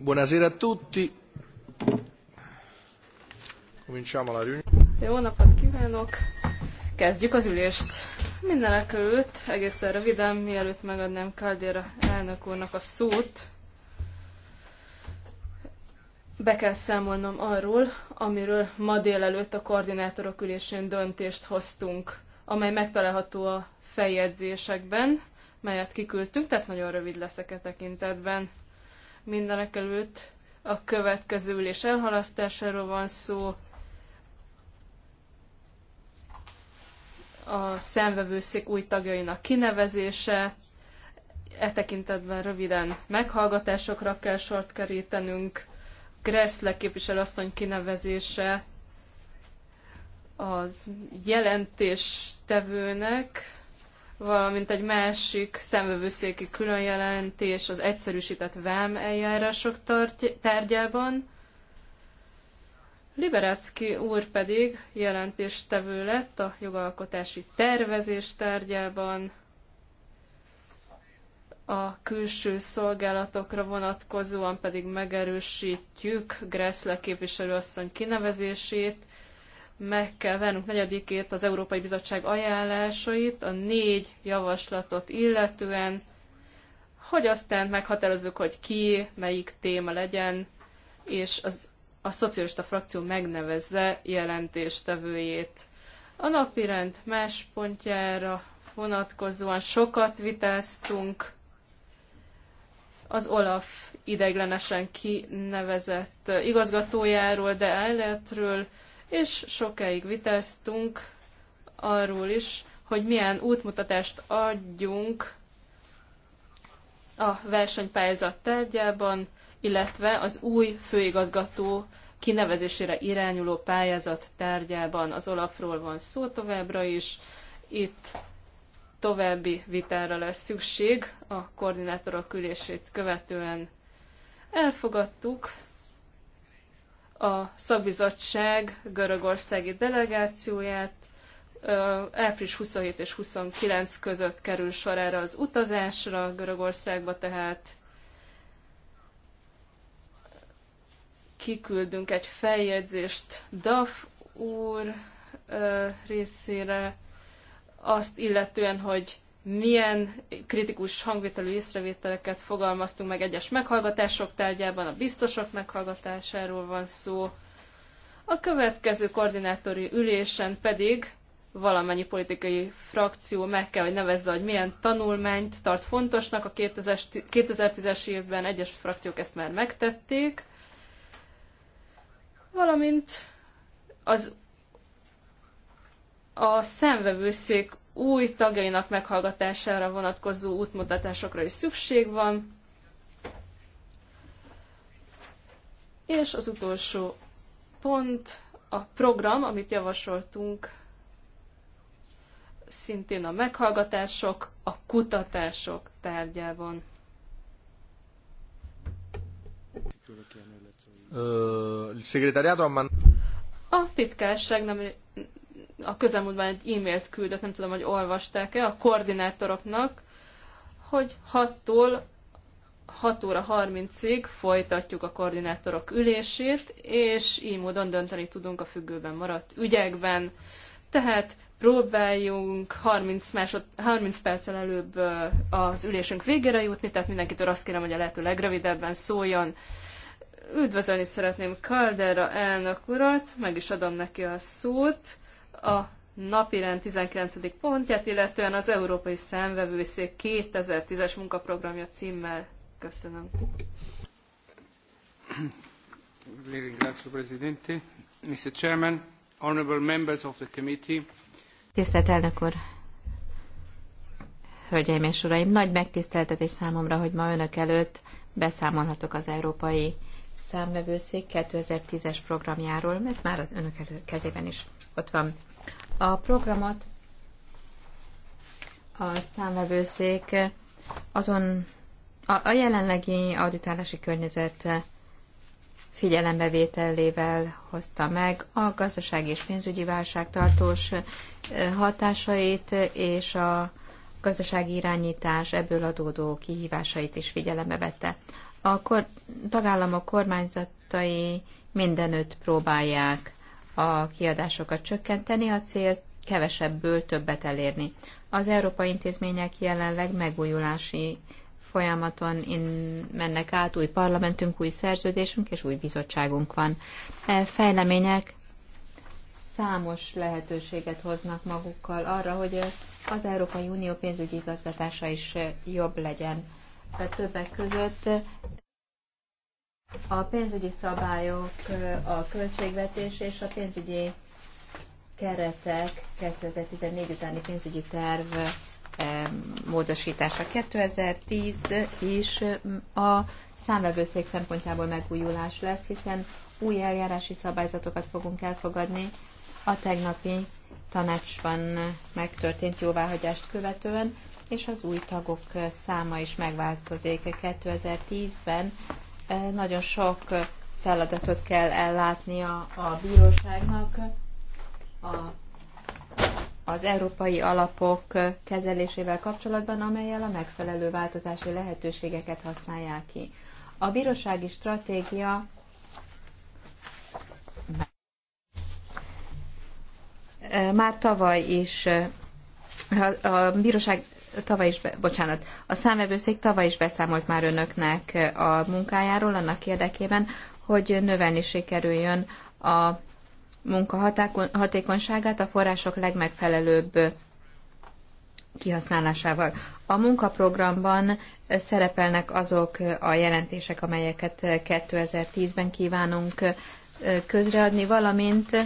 Buonasera a tutti. Cominciamo la riunione. Jó napot kívánok! Kezdjük az ülést. Mindenek előtt, egészen röviden, mielőtt megadnám Caldera elnök úrnak a szót, be kell számolnom arról, amiről ma délelőtt a koordinátorok ülésén döntést hoztunk, amely megtalálható a feljegyzésekben, melyet kiküldtünk, tehát nagyon rövid leszek e tekintetben. Mindenek előtt a következő ülés elhalasztásáról van szó. A szemvevőszék új tagjainak kinevezése. E tekintetben röviden meghallgatásokra kell sort kerítenünk. Gressle képviselőasszony kinevezése a jelentéstevőnek valamint egy másik szemvevőszéki különjelentés az egyszerűsített vám eljárások tárgyában. Liberácki úr pedig jelentéstevő lett a jogalkotási tervezés tárgyában, a külső szolgálatokra vonatkozóan pedig megerősítjük Gressle képviselőasszony kinevezését, meg kell vennünk negyedikét az Európai Bizottság ajánlásait, a négy javaslatot illetően, hogy aztán meghatározzuk, hogy ki, melyik téma legyen, és az, a szocialista frakció megnevezze jelentéstevőjét. A rend más pontjára vonatkozóan sokat vitáztunk, az Olaf ideiglenesen kinevezett igazgatójáról, de elletről, és sokáig vitáztunk arról is, hogy milyen útmutatást adjunk a versenypályázat tárgyában, illetve az új főigazgató kinevezésére irányuló pályázat tárgyában az Olafról van szó továbbra is. Itt további vitára lesz szükség a koordinátorok ülését követően. Elfogadtuk a szakbizottság görögországi delegációját. Április 27 és 29 között kerül sor erre az utazásra Görögországba, tehát kiküldünk egy feljegyzést DAF úr részére, azt illetően, hogy milyen kritikus hangvételű észrevételeket fogalmaztunk meg egyes meghallgatások tárgyában, a biztosok meghallgatásáról van szó. A következő koordinátori ülésen pedig valamennyi politikai frakció meg kell, hogy nevezze, hogy milyen tanulmányt tart fontosnak. A 2010-es évben egyes frakciók ezt már megtették. Valamint az a szemvevőszék új tagjainak meghallgatására vonatkozó útmutatásokra is szükség van. És az utolsó pont, a program, amit javasoltunk, szintén a meghallgatások, a kutatások tárgyában. A titkárság nem a közelmúltban egy e-mailt küldött, nem tudom, hogy olvasták-e, a koordinátoroknak, hogy 6-tól 6 óra 30-ig folytatjuk a koordinátorok ülését, és így módon dönteni tudunk a függőben maradt ügyekben. Tehát próbáljunk 30, másod, 30 perccel előbb az ülésünk végére jutni, tehát mindenkitől azt kérem, hogy a lehető legrövidebben szóljon. Üdvözölni szeretném Caldera elnök urat, meg is adom neki a szót a napirend 19. pontját, illetően az Európai Szemvevőszék 2010-es munkaprogramja címmel. Köszönöm. Mr. Chairman, honorable members of the committee. Tisztelt elnök úr, hölgyeim és uraim, nagy megtiszteltetés számomra, hogy ma önök előtt beszámolhatok az Európai Számvevőszék 2010-es programjáról, mert már az önök elő kezében is ott van. A programot a számvevőszék azon a, a jelenlegi auditálási környezet figyelembevételével hozta meg a gazdasági és pénzügyi válság tartós hatásait és a gazdasági irányítás ebből adódó kihívásait is figyelembe vette. A kor, tagállamok kormányzatai mindenütt próbálják a kiadásokat csökkenteni, a cél kevesebből többet elérni. Az európai intézmények jelenleg megújulási folyamaton in, mennek át, új parlamentünk, új szerződésünk és új bizottságunk van. E, fejlemények számos lehetőséget hoznak magukkal arra, hogy az Európai Unió pénzügyi igazgatása is jobb legyen. Tehát többek között a pénzügyi szabályok, a költségvetés és a pénzügyi keretek 2014 utáni pénzügyi terv módosítása 2010 is a számvevőszék szempontjából megújulás lesz, hiszen új eljárási szabályzatokat fogunk elfogadni a tegnapi tanácsban megtörtént jóváhagyást követően, és az új tagok száma is megváltozik. 2010-ben nagyon sok feladatot kell ellátnia a bíróságnak. A, az európai alapok kezelésével kapcsolatban, amelyel a megfelelő változási lehetőségeket használják ki. A bírósági stratégia már tavaly is a bíróság tavaly is, bocsánat, a számvevőszék tavaly is beszámolt már önöknek eh, a munkájáról annak érdekében, hogy növelni sikerüljön a munka hatékonyságát a források legmegfelelőbb eh, kihasználásával. A munkaprogramban eh, szerepelnek azok a jelentések, amelyeket 2010-ben kívánunk közreadni, valamint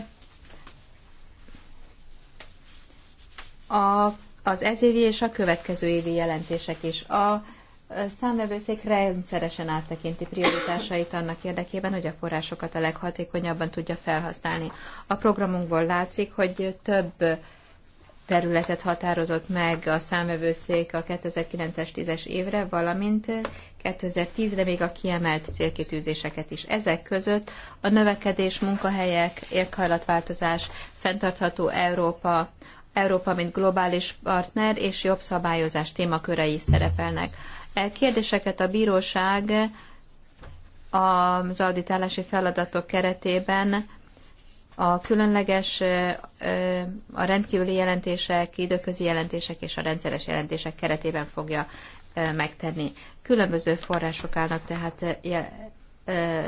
a az ezévi és a következő évi jelentések is. A számvevőszék rendszeresen áttekinti prioritásait annak érdekében, hogy a forrásokat a leghatékonyabban tudja felhasználni. A programunkból látszik, hogy több területet határozott meg a számvevőszék a 2009-es 10-es évre, valamint 2010-re még a kiemelt célkitűzéseket is. Ezek között a növekedés, munkahelyek, éghajlatváltozás, fenntartható Európa, Európa, mint globális partner és jobb szabályozás témakörei szerepelnek. E kérdéseket a bíróság az auditálási feladatok keretében a különleges, a rendkívüli jelentések, időközi jelentések és a rendszeres jelentések keretében fogja megtenni. Különböző források állnak tehát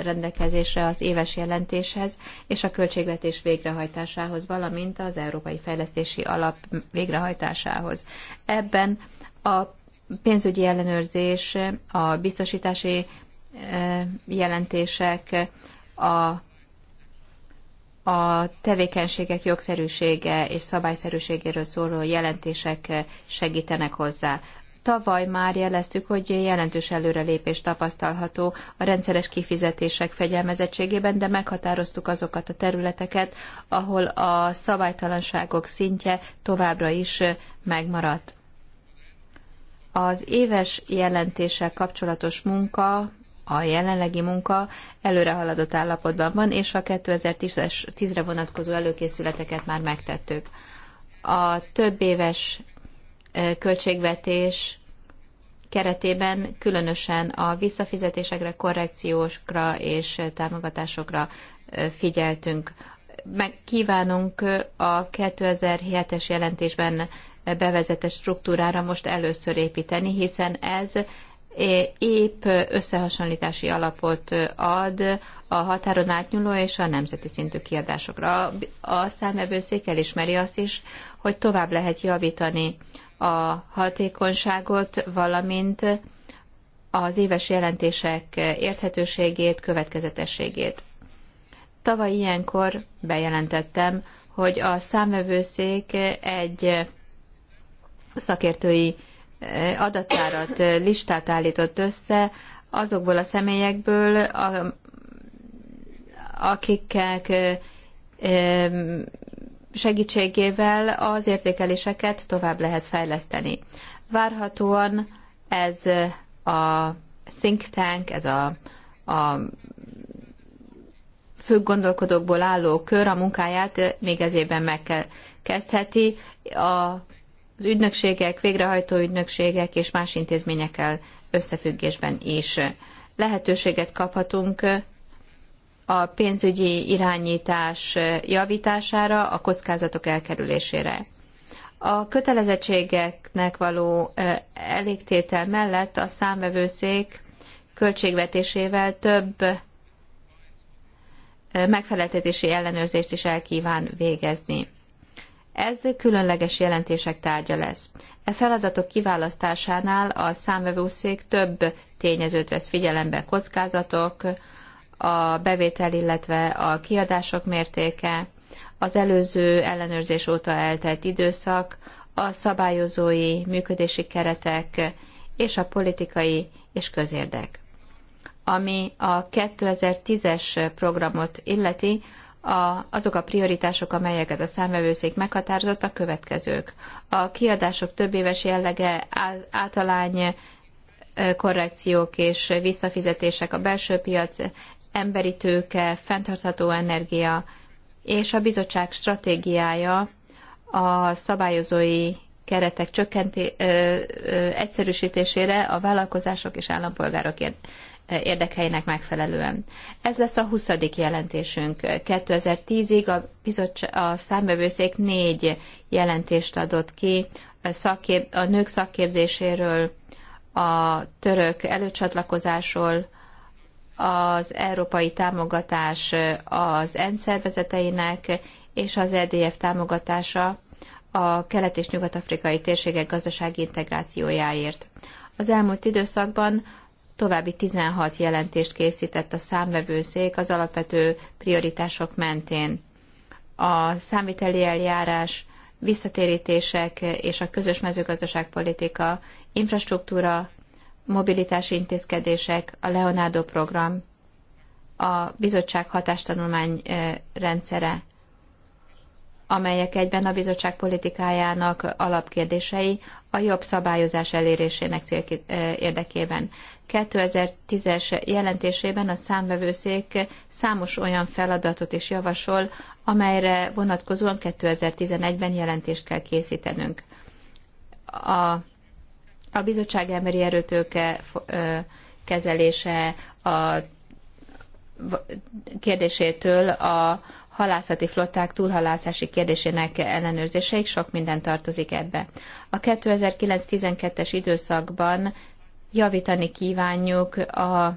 rendelkezésre az éves jelentéshez és a költségvetés végrehajtásához, valamint az Európai Fejlesztési Alap végrehajtásához. Ebben a pénzügyi ellenőrzés, a biztosítási jelentések, a, a tevékenységek jogszerűsége és szabályszerűségéről szóló jelentések segítenek hozzá. Tavaly már jeleztük, hogy jelentős előrelépés tapasztalható a rendszeres kifizetések fegyelmezettségében, de meghatároztuk azokat a területeket, ahol a szabálytalanságok szintje továbbra is megmaradt. Az éves jelentéssel kapcsolatos munka a jelenlegi munka előrehaladott állapotban van, és a 2010-re vonatkozó előkészületeket már megtettük. A több éves költségvetés keretében különösen a visszafizetésekre, korrekciókra és támogatásokra figyeltünk. Megkívánunk a 2007-es jelentésben bevezetett struktúrára most először építeni, hiszen ez épp összehasonlítási alapot ad a határon átnyúló és a nemzeti szintű kiadásokra. A számvevőszék elismeri azt is, hogy tovább lehet javítani a hatékonyságot, valamint az éves jelentések érthetőségét, következetességét. Tavaly ilyenkor bejelentettem, hogy a számvevőszék egy szakértői eh, adattárat, eh, listát állított össze azokból a személyekből, akikkel eh, segítségével az értékeléseket tovább lehet fejleszteni. Várhatóan ez a think tank, ez a, a fő gondolkodókból álló kör a munkáját még ez évben megkezdheti. A az ügynökségek, végrehajtó ügynökségek és más intézményekkel összefüggésben is lehetőséget kaphatunk a pénzügyi irányítás javítására, a kockázatok elkerülésére. A kötelezettségeknek való elégtétel mellett a számvevőszék költségvetésével több megfeleltetési ellenőrzést is elkíván végezni. Ez különleges jelentések tárgya lesz. E feladatok kiválasztásánál a számvevőszék több tényezőt vesz figyelembe, kockázatok, a bevétel, illetve a kiadások mértéke, az előző ellenőrzés óta eltelt időszak, a szabályozói működési keretek és a politikai és közérdek. Ami a 2010-es programot illeti, a, azok a prioritások, amelyeket a számvevőszék meghatározott, a következők. A kiadások éves jellege, általány korrekciók és visszafizetések a belső piac emberi tőke, fenntartható energia és a bizottság stratégiája a szabályozói keretek csökkenti, ö, ö, egyszerűsítésére a vállalkozások és állampolgárok érdekeinek megfelelően. Ez lesz a 20. jelentésünk. 2010-ig a, bizottság, a számbevőszék négy jelentést adott ki a, szakkép, a nők szakképzéséről, a török előcsatlakozásról, az európai támogatás az ENSZ szervezeteinek és az EDF támogatása a kelet- és nyugat-afrikai térségek gazdasági integrációjáért. Az elmúlt időszakban további 16 jelentést készített a számvevőszék az alapvető prioritások mentén. A számviteli eljárás, visszatérítések és a közös mezőgazdaságpolitika, infrastruktúra, mobilitási intézkedések, a Leonardo program, a bizottság hatástanulmány rendszere, amelyek egyben a bizottság politikájának alapkérdései a jobb szabályozás elérésének cél érdekében. 2010-es jelentésében a számvevőszék számos olyan feladatot is javasol, amelyre vonatkozóan 2011-ben jelentést kell készítenünk. A a bizottság emberi erőtőke kezelése a kérdésétől a halászati flották túlhalászási kérdésének ellenőrzéseig sok minden tartozik ebbe. A 2009-12-es időszakban javítani kívánjuk a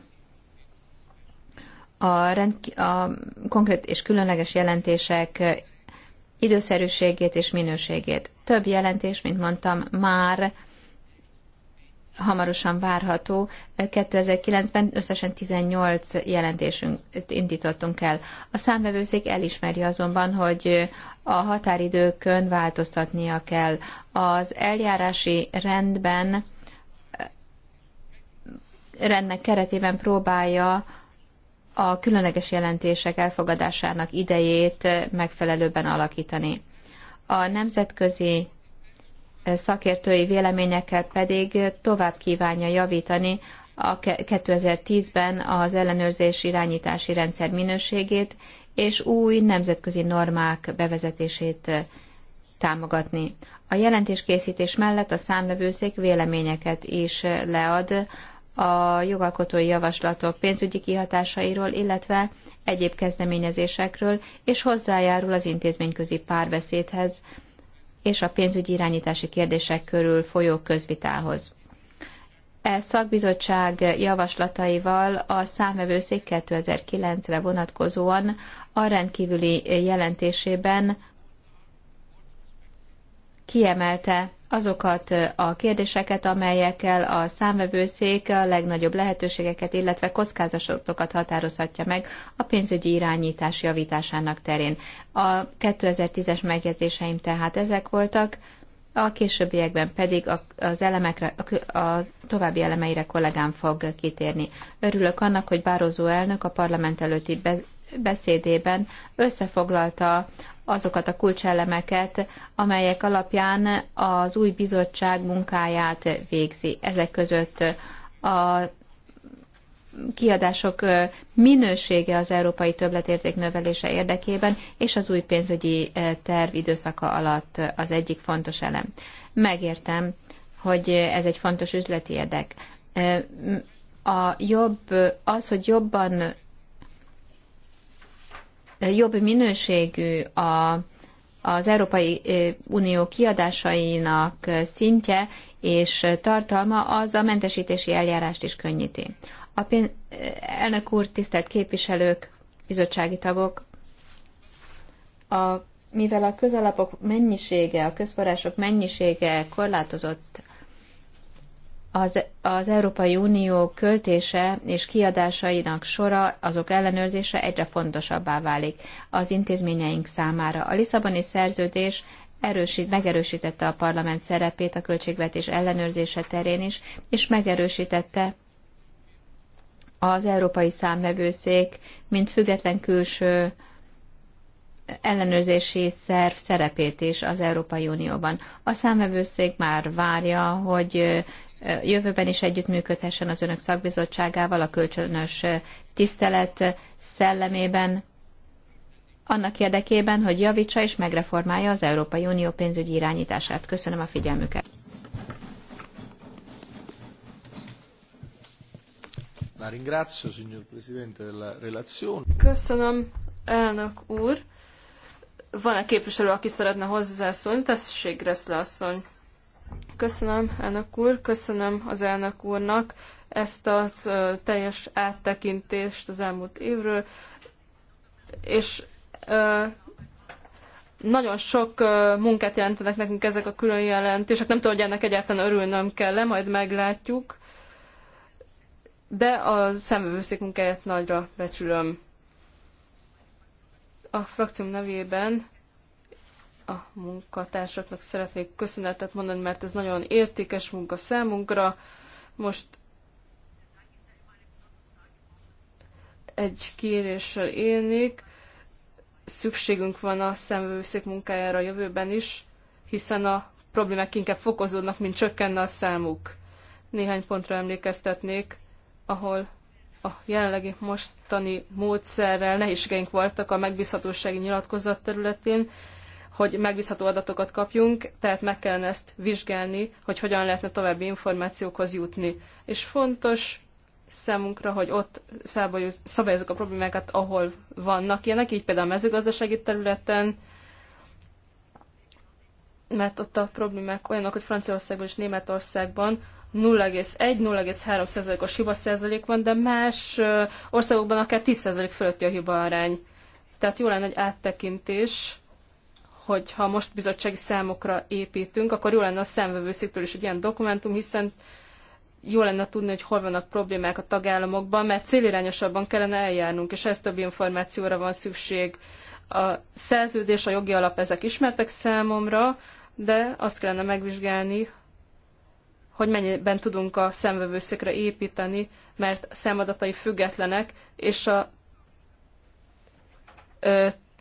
a, rend, a konkrét és különleges jelentések időszerűségét és minőségét. Több jelentés, mint mondtam, már hamarosan várható. 2009-ben összesen 18 jelentésünk indítottunk el. A számvevőszék elismeri azonban, hogy a határidőkön változtatnia kell. Az eljárási rendben rendnek keretében próbálja a különleges jelentések elfogadásának idejét megfelelőben alakítani. A nemzetközi szakértői véleményekkel pedig tovább kívánja javítani a 2010-ben az ellenőrzés irányítási rendszer minőségét és új nemzetközi normák bevezetését eh, támogatni. A jelentéskészítés mellett a számvevőszék véleményeket is eh, lead a jogalkotói javaslatok pénzügyi kihatásairól, illetve egyéb kezdeményezésekről, és hozzájárul az intézményközi párbeszédhez, és a pénzügyi irányítási kérdések körül folyó közvitához. E szakbizottság javaslataival a számvevőszék 2009-re vonatkozóan a rendkívüli jelentésében kiemelte azokat a kérdéseket, amelyekkel a számvevőszék a legnagyobb lehetőségeket, illetve kockázatokat határozhatja meg a pénzügyi irányítás javításának terén. A 2010-es megjegyzéseim tehát ezek voltak, a későbbiekben pedig az elemekre, a további elemeire kollégám fog kitérni. Örülök annak, hogy Bározó elnök a parlament előtti beszédében összefoglalta azokat a kulcselemeket, amelyek alapján az új bizottság munkáját végzi. Ezek között a kiadások minősége az európai többletérték növelése érdekében, és az új pénzügyi eh, terv időszaka alatt az egyik fontos elem. Megértem, hogy ez egy fontos üzleti érdek. Eh, a jobb, az, hogy jobban jobb minőségű a, az Európai Unió kiadásainak szintje és tartalma, az a mentesítési eljárást is könnyíti. A pén- elnök úr, tisztelt képviselők, bizottsági tagok, a, mivel a közalapok mennyisége, a közforrások mennyisége korlátozott az, az Európai Unió költése és kiadásainak sora, azok ellenőrzése egyre fontosabbá válik az intézményeink számára. A Lisszaboni szerződés erősít, megerősítette a parlament szerepét a költségvetés ellenőrzése terén is, és megerősítette az Európai Számvevőszék, mint független külső ellenőrzési szerv szerepét is az Európai Unióban. A számvevőszék már várja, hogy jövőben is együttműködhessen az önök szakbizottságával a kölcsönös tisztelet szellemében, annak érdekében, hogy javítsa és megreformálja az Európai Unió pénzügyi irányítását. Köszönöm a figyelmüket. Köszönöm, elnök úr. Van-e képviselő, aki szeretne hozzászólni? Tessék, Greszle asszony. Köszönöm, elnök úr, köszönöm az elnök úrnak ezt a teljes áttekintést az elmúlt évről, és ö, nagyon sok ö, munkát jelentenek nekünk ezek a külön jelentések. Nem tudom, hogy ennek egyáltalán örülnöm kell -e, majd meglátjuk. De a szemvőszék munkáját nagyra becsülöm. A frakcióm nevében a munkatársaknak szeretnék köszönetet mondani, mert ez nagyon értékes munka számunkra. Most egy kéréssel élnék, szükségünk van a szemvőszék munkájára a jövőben is, hiszen a problémák inkább fokozódnak, mint csökkenne a számuk. Néhány pontra emlékeztetnék, ahol a jelenlegi mostani módszerrel nehézségeink voltak a megbízhatósági nyilatkozat területén, hogy megbízható adatokat kapjunk, tehát meg kellene ezt vizsgálni, hogy hogyan lehetne további információkhoz jutni. És fontos számunkra, hogy ott szabályozzuk a problémákat, ahol vannak ilyenek, így például a mezőgazdasági területen, mert ott a problémák olyanok, hogy Franciaországban és Németországban 0,1-0,3%-os hibaszerzalék van, de más országokban akár 10% fölötti a hibaarány. Tehát jó lenne egy áttekintés hogy ha most bizottsági számokra építünk, akkor jó lenne a számvevőszéktől is egy ilyen dokumentum, hiszen jó lenne tudni, hogy hol vannak problémák a tagállamokban, mert célirányosabban kellene eljárnunk, és ezt több információra van szükség. A szerződés, a jogi alap, ezek ismertek számomra, de azt kellene megvizsgálni, hogy mennyiben tudunk a szemvevőszékre építeni, mert számadatai függetlenek, és a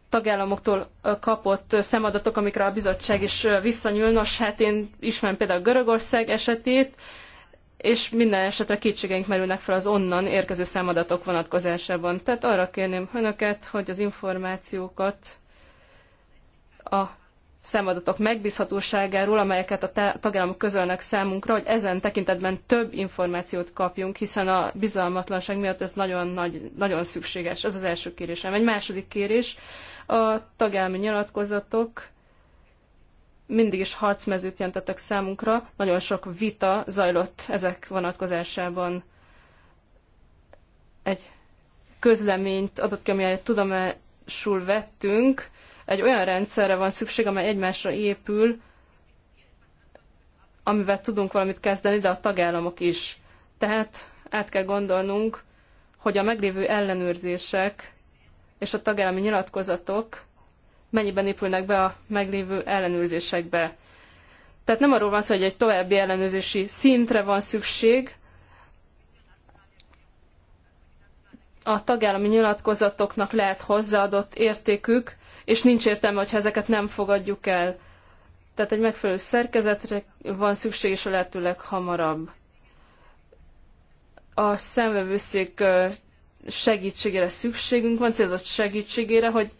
tagállamoktól kapott szemadatok, amikre a bizottság is visszanyúl. Nos, hát én ismerem például Görögország esetét, és minden esetre kétségeink merülnek fel az onnan érkező számadatok vonatkozásában. Tehát arra kérném önöket, hogy az információkat a számadatok megbízhatóságáról, amelyeket a tagállamok közölnek számunkra, hogy ezen tekintetben több információt kapjunk, hiszen a bizalmatlanság miatt ez nagyon, nagy, nagyon szükséges. Ez az első kérésem. Egy második kérés, a tagállami nyilatkozatok mindig is harcmezőt jelentettek számunkra, nagyon sok vita zajlott ezek vonatkozásában. Egy közleményt adott ki, amelyet tudomásul vettünk, egy olyan rendszerre van szükség, amely egymásra épül, amivel tudunk valamit kezdeni, de a tagállamok is. Tehát át kell gondolnunk, hogy a meglévő ellenőrzések és a tagállami nyilatkozatok mennyiben épülnek be a meglévő ellenőrzésekbe. Tehát nem arról van szó, hogy egy további ellenőrzési szintre van szükség, a tagállami nyilatkozatoknak lehet hozzáadott értékük, és nincs értelme, hogyha ezeket nem fogadjuk el. Tehát egy megfelelő szerkezetre van szükség, és a lehető leghamarabb. A szemvevőszék segítségére szükségünk van, célzott segítségére, hogy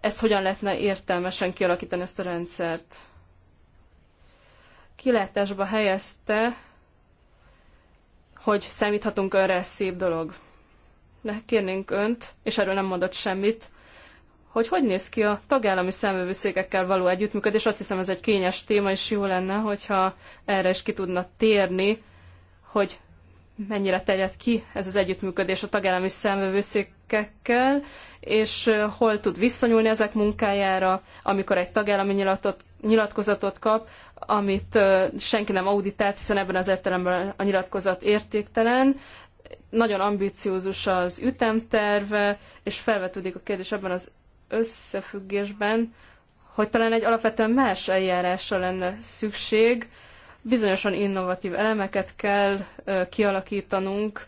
ezt hogyan lehetne értelmesen kialakítani ezt a rendszert. Kilátásba helyezte, hogy számíthatunk erre, ez szép dolog szeretne kérnénk önt, és erről nem mondott semmit, hogy hogy néz ki a tagállami számövőszékekkel való együttműködés. Azt hiszem ez egy kényes téma, és jó lenne, hogyha erre is ki tudna térni, hogy mennyire terjed ki ez az együttműködés a tagállami számövőszékekkel, és hol tud visszanyúlni ezek munkájára, amikor egy tagállami nyilatot, nyilatkozatot kap, amit senki nem auditált, hiszen ebben az értelemben a nyilatkozat értéktelen nagyon ambiciózus az ütemterve, és felvetődik a kérdés ebben az összefüggésben, hogy talán egy alapvetően más eljárásra lenne szükség, bizonyosan innovatív elemeket kell kialakítanunk,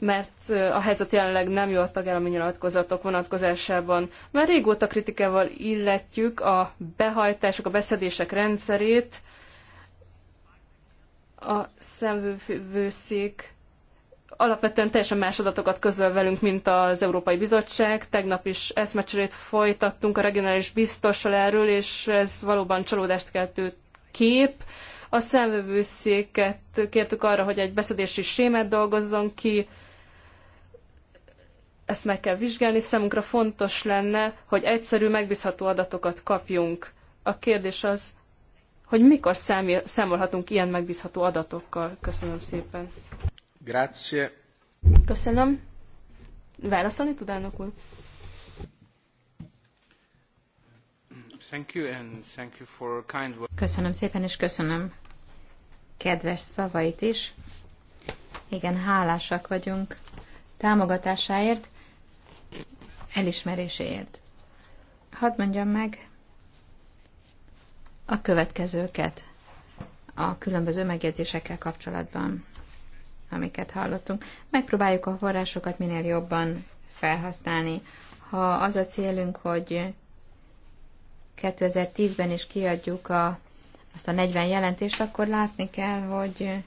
mert a helyzet jelenleg nem jó a tagállami nyilatkozatok vonatkozásában. Már régóta kritikával illetjük a behajtások, a beszedések rendszerét, a szemvőszék alapvetően teljesen más adatokat közöl velünk, mint az Európai Bizottság. Tegnap is eszmecserét folytattunk a regionális biztossal erről, és ez valóban csalódást keltő kép. A szemvevőszéket kértük arra, hogy egy beszedési sémát dolgozzon ki, ezt meg kell vizsgálni, számunkra fontos lenne, hogy egyszerű, megbízható adatokat kapjunk. A kérdés az, hogy mikor számolhatunk ilyen megbízható adatokkal. Köszönöm szépen. Grazie. Köszönöm. Válaszolni tud elnök úr? Köszönöm szépen, és köszönöm kedves szavait is. Igen, hálásak vagyunk támogatásáért, elismeréséért. Hadd mondjam meg, a következőket a különböző megjegyzésekkel kapcsolatban, amiket hallottunk. Megpróbáljuk a forrásokat minél jobban felhasználni. Ha az a célunk, hogy 2010-ben is kiadjuk a, azt a 40 jelentést, akkor látni kell, hogy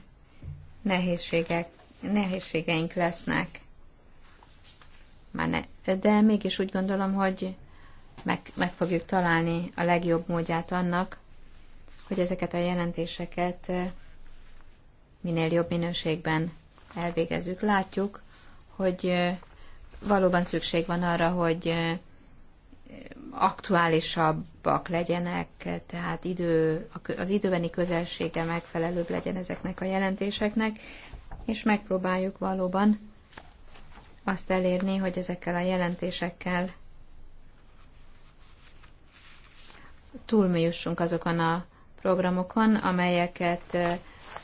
nehézségek, nehézségeink lesznek. Már ne, de mégis úgy gondolom, hogy meg, meg fogjuk találni a legjobb módját annak, hogy ezeket a jelentéseket eh, minél jobb minőségben elvégezzük. Látjuk, hogy eh, valóban szükség van arra, hogy eh, aktuálisabbak legyenek, tehát idő, az időbeni közelsége megfelelőbb legyen ezeknek a jelentéseknek, és megpróbáljuk valóban azt elérni, hogy ezekkel a jelentésekkel túlműjussunk azokon a programokon, amelyeket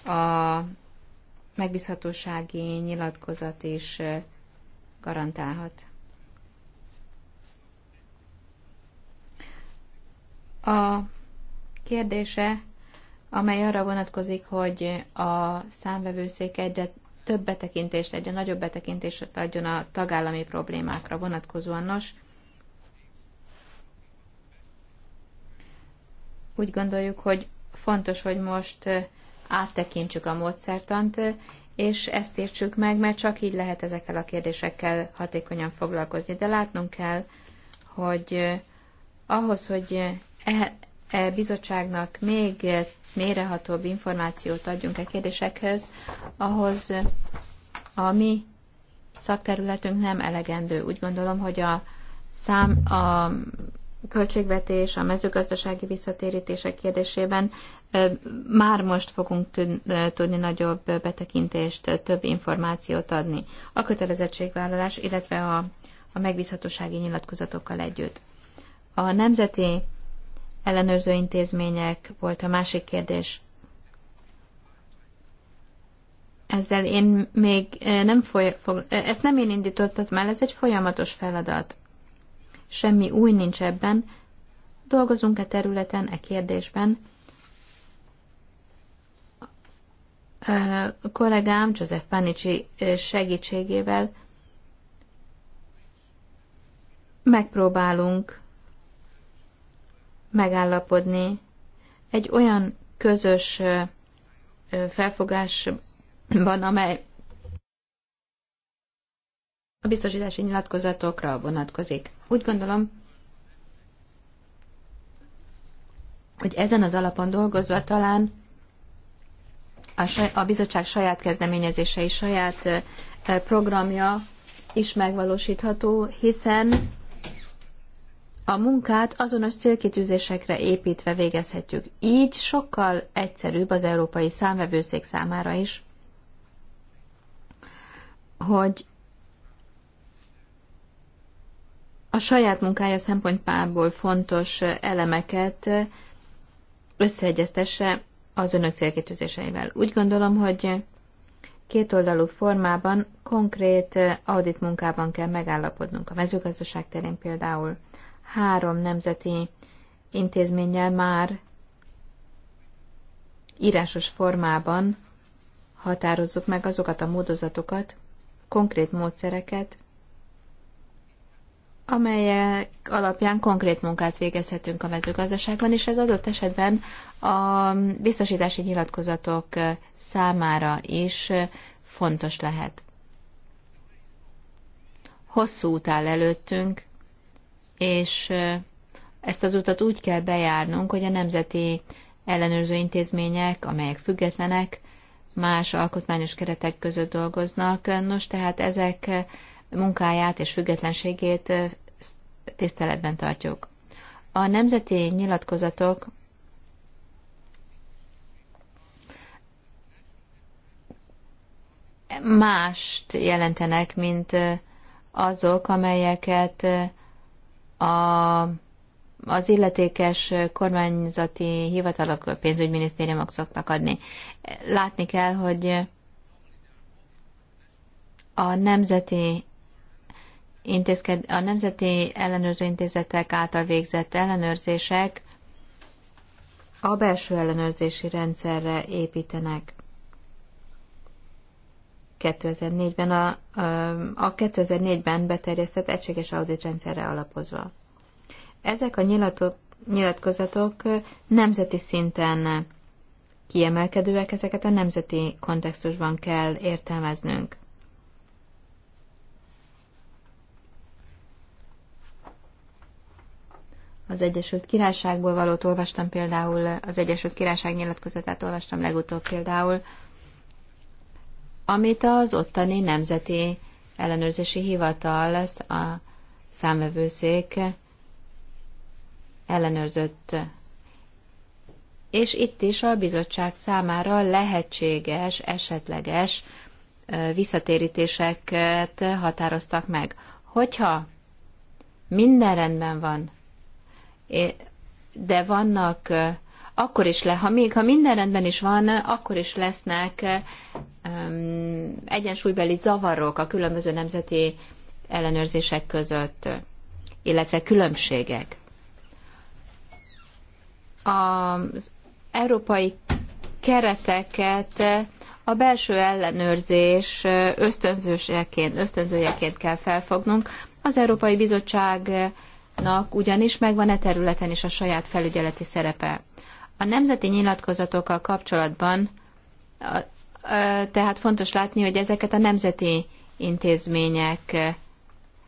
a megbízhatósági nyilatkozat is garantálhat. A kérdése, amely arra vonatkozik, hogy a számvevőszék egyre több betekintést, egyre nagyobb betekintést adjon a tagállami problémákra vonatkozóan. Nos, Úgy gondoljuk, hogy fontos, hogy most áttekintsük a módszertant, és ezt értsük meg, mert csak így lehet ezekkel a kérdésekkel hatékonyan foglalkozni. De látnunk kell, hogy ahhoz, hogy e, e bizottságnak még mérehatóbb információt adjunk a e kérdésekhez, ahhoz a mi szakterületünk nem elegendő. Úgy gondolom, hogy a szám, a költségvetés, a mezőgazdasági visszatérítések kérdésében már most fogunk tudni nagyobb betekintést, több információt adni a kötelezettségvállalás, illetve a, a megbízhatósági nyilatkozatokkal együtt. A nemzeti ellenőrző intézmények volt a másik kérdés. Ezzel én még nem foly, fog, ezt nem én indítottam el, ez egy folyamatos feladat semmi új nincs ebben, dolgozunk-e területen, e kérdésben. A kollégám Joseph Panicsi segítségével megpróbálunk megállapodni egy olyan közös felfogásban, amely a biztosítási nyilatkozatokra vonatkozik. Úgy gondolom, hogy ezen az alapon dolgozva talán a, saj, a bizottság saját kezdeményezései, saját programja is megvalósítható, hiszen a munkát azonos célkitűzésekre építve végezhetjük. Így sokkal egyszerűbb az európai számvevőszék számára is, hogy a saját munkája szempontjából fontos elemeket összeegyeztesse az önök célkitűzéseivel. Úgy gondolom, hogy kétoldalú formában, konkrét audit munkában kell megállapodnunk. A mezőgazdaság terén például három nemzeti intézménnyel már írásos formában határozzuk meg azokat a módozatokat, konkrét módszereket, amelyek alapján konkrét munkát végezhetünk a mezőgazdaságban, és ez adott esetben a biztosítási nyilatkozatok számára is fontos lehet. Hosszú út áll előttünk, és ezt az utat úgy kell bejárnunk, hogy a nemzeti ellenőrző intézmények, amelyek függetlenek, más alkotmányos keretek között dolgoznak. Nos, tehát ezek munkáját és függetlenségét tiszteletben tartjuk. A nemzeti nyilatkozatok mást jelentenek, mint azok, amelyeket a, az illetékes kormányzati hivatalok, pénzügyminisztériumok szoktak adni. Látni kell, hogy a nemzeti intézked, a Nemzeti Ellenőrző Intézetek által végzett ellenőrzések a belső ellenőrzési rendszerre építenek. 2004-ben a, a 2004-ben beterjesztett egységes auditrendszerre alapozva. Ezek a nyilatok, nyilatkozatok nemzeti szinten kiemelkedőek, ezeket a nemzeti kontextusban kell értelmeznünk. az Egyesült Királyságból valót olvastam például, az Egyesült Királyság nyilatkozatát olvastam legutóbb például, amit az ottani Nemzeti Ellenőrzési Hivatal, a számvevőszék ellenőrzött. És itt is a bizottság számára lehetséges, esetleges visszatérítéseket határoztak meg. Hogyha minden rendben van, de vannak akkor is le, ha még ha minden rendben is van, akkor is lesznek um, egyensúlybeli zavarok a különböző nemzeti ellenőrzések között, illetve különbségek. Az európai kereteket a belső ellenőrzés ösztönzőjeként, ösztönzőjeként kell felfognunk. Az Európai Bizottság Nak ugyanis megvan e területen is a saját felügyeleti szerepe. A nemzeti nyilatkozatokkal kapcsolatban tehát fontos látni, hogy ezeket a nemzeti intézmények e,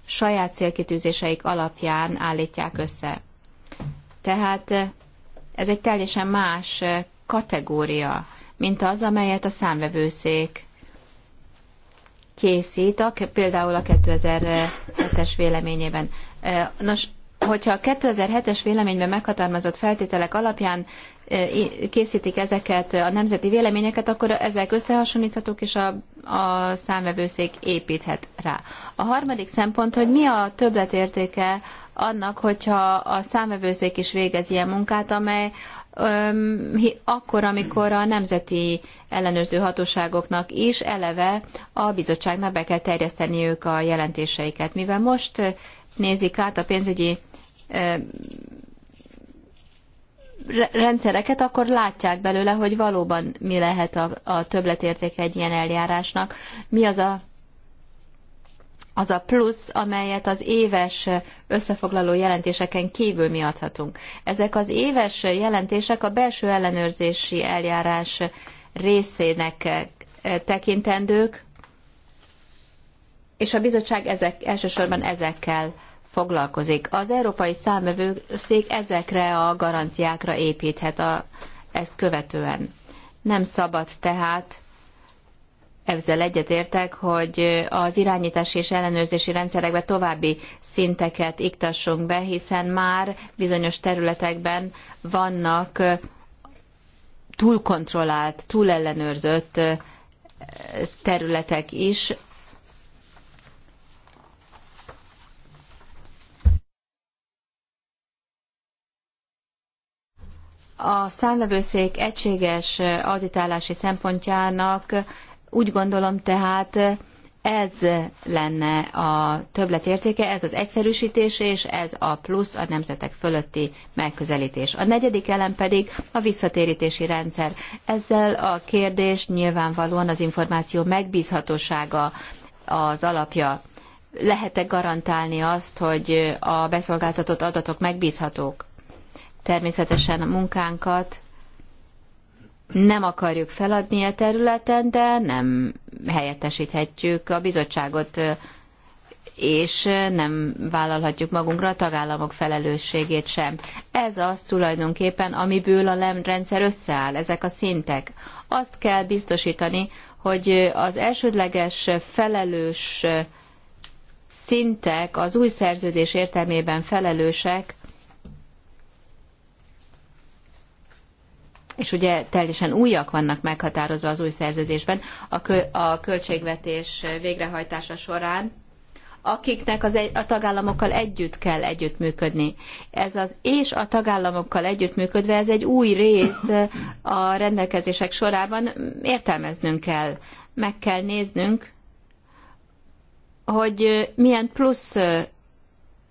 saját célkitűzéseik alapján állítják össze. Tehát e, ez egy teljesen más e, kategória, mint az, amelyet a számvevőszék készít, a, például a 2007-es véleményében. Nos, hogyha a 2007-es véleményben meghatalmazott feltételek alapján készítik ezeket a nemzeti véleményeket, akkor ezek összehasonlíthatók, és a, a számvevőszék építhet rá. A harmadik szempont, hogy mi a többletértéke annak, hogyha a számvevőszék is végez ilyen munkát, amely akkor, amikor a nemzeti ellenőrző hatóságoknak is eleve a bizottságnak be kell ők a jelentéseiket. Mivel most nézik át a pénzügyi rendszereket, akkor látják belőle, hogy valóban mi lehet a, a többletértéke egy ilyen eljárásnak, mi az a az a plusz, amelyet az éves összefoglaló jelentéseken kívül mi adhatunk. Ezek az éves jelentések a belső ellenőrzési eljárás részének tekintendők, és a bizottság ezek, elsősorban ezekkel foglalkozik. Az Európai Számövőszék ezekre a garanciákra építhet a, ezt követően. Nem szabad tehát ezzel egyetértek, hogy az irányítási és ellenőrzési rendszerekbe további szinteket iktassunk be, hiszen már bizonyos területekben vannak túlkontrollált, túlellenőrzött területek is, a számvevőszék egységes auditálási szempontjának úgy gondolom tehát ez lenne a többletértéke, ez az egyszerűsítés, és ez a plusz a nemzetek fölötti megközelítés. A negyedik elem pedig a visszatérítési rendszer. Ezzel a kérdés nyilvánvalóan az információ megbízhatósága az alapja. Lehet-e garantálni azt, hogy a beszolgáltatott adatok megbízhatók? természetesen a munkánkat nem akarjuk feladni a e területen, de nem helyettesíthetjük a bizottságot, és nem vállalhatjuk magunkra a tagállamok felelősségét sem. Ez az tulajdonképpen, amiből a rendszer összeáll, ezek a szintek. Azt kell biztosítani, hogy az elsődleges felelős szintek az új szerződés értelmében felelősek és ugye teljesen újak vannak meghatározva az új szerződésben, a, kö, a költségvetés végrehajtása során, akiknek az egy, a tagállamokkal együtt kell együttműködni. Ez az és a tagállamokkal együttműködve, ez egy új rész a rendelkezések sorában értelmeznünk kell. Meg kell néznünk, hogy milyen plusz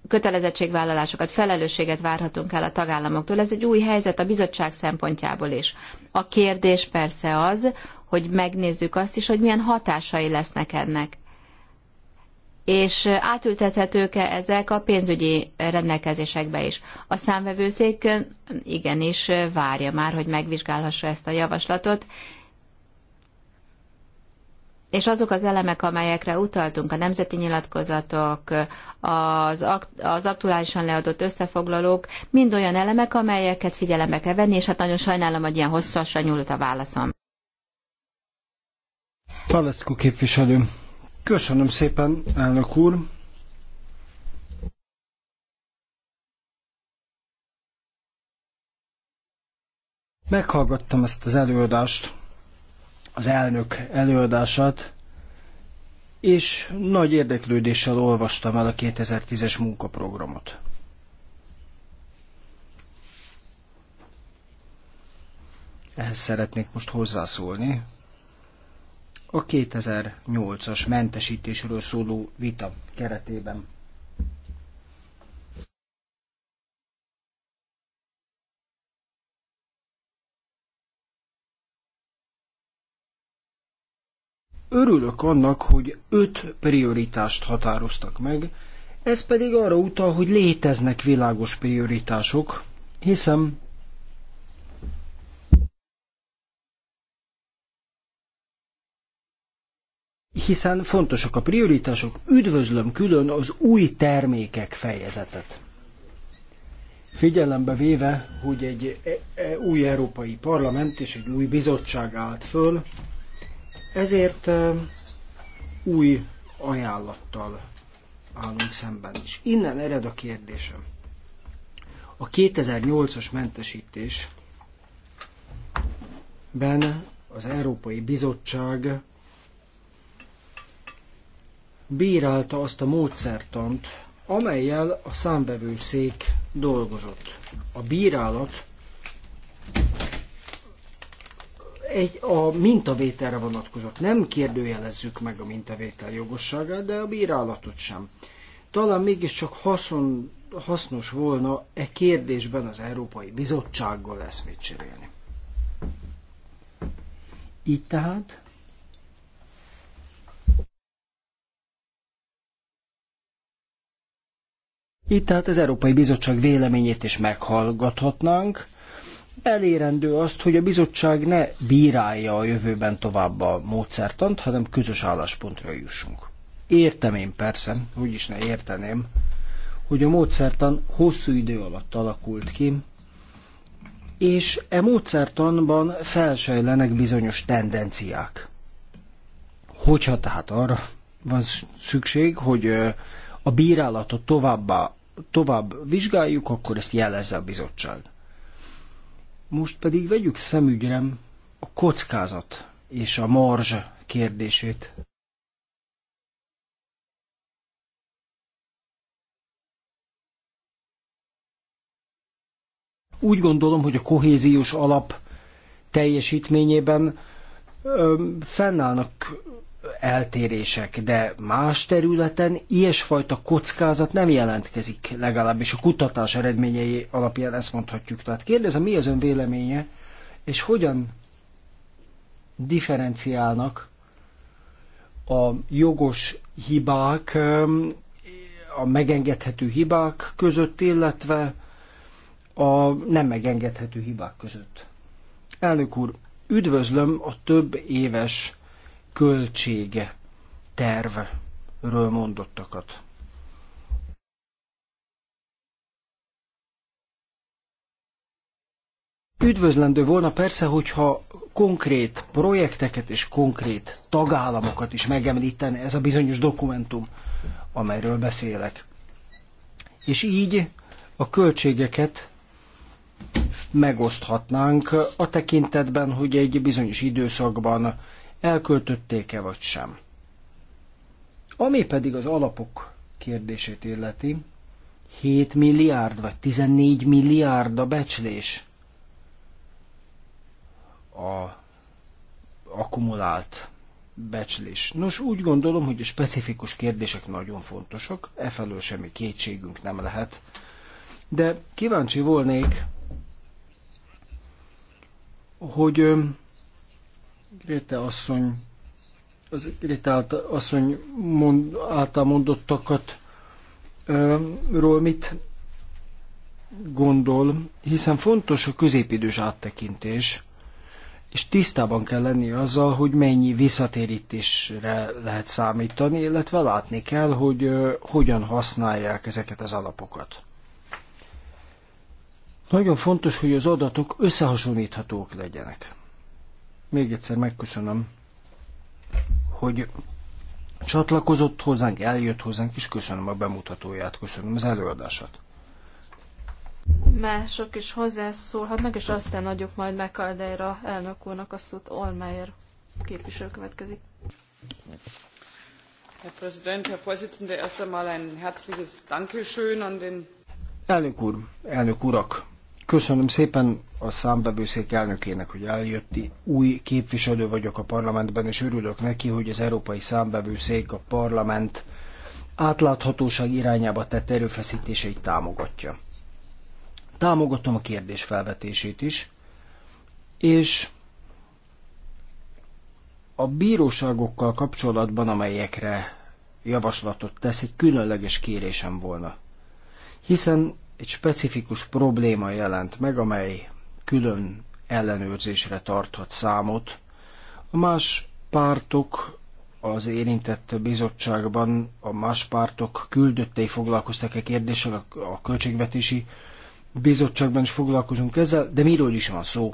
kötelezettségvállalásokat, felelősséget várhatunk el a tagállamoktól. Ez egy új helyzet a bizottság szempontjából is. A kérdés persze az, hogy megnézzük azt is, hogy milyen hatásai lesznek ennek. És átültethetők-e ezek a pénzügyi rendelkezésekbe is? A számvevőszék igenis várja már, hogy megvizsgálhassa ezt a javaslatot, és azok az elemek, amelyekre utaltunk, a nemzeti nyilatkozatok, az, az aktuálisan leadott összefoglalók, mind olyan elemek, amelyeket figyelembe kell venni, és hát nagyon sajnálom, hogy ilyen hosszasra nyúlt a válaszom. Paleszko képviselő. Köszönöm szépen, elnök úr. Meghallgattam ezt az előadást, az elnök előadását, és nagy érdeklődéssel olvastam el a 2010-es munkaprogramot. Ehhez szeretnék most hozzászólni. A 2008-as mentesítésről szóló vita keretében Örülök annak, hogy öt prioritást határoztak meg, ez pedig arra utal, hogy léteznek világos prioritások, hiszen hiszen fontosak a prioritások, üdvözlöm külön az új termékek fejezetet. Figyelembe véve, hogy egy e- e- új európai parlament és egy új bizottság állt föl, ezért új ajánlattal állunk szemben is. Innen ered a kérdésem. A 2008-as mentesítésben az Európai Bizottság bírálta azt a módszertant, amelyel a számbevőszék dolgozott. A bírálat egy, a mintavételre vonatkozott. Nem kérdőjelezzük meg a mintavétel jogosságát, de a bírálatot sem. Talán mégiscsak haszon, hasznos volna e kérdésben az Európai Bizottsággal eszmét cserélni. Így tehát Itt tehát az Európai Bizottság véleményét is meghallgathatnánk, elérendő azt, hogy a bizottság ne bírálja a jövőben tovább a módszertant, hanem közös álláspontra jussunk. Értem én persze, hogy is ne érteném, hogy a módszertan hosszú idő alatt alakult ki, és e módszertanban felsejlenek bizonyos tendenciák. Hogyha tehát arra van szükség, hogy a bírálatot továbbá, tovább vizsgáljuk, akkor ezt jelezze a bizottság. Most pedig vegyük szemügyre a kockázat és a marzs kérdését. Úgy gondolom, hogy a kohéziós alap teljesítményében fennállnak eltérések, de más területen ilyesfajta kockázat nem jelentkezik, legalábbis a kutatás eredményei alapján ezt mondhatjuk. Tehát kérdezem, mi az ön véleménye, és hogyan differenciálnak a jogos hibák, a megengedhető hibák között, illetve a nem megengedhető hibák között. Elnök úr, üdvözlöm a több éves költsége tervről mondottakat. Üdvözlendő volna persze, hogyha konkrét projekteket és konkrét tagállamokat is megemlítene ez a bizonyos dokumentum, amelyről beszélek. És így a költségeket megoszthatnánk a tekintetben, hogy egy bizonyos időszakban elköltötték-e vagy sem. Ami pedig az alapok kérdését illeti, 7 milliárd vagy 14 milliárd a becslés a akkumulált becslés. Nos, úgy gondolom, hogy a specifikus kérdések nagyon fontosak, efelől semmi kétségünk nem lehet. De kíváncsi volnék, hogy Gréte asszony, az Gréte asszony mond, által mondottakat ról mit gondol, hiszen fontos a középidős áttekintés, és tisztában kell lenni azzal, hogy mennyi visszatérítésre lehet számítani, illetve látni kell, hogy hogyan használják ezeket az alapokat. Nagyon fontos, hogy az adatok összehasonlíthatók legyenek. Még egyszer megköszönöm, hogy csatlakozott hozzánk, eljött hozzánk, és köszönöm a bemutatóját, köszönöm az előadását. Mások is hozzászólhatnak, és aztán adjuk majd Mekaldeira elnök úrnak a szót Olmeyer képviselő következik. Herr Präsident, Herr Vorsitzender, erst einmal ein herzliches Dankeschön an den... Elnök úr, elnök urak, Köszönöm szépen a számbevőszék elnökének, hogy eljött. Új képviselő vagyok a parlamentben, és örülök neki, hogy az Európai Számbevőszék a parlament átláthatóság irányába tett erőfeszítéseit támogatja. Támogatom a kérdés felvetését is, és a bíróságokkal kapcsolatban, amelyekre javaslatot tesz, egy különleges kérésem volna. Hiszen egy specifikus probléma jelent meg, amely külön ellenőrzésre tarthat számot. A más pártok az érintett bizottságban a más pártok küldöttei foglalkoztak a kérdéssel, a költségvetési bizottságban is foglalkozunk ezzel, de miről is van szó?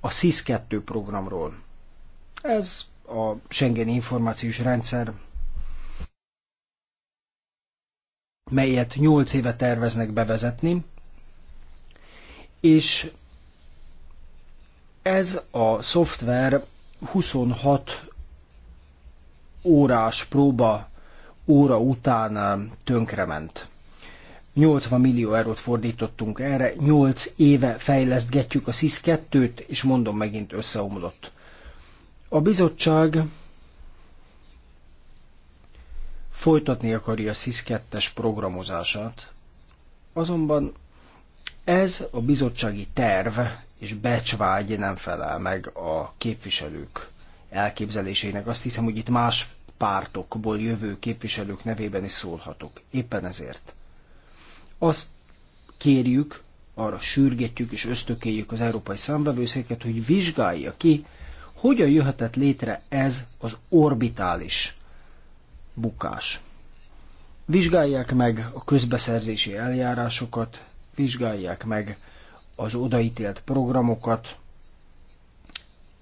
A SIS-2 programról. Ez a Schengen információs rendszer melyet 8 éve terveznek bevezetni, és ez a szoftver 26 órás próba óra után um, tönkrement. 80 millió eurót fordítottunk erre, 8 éve fejlesztgetjük a SIS-2-t, és mondom megint összeomlott. A bizottság folytatni akarja a sis 2 programozását, azonban ez a bizottsági terv és becsvágy nem felel meg a képviselők elképzelésének. Azt hiszem, hogy itt más pártokból jövő képviselők nevében is szólhatok. Éppen ezért. Azt kérjük, arra sürgetjük és ösztökéljük az európai számbevőszéket, hogy vizsgálja ki, hogyan jöhetett létre ez az orbitális bukás. Vizsgálják meg a közbeszerzési eljárásokat, vizsgálják meg az odaítélt programokat.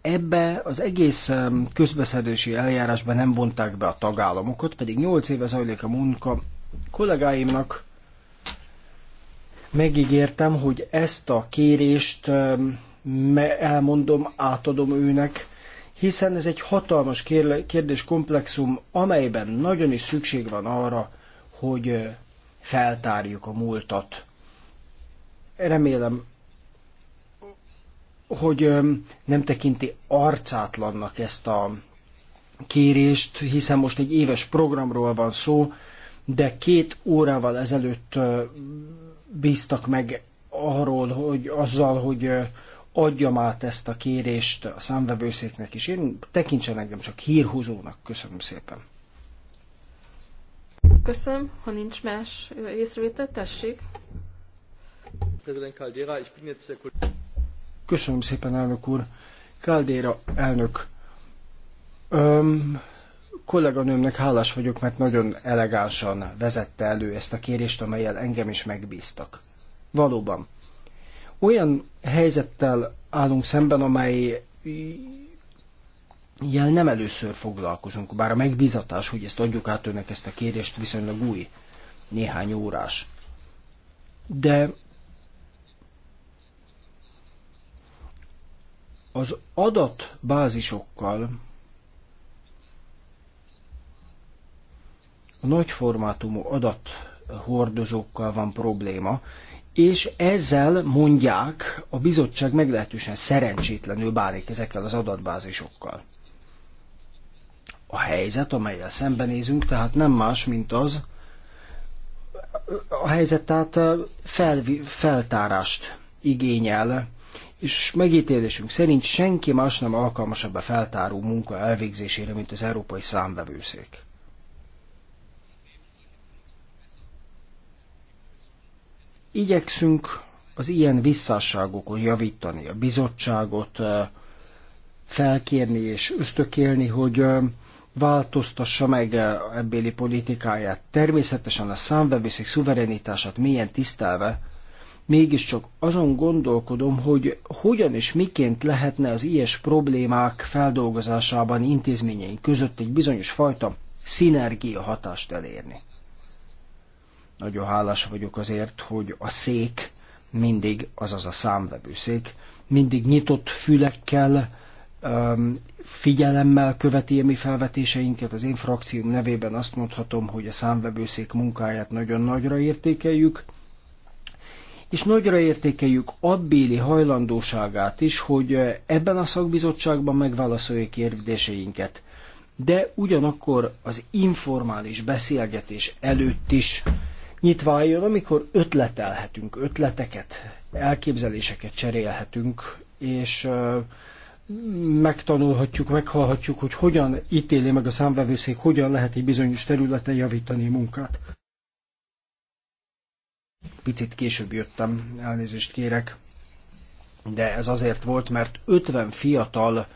Ebbe az egész közbeszerzési eljárásban nem vonták be a tagállamokat, pedig 8 éve zajlik a munka. Kollégáimnak megígértem, hogy ezt a kérést elmondom, átadom őnek, hiszen ez egy hatalmas kérdéskomplexum, amelyben nagyon is szükség van arra, hogy feltárjuk a múltat. Remélem, hogy nem tekinti arcátlannak ezt a kérést, hiszen most egy éves programról van szó, de két órával ezelőtt bíztak meg arról, hogy azzal, hogy adjam át ezt a kérést a számvevőszéknek is. Én tekintsen engem csak hírhúzónak. Köszönöm szépen. Köszönöm, ha nincs más észrevétel, tessék. Köszönöm szépen, elnök úr. Caldera elnök. Öm, kolléganőmnek hálás vagyok, mert nagyon elegánsan vezette elő ezt a kérést, amelyel engem is megbíztak. Valóban, olyan helyzettel állunk szemben, amely jel nem először foglalkozunk, bár a megbizatás, hogy ezt adjuk át önnek ezt a kérést viszonylag új, néhány órás. De az adatbázisokkal a nagyformátumú adathordozókkal van probléma, és ezzel mondják, a bizottság meglehetősen szerencsétlenül bánik ezekkel az adatbázisokkal. A helyzet, amelyel szembenézünk, tehát nem más, mint az, a helyzet tehát fel, feltárást igényel, és megítélésünk szerint senki más nem alkalmasabb a feltáró munka elvégzésére, mint az Európai Számbevőszék. Igyekszünk az ilyen visszásságokon javítani a bizottságot, felkérni és ösztökélni, hogy változtassa meg ebbéli politikáját. Természetesen a számvevőszék szuverenitását milyen tisztelve, mégiscsak azon gondolkodom, hogy hogyan és miként lehetne az ilyes problémák feldolgozásában intézményeink között egy bizonyos fajta szinergia hatást elérni. Nagyon hálás vagyok azért, hogy a szék mindig, azaz a számvevőszék, mindig nyitott fülekkel, figyelemmel követi a mi felvetéseinket. Az én frakcióm nevében azt mondhatom, hogy a számvevőszék munkáját nagyon nagyra értékeljük, és nagyra értékeljük abbéli hajlandóságát is, hogy ebben a szakbizottságban megválaszolja kérdéseinket. De ugyanakkor az informális beszélgetés előtt is nyitva jön, amikor ötletelhetünk, ötleteket, elképzeléseket cserélhetünk, és megtanulhatjuk, meghallhatjuk, hogy hogyan ítéli meg a számvevőszék, hogyan lehet egy bizonyos területen javítani a munkát. Picit később jöttem, elnézést kérek, de ez azért volt, mert 50 fiatal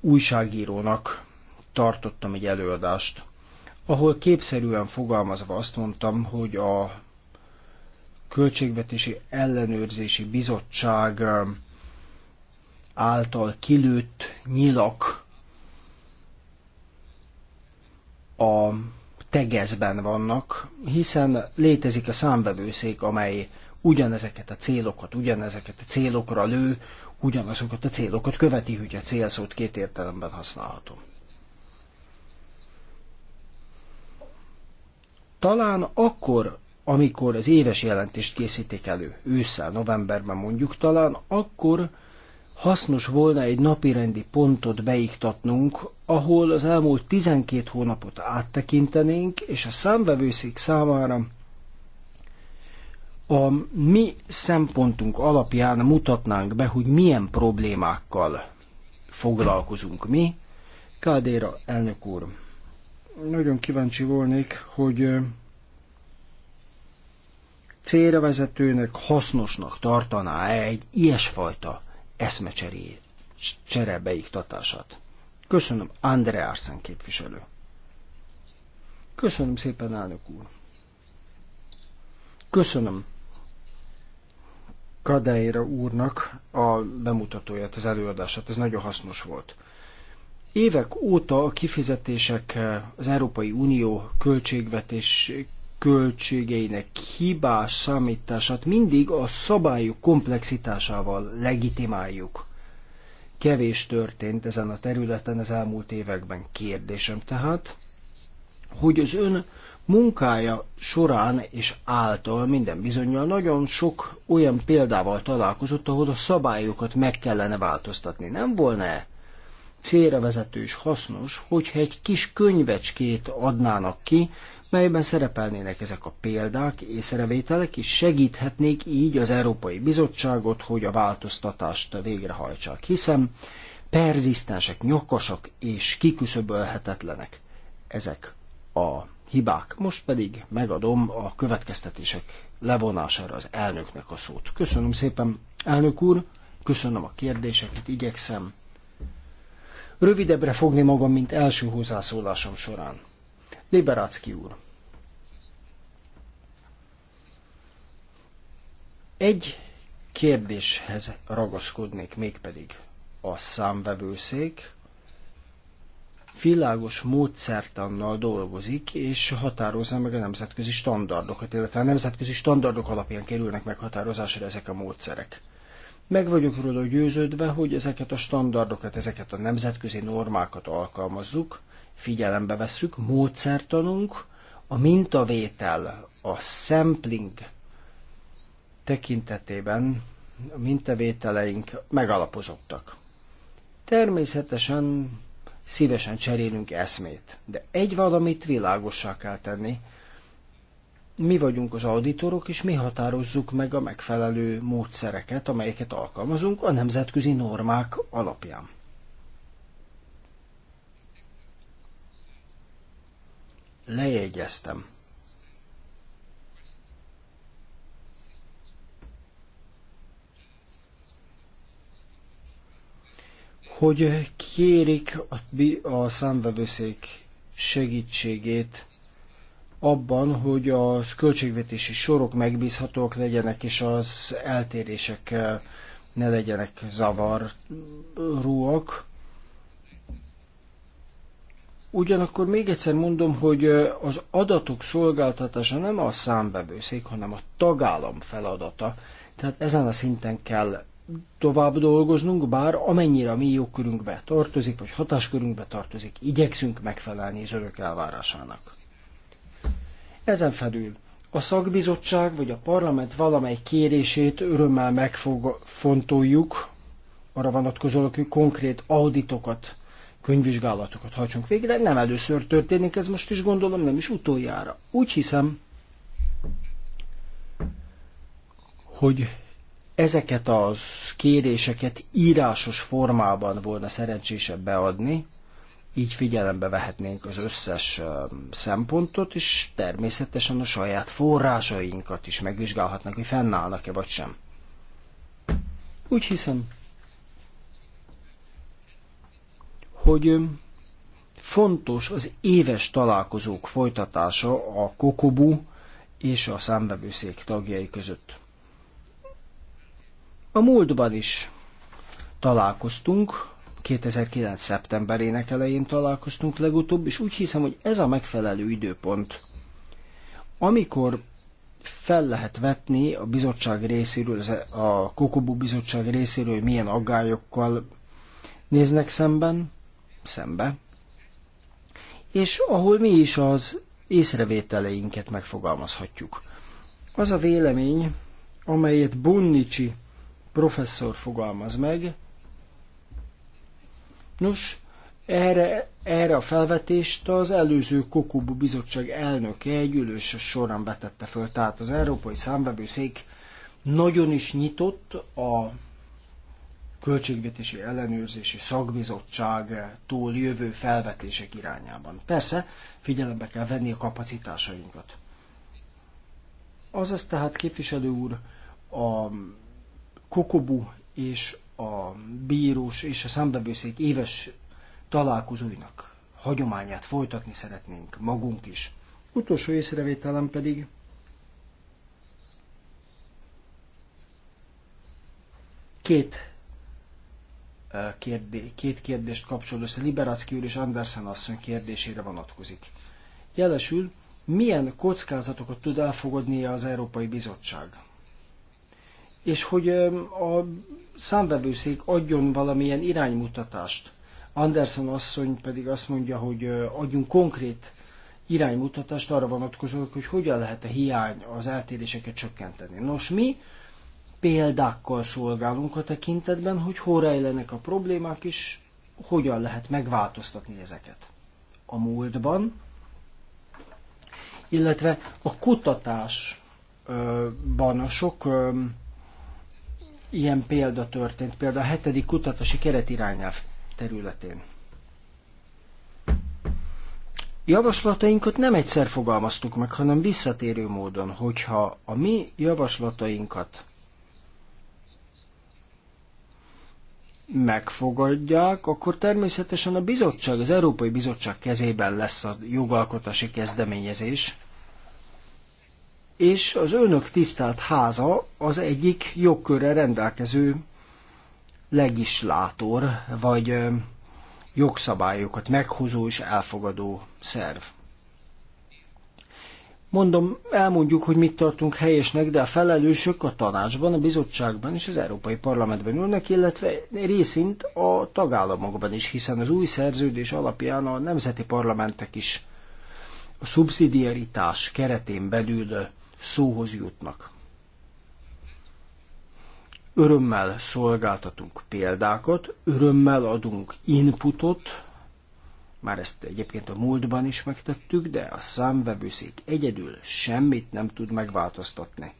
újságírónak tartottam egy előadást ahol képszerűen fogalmazva azt mondtam, hogy a Költségvetési Ellenőrzési Bizottság um, által kilőtt nyilak a tegezben vannak, hiszen létezik a számbevőszék, amely ugyanezeket a célokat, ugyanezeket a célokra lő, ugyanazokat a célokat követi, hogy a célszót két értelemben használhatom. Talán akkor, amikor az éves jelentést készítik elő, ősszel, novemberben mondjuk, talán akkor hasznos volna egy napirendi pontot beiktatnunk, ahol az elmúlt 12 hónapot áttekintenénk, és a számvevőszék számára a mi szempontunk alapján mutatnánk be, hogy milyen problémákkal foglalkozunk mi. Kádéra elnök úr, nagyon kíváncsi volnék, hogy célra vezetőnek hasznosnak tartaná-e egy ilyesfajta eszmecseré cserebeiktatását. Köszönöm, André Arsen képviselő. Köszönöm szépen, elnök úr. Köszönöm Kadeira úrnak a bemutatóját, az előadását, ez nagyon hasznos volt. Évek óta a kifizetések eh, az Európai Unió költségvetés költségeinek hibás számítását mindig a szabályok komplexitásával legitimáljuk. Kevés történt ezen a területen az elmúlt években. Kérdésem tehát, hogy az ön munkája során és által minden bizonyal nagyon sok olyan példával találkozott, ahol a szabályokat meg kellene változtatni. Nem volna -e célra vezető és hasznos, hogyha egy kis könyvecskét adnának ki, melyben szerepelnének ezek a példák, észrevételek, és segíthetnék így az Európai Bizottságot, hogy a változtatást végrehajtsák, hiszen perzisztensek, nyakasak és kiküszöbölhetetlenek ezek a hibák. Most pedig megadom a következtetések levonására az elnöknek a szót. Köszönöm szépen, elnök úr, köszönöm a kérdéseket, igyekszem Rövidebbre fogni magam, mint első hozzászólásom során. Liberácki úr. Egy kérdéshez ragaszkodnék mégpedig a számvevőszék világos módszertannal dolgozik, és határozza meg a nemzetközi standardokat, illetve a nemzetközi standardok alapján kerülnek meghatározásra ezek a módszerek. Meg vagyok róla győződve, hogy ezeket a standardokat, ezeket a nemzetközi normákat alkalmazzuk, figyelembe vesszük, módszertanunk, a mintavétel, a sampling tekintetében a mintavételeink megalapozottak. Természetesen szívesen cserélünk eszmét, de egy valamit világossá kell tenni, mi vagyunk az auditorok, és mi határozzuk meg a megfelelő módszereket, amelyeket alkalmazunk a nemzetközi normák alapján. Lejegyeztem. hogy kérik a számvevőszék segítségét abban, hogy a költségvetési sorok megbízhatóak legyenek, és az eltérések eh, ne legyenek zavarúak. Ugyanakkor még egyszer mondom, hogy eh, az adatok szolgáltatása nem a számbevőszék, hanem a tagállam feladata. Tehát ezen a szinten kell tovább dolgoznunk, bár amennyire a mi jogkörünkbe tartozik, vagy hatáskörünkbe tartozik, igyekszünk megfelelni az örök elvárásának. Ezen felül a szakbizottság vagy a parlament valamely kérését örömmel megfontoljuk, arra vonatkozólag, hogy konkrét auditokat, könyvvizsgálatokat hajtsunk végre. Nem először történik ez most is, gondolom, nem is utoljára. Úgy hiszem, hogy ezeket az kéréseket írásos formában volna szerencsésebb beadni, így figyelembe vehetnénk az összes szempontot, és természetesen a saját forrásainkat is megvizsgálhatnak, hogy fennállnak-e vagy sem. Úgy hiszem, hogy fontos az éves találkozók folytatása a Kokobu és a számbevőszék tagjai között. A múltban is találkoztunk, 2009. szeptemberének elején találkoztunk legutóbb, és úgy hiszem, hogy ez a megfelelő időpont, amikor fel lehet vetni a bizottság részéről, e- a Kokobu bizottság részéről, hogy milyen aggályokkal néznek szemben, szembe, és ahol mi is az észrevételeinket megfogalmazhatjuk. Az a vélemény, amelyet Bunnicsi professzor fogalmaz meg, Nos, erre, erre a felvetést az előző Kokubu bizottság elnöke egy ülős során betette föl. Tehát az Európai Számvevőszék nagyon is nyitott a Költségvetési Ellenőrzési Szakbizottságtól jövő felvetések irányában. Persze, figyelembe kell venni a kapacitásainkat. Azaz tehát, képviselő úr, a Kokobu és a bírós és a számbevőszék éves találkozóinak hagyományát folytatni szeretnénk magunk is. Utolsó észrevételem pedig két, eh, kérdé, két kérdést kapcsol össze, Liberacki úr és Andersen asszony kérdésére vonatkozik. Jelesül, milyen kockázatokat tud elfogadnia az Európai Bizottság? és hogy a számvevőszék adjon valamilyen iránymutatást. Anderson asszony pedig azt mondja, hogy adjunk konkrét iránymutatást arra vonatkozóan, hogy hogyan lehet a hiány, az eltéréseket csökkenteni. Nos, mi példákkal szolgálunk a tekintetben, hogy hol rejlenek a problémák, és hogyan lehet megváltoztatni ezeket. A múltban, illetve a kutatásban a sok Ilyen példa történt, például a hetedik kutatási keretirányelv területén. Javaslatainkat nem egyszer fogalmaztuk meg, hanem visszatérő módon, hogyha a mi javaslatainkat megfogadják, akkor természetesen a bizottság, az Európai Bizottság kezében lesz a jogalkotási kezdeményezés és az önök tisztelt háza az egyik jogkörre rendelkező legislátor, vagy jogszabályokat meghozó és elfogadó szerv. Mondom, elmondjuk, hogy mit tartunk helyesnek, de a felelősök a tanácsban, a bizottságban és az Európai Parlamentben ülnek, illetve részint a tagállamokban is, hiszen az új szerződés alapján a nemzeti parlamentek is a szubszidiaritás keretén belül szóhoz jutnak. Örömmel szolgáltatunk példákat, örömmel adunk inputot, már ezt egyébként a múltban is megtettük, de a számvevőszék egyedül semmit nem tud megváltoztatni.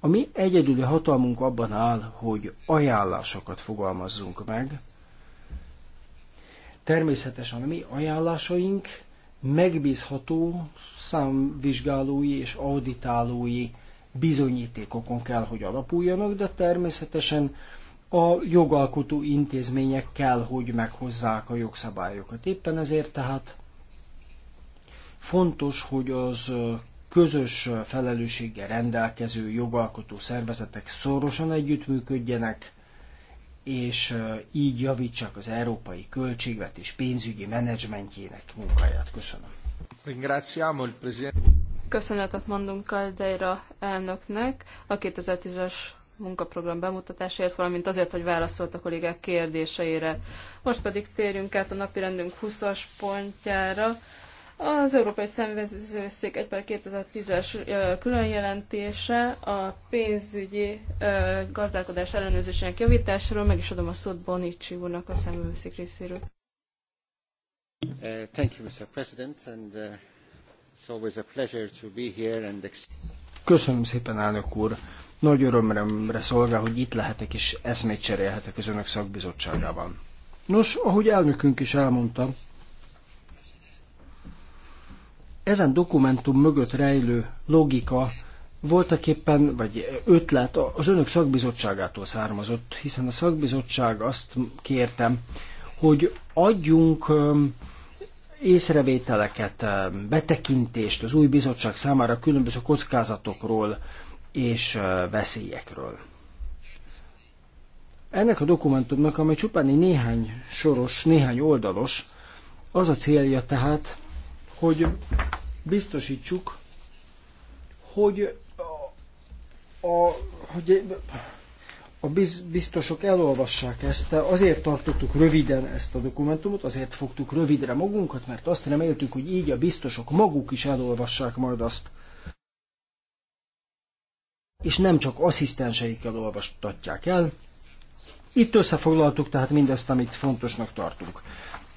A mi egyedüli hatalmunk abban áll, hogy ajánlásokat fogalmazzunk meg. Természetesen a mi ajánlásaink megbízható számvizsgálói és auditálói bizonyítékokon kell, hogy alapuljanak, de természetesen a jogalkotó intézmények kell, hogy meghozzák a jogszabályokat. Éppen ezért tehát fontos, hogy az közös felelősséggel rendelkező jogalkotó szervezetek szorosan együttműködjenek, és így javítsák az európai költségvetés pénzügyi menedzsmentjének munkáját. Köszönöm. Köszönetet mondunk Caldeira elnöknek a 2010-es munkaprogram bemutatásáért, valamint azért, hogy válaszolt a kollégák kérdéseire. Most pedig térjünk át a napirendünk 20-as pontjára, az Európai Szemvezőszék 1 per 2010-es különjelentése a pénzügyi gazdálkodás ellenőrzésének javításáról. Meg is adom a szót Bonicsi úrnak a szemvezőszék részéről. Uh, thank you, Mr. President, and uh, it's always a pleasure to be here and Köszönöm szépen, elnök úr! Nagy örömre szolgál, hogy itt lehetek és eszmét cserélhetek az önök szakbizottságában. Nos, ahogy elnökünk is elmondta, ezen dokumentum mögött rejlő logika voltak éppen, vagy ötlet az önök szakbizottságától származott, hiszen a szakbizottság azt kértem, hogy adjunk észrevételeket, betekintést az új bizottság számára különböző kockázatokról és veszélyekről. Ennek a dokumentumnak, amely csupán egy néhány soros, néhány oldalos, az a célja tehát, hogy biztosítsuk, hogy a, a, hogy a biz, biztosok elolvassák ezt, azért tartottuk röviden ezt a dokumentumot, azért fogtuk rövidre magunkat, mert azt reméltük, hogy így a biztosok maguk is elolvassák majd azt, és nem csak asszisztenseikkel olvastatják el. Itt összefoglaltuk tehát mindazt, amit fontosnak tartunk.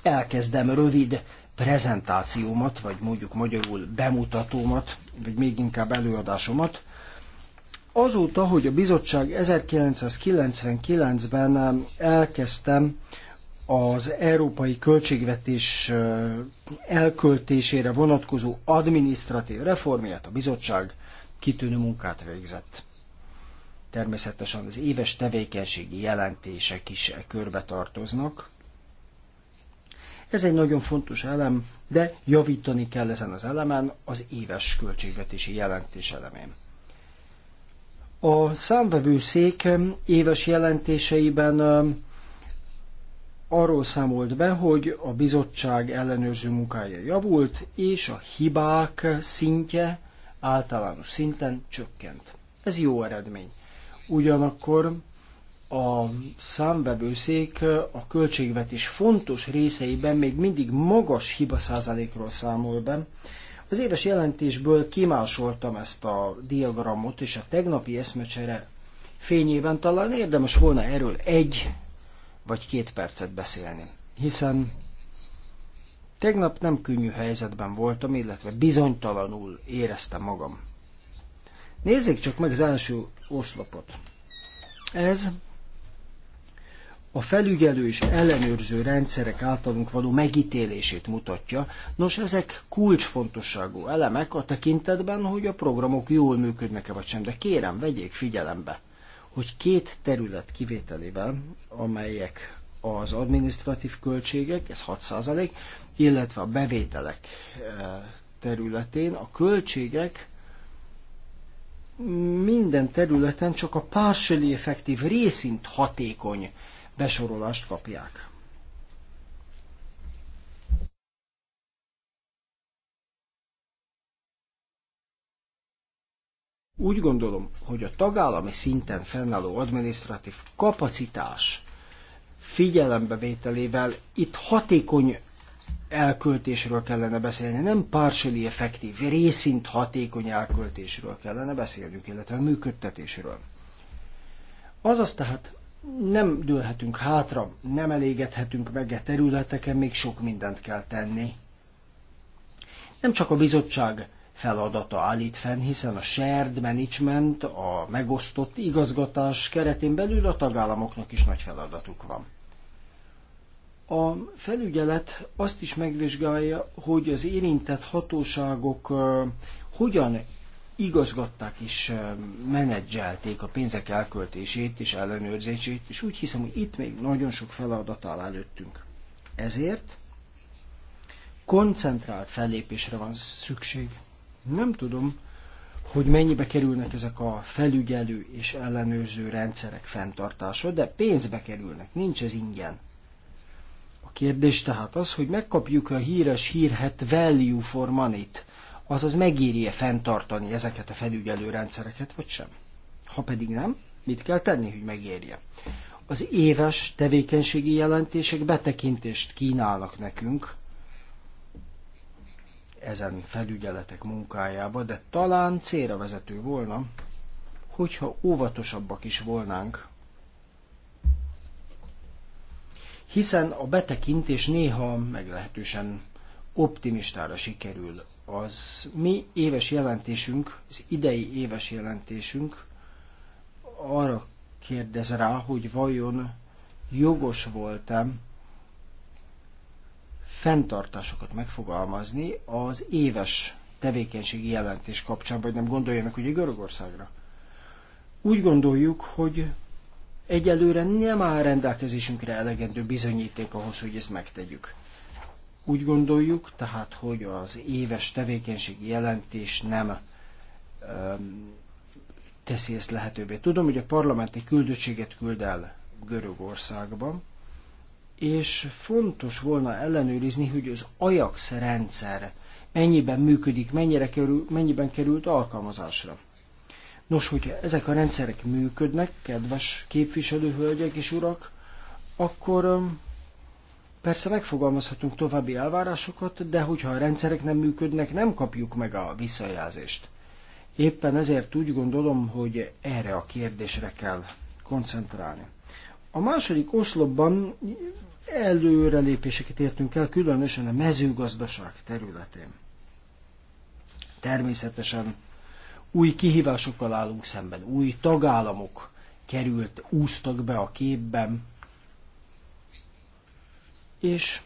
Elkezdem rövid prezentációmat, vagy mondjuk magyarul bemutatómat, vagy még inkább előadásomat. Azóta, hogy a bizottság 1999-ben elkezdtem az európai költségvetés elköltésére vonatkozó adminisztratív reformját, a bizottság kitűnő munkát végzett. Természetesen az éves tevékenységi jelentések is e körbe tartoznak, ez egy nagyon fontos elem, de javítani kell ezen az elemen, az éves költségvetési jelentés elemén. A számvevőszék éves jelentéseiben arról számolt be, hogy a bizottság ellenőrző munkája javult, és a hibák szintje általános szinten csökkent. Ez jó eredmény. Ugyanakkor a számbevőszék a költségvetés fontos részeiben még mindig magas hiba százalékról számol be. Az éves jelentésből kimásoltam ezt a diagramot, és a tegnapi eszmecsere fényében talán érdemes volna erről egy vagy két percet beszélni. Hiszen tegnap nem könnyű helyzetben voltam, illetve bizonytalanul éreztem magam. Nézzék csak meg az első oszlopot. Ez a felügyelő és ellenőrző rendszerek általunk való megítélését mutatja. Nos, ezek kulcsfontosságú elemek a tekintetben, hogy a programok jól működnek-e vagy sem, de kérem, vegyék figyelembe, hogy két terület kivételével, amelyek az administratív költségek, ez 6%, illetve a bevételek eh, területén a költségek minden területen csak a partially effektív részint hatékony besorolást kapják. Úgy gondolom, hogy a tagállami szinten fennálló adminisztratív kapacitás figyelembevételével itt hatékony elköltésről kellene beszélni, nem partially effektív, részint hatékony elköltésről kellene beszélnünk, illetve működtetésről. Azaz tehát nem dőlhetünk hátra, nem elégedhetünk meg a e területeken, még sok mindent kell tenni. Nem csak a bizottság feladata állít fenn, hiszen a shared management, a megosztott igazgatás keretén belül a tagállamoknak is nagy feladatuk van. A felügyelet azt is megvizsgálja, hogy az érintett hatóságok hogyan igazgatták és menedzselték a pénzek elköltését és ellenőrzését, és úgy hiszem, hogy itt még nagyon sok feladat áll előttünk. Ezért koncentrált fellépésre van szükség. Nem tudom, hogy mennyibe kerülnek ezek a felügyelő és ellenőrző rendszerek fenntartása, de pénzbe kerülnek, nincs ez ingyen. A kérdés tehát az, hogy megkapjuk a híres hírhet value for money-t, Azaz megéri-e fenntartani ezeket a felügyelő rendszereket, vagy sem? Ha pedig nem, mit kell tenni, hogy megérje? Az éves tevékenységi jelentések betekintést kínálnak nekünk ezen felügyeletek munkájába, de talán célra vezető volna, hogyha óvatosabbak is volnánk, hiszen a betekintés néha meglehetősen optimistára sikerül az mi éves jelentésünk, az idei éves jelentésünk arra kérdez rá, hogy vajon jogos voltam fenntartásokat megfogalmazni az éves tevékenységi jelentés kapcsán, vagy nem gondoljanak ugye Görögországra. Úgy gondoljuk, hogy egyelőre nem áll rendelkezésünkre elegendő bizonyíték ahhoz, hogy ezt megtegyük. Úgy gondoljuk tehát, hogy az éves tevékenységi jelentés nem um, teszi ezt lehetővé. Tudom, hogy a parlamenti küldöttséget küld el Görögországban, és fontos volna ellenőrizni, hogy az Ajax rendszer mennyiben működik, mennyire kerül, mennyiben került alkalmazásra. Nos, hogyha ezek a rendszerek működnek, kedves képviselőhölgyek és urak, akkor Persze megfogalmazhatunk további elvárásokat, de hogyha a rendszerek nem működnek, nem kapjuk meg a visszajelzést. Éppen ezért úgy gondolom, hogy erre a kérdésre kell koncentrálni. A második oszlopban előrelépéseket értünk el, különösen a mezőgazdaság területén. Természetesen új kihívásokkal állunk szemben, új tagállamok került, úsztak be a képben, és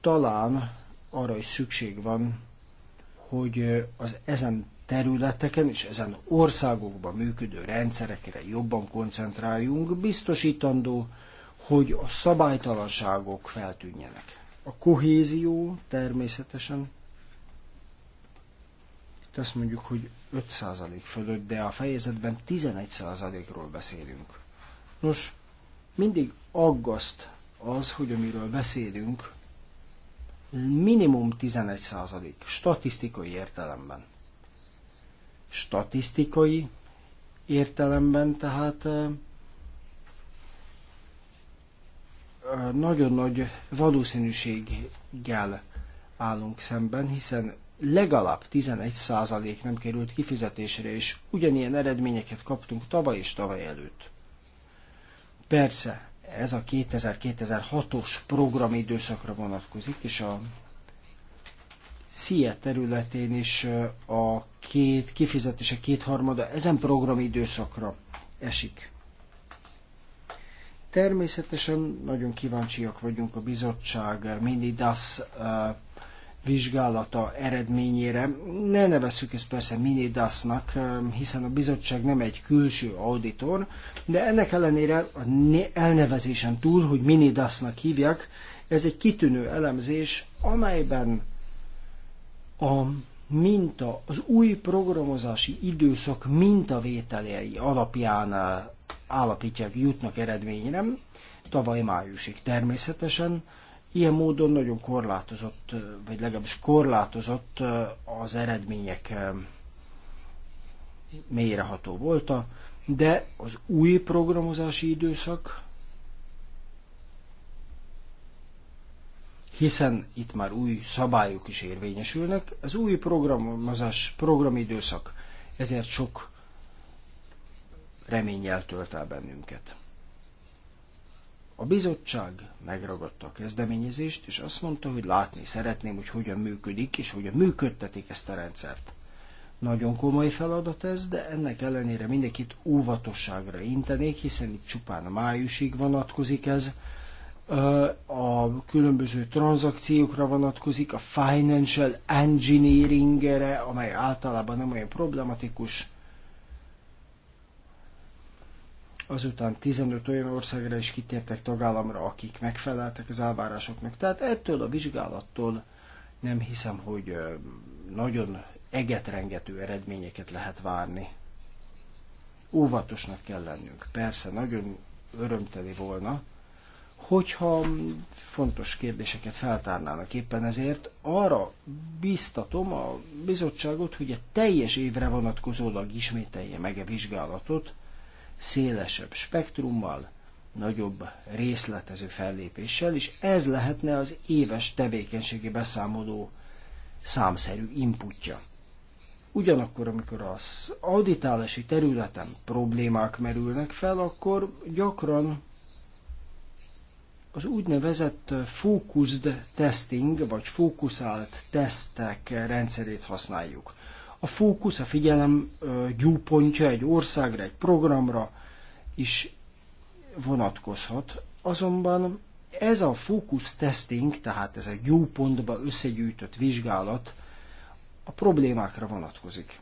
talán arra is szükség van, hogy az ezen területeken és ezen országokban működő rendszerekre jobban koncentráljunk, biztosítandó, hogy a szabálytalanságok feltűnjenek. A kohézió természetesen, itt azt mondjuk, hogy 5% fölött, de a fejezetben 11%-ról beszélünk. Nos, mindig aggaszt az, hogy amiről beszélünk, minimum 11 százalék statisztikai értelemben. Statisztikai értelemben tehát nagyon nagy valószínűséggel állunk szemben, hiszen legalább 11% százalék nem került kifizetésre, és ugyanilyen eredményeket kaptunk tavaly és tavaly előtt. Persze, ez a 2000-2006-os programidőszakra vonatkozik, és a SZIA területén is a két kifizetése kétharmada ezen programidőszakra esik. Természetesen nagyon kíváncsiak vagyunk a bizottság minidas vizsgálata eredményére. Ne nevezzük ezt persze minidasznak, ehm, hiszen a bizottság nem egy külső auditor, de ennek ellenére a elnevezésen túl, hogy minidasznak hívják, ez egy kitűnő elemzés, amelyben a minta, az új programozási időszak mintavételei alapján eh, állapítják, jutnak eredményre, tavaly májusig természetesen, Ilyen módon nagyon korlátozott, vagy legalábbis korlátozott az eredmények mélyreható volt, de az új programozási időszak, hiszen itt már új szabályok is érvényesülnek, az új programozás, programidőszak ezért sok reményel tölt el bennünket. A bizottság megragadta a kezdeményezést, és azt mondta, hogy látni szeretném, hogy hogyan működik, és hogyan működtetik ezt a rendszert. Nagyon komoly feladat ez, de ennek ellenére mindenkit óvatosságra intenék, hiszen itt csupán májusig vonatkozik ez, a különböző tranzakciókra vonatkozik, a financial engineering-re, amely általában nem olyan problematikus, azután 15 olyan országra is kitértek tagállamra, akik megfeleltek az elvárásoknak. Tehát ettől a vizsgálattól nem hiszem, hogy nagyon egetrengető eredményeket lehet várni. Óvatosnak kell lennünk. Persze, nagyon örömteli volna, hogyha fontos kérdéseket feltárnának éppen ezért, arra biztatom a bizottságot, hogy a teljes évre vonatkozólag ismételje meg a vizsgálatot, szélesebb spektrummal, nagyobb részletező fellépéssel, és ez lehetne az éves tevékenységi beszámoló számszerű inputja. Ugyanakkor, amikor az auditálási területen problémák merülnek fel, akkor gyakran az úgynevezett focused testing, vagy fókuszált tesztek rendszerét használjuk a fókusz, a figyelem gyúpontja egy országra, egy programra is vonatkozhat. Azonban ez a fókusz testing, tehát ez a gyúpontba összegyűjtött vizsgálat a problémákra vonatkozik.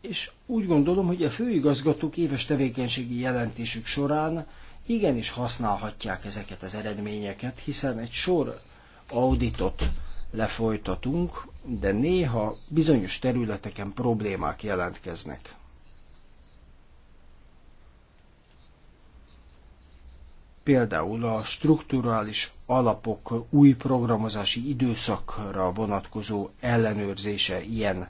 És úgy gondolom, hogy a főigazgatók éves tevékenységi jelentésük során igenis használhatják ezeket az eredményeket, hiszen egy sor auditot lefolytatunk, de néha bizonyos területeken problémák jelentkeznek. Például a strukturális alapok új programozási időszakra vonatkozó ellenőrzése ilyen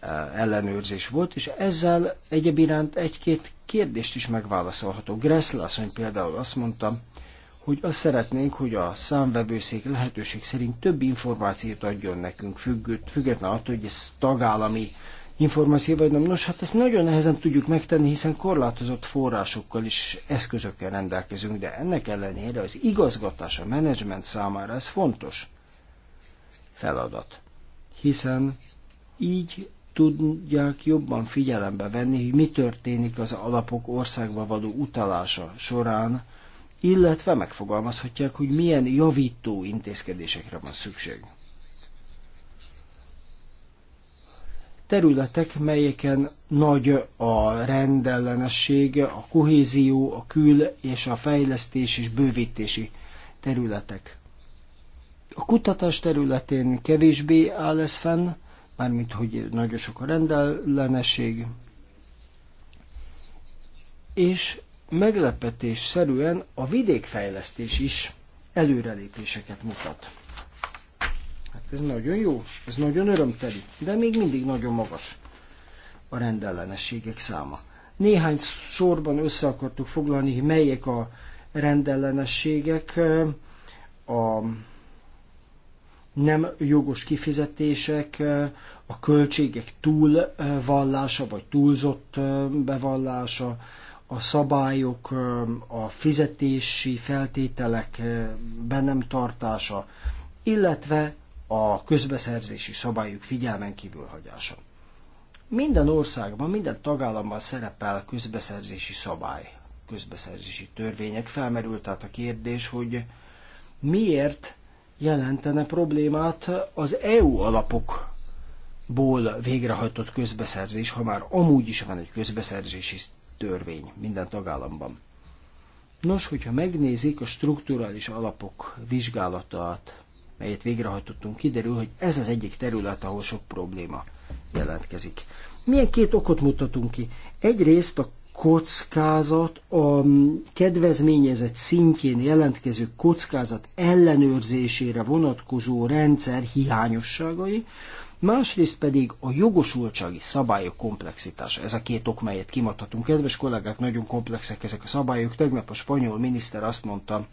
eh, ellenőrzés volt, és ezzel egyebiránt egy-két kérdést is megválaszolható. Gressel asszony például azt mondta, hogy azt szeretnénk, hogy a számvevőszék lehetőség szerint több információt adjon nekünk, függött, független attól, hogy ez tagállami információ vagy nem. Nos, hát ezt nagyon nehezen tudjuk megtenni, hiszen korlátozott forrásokkal és eszközökkel rendelkezünk, de ennek ellenére az igazgatás a menedzsment számára ez fontos feladat. Hiszen így tudják jobban figyelembe venni, hogy mi történik az alapok országba való utalása során, illetve megfogalmazhatják, hogy milyen javító intézkedésekre van szükség. Területek, melyeken nagy a rendellenesség, a kohézió, a kül és a fejlesztés és bővítési területek. A kutatás területén kevésbé áll ez fenn, mármint hogy nagyon sok a rendellenesség, és meglepetésszerűen a vidékfejlesztés is előrelépéseket mutat. Hát ez nagyon jó, ez nagyon örömteli, de még mindig nagyon magas a rendellenességek száma. Néhány sorban össze akartuk foglalni, hogy melyek a rendellenességek, a nem jogos kifizetések, a költségek túlvallása vagy túlzott bevallása, a szabályok, a fizetési feltételek bennem tartása, illetve a közbeszerzési szabályok figyelmen kívül hagyása. Minden országban, minden tagállamban szerepel közbeszerzési szabály, közbeszerzési törvények. Felmerült tehát a kérdés, hogy miért jelentene problémát az EU alapokból végrehajtott közbeszerzés, ha már amúgy is van egy közbeszerzési törvény minden tagállamban. Nos, hogyha megnézik a strukturális alapok vizsgálatát, melyet végrehajtottunk, kiderül, hogy ez az egyik terület, ahol sok probléma jelentkezik. Milyen két okot mutatunk ki? Egyrészt a kockázat, a kedvezményezett szintjén jelentkező kockázat ellenőrzésére vonatkozó rendszer hiányosságai, másrészt pedig a jogosultsági szabályok komplexitása. Ez a két ok, melyet kimadhatunk. Kedves kollégák, nagyon komplexek ezek a szabályok. Tegnap a spanyol miniszter azt mondta,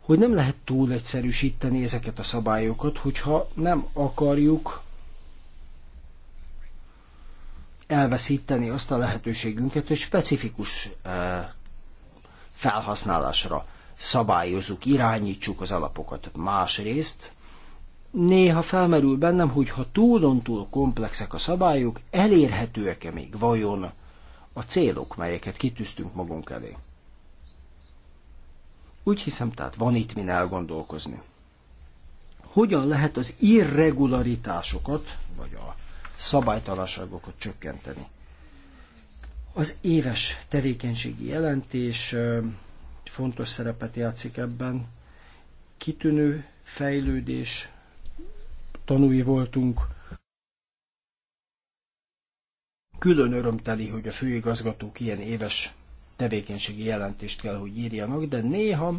hogy nem lehet túl egyszerűsíteni ezeket a szabályokat, hogyha nem akarjuk elveszíteni azt a lehetőségünket, hogy specifikus eh, felhasználásra szabályozzuk, irányítsuk az alapokat. Másrészt néha felmerül bennem, hogy ha túlontúl komplexek a szabályok, elérhetőek-e még vajon a célok, melyeket kitűztünk magunk elé. Úgy hiszem, tehát van itt min elgondolkozni. Hogyan lehet az irregularitásokat, vagy a szabálytalanságokat csökkenteni? Az éves tevékenységi jelentés fontos szerepet játszik ebben. Kitűnő fejlődés tanúi voltunk. Külön örömteli, hogy a főigazgatók ilyen éves tevékenységi jelentést kell, hogy írjanak, de néha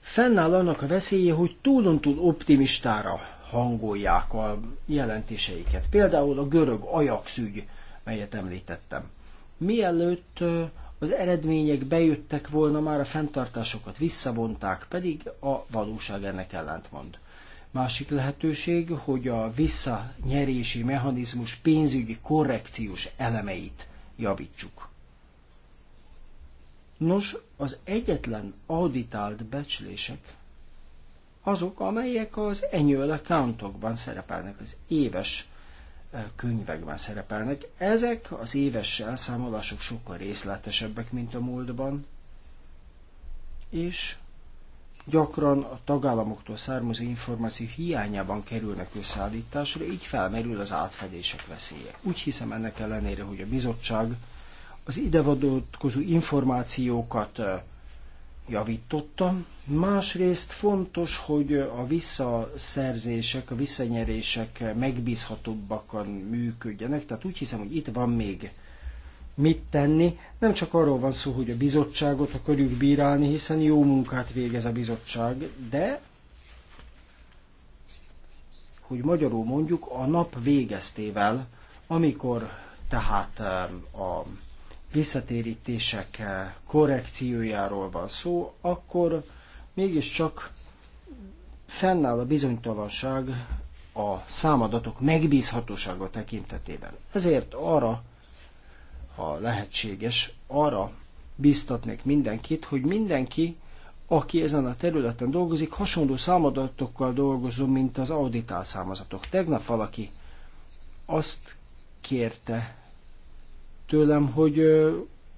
fennáll annak a veszélye, hogy túlontúl optimistára hangolják a jelentéseiket. Például a görög Ajax ügy, melyet említettem. Mielőtt az eredmények bejöttek volna, már a fenntartásokat visszavonták, pedig a valóság ennek ellentmond. Másik lehetőség, hogy a visszanyerési mechanizmus pénzügyi korrekciós elemeit javítsuk. Nos, az egyetlen auditált becslések azok, amelyek az annual accountokban szerepelnek, az éves eh, könyvekben szerepelnek. Ezek az éves elszámolások sokkal részletesebbek, mint a múltban, és gyakran a tagállamoktól származó információ hiányában kerülnek összeállításra, így felmerül az átfedések veszélye. Úgy hiszem ennek ellenére, hogy a bizottság az ide információkat javította. Másrészt fontos, hogy a visszaszerzések, a visszanyerések megbízhatóbbakan működjenek, tehát úgy hiszem, hogy itt van még mit tenni. Nem csak arról van szó, hogy a bizottságot akarjuk bírálni, hiszen jó munkát végez a bizottság, de hogy magyarul mondjuk a nap végeztével, amikor tehát um, a visszatérítések uh, korrekciójáról van szó, akkor mégiscsak fennáll a bizonytalanság a számadatok megbízhatósága tekintetében. Ezért arra ha lehetséges, arra biztatnék mindenkit, hogy mindenki, aki ezen a területen dolgozik, hasonló számadatokkal dolgozom, mint az auditál számazatok. Tegnap valaki azt kérte tőlem, hogy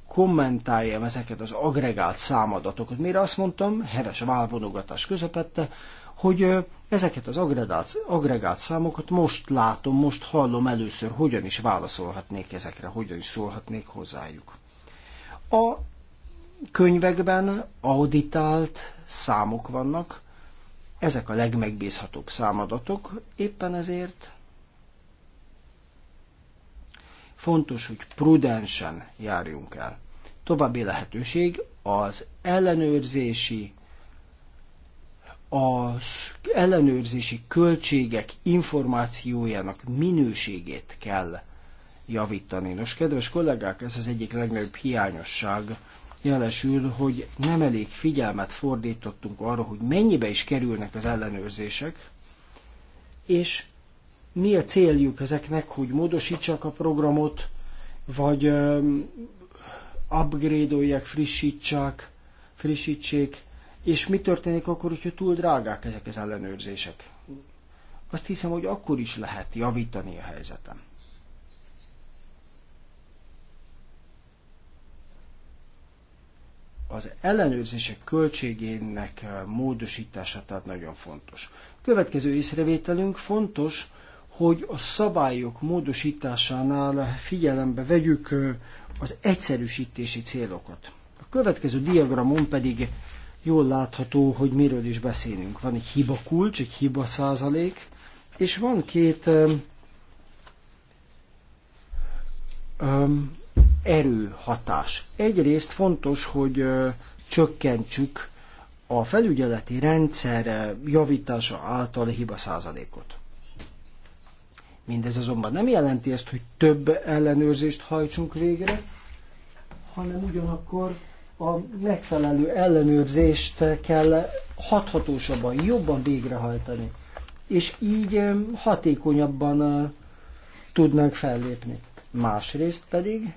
kommentáljam ezeket az agregált számadatokat. Mire azt mondtam, heves válvonogatás közepette, hogy Ezeket az agregált számokat most látom, most hallom először, hogyan is válaszolhatnék ezekre, hogyan is szólhatnék hozzájuk. A könyvekben auditált számok vannak, ezek a legmegbízhatóbb számadatok, éppen ezért fontos, hogy prudensen járjunk el. További lehetőség az ellenőrzési az ellenőrzési költségek információjának minőségét kell javítani. Nos, kedves kollégák, ez az egyik legnagyobb hiányosság jelesül, hogy nem elég figyelmet fordítottunk arra, hogy mennyibe is kerülnek az ellenőrzések, és mi a céljuk ezeknek, hogy módosítsak a programot, vagy upgrade-olják, frissítsák, frissítsék, és mi történik akkor, hogyha túl drágák ezek az ellenőrzések? Azt hiszem, hogy akkor is lehet javítani a helyzetem. az ellenőrzések költségének eh, módosítása tehát nagyon fontos. Következő észrevételünk fontos, hogy a szabályok módosításánál figyelembe vegyük eh, az egyszerűsítési célokat. A következő diagramon pedig jól látható, hogy miről is beszélünk. Van egy hiba kulcs, egy hiba százalék, és van két um, um, erőhatás. Egyrészt fontos, hogy uh, csökkentsük a felügyeleti rendszer javítása által a hiba százalékot. Mindez azonban nem jelenti ezt, hogy több ellenőrzést hajtsunk végre, hanem ugyanakkor a megfelelő ellenőrzést kell hathatósabban, jobban végrehajtani. És így hatékonyabban tudnánk fellépni. Másrészt pedig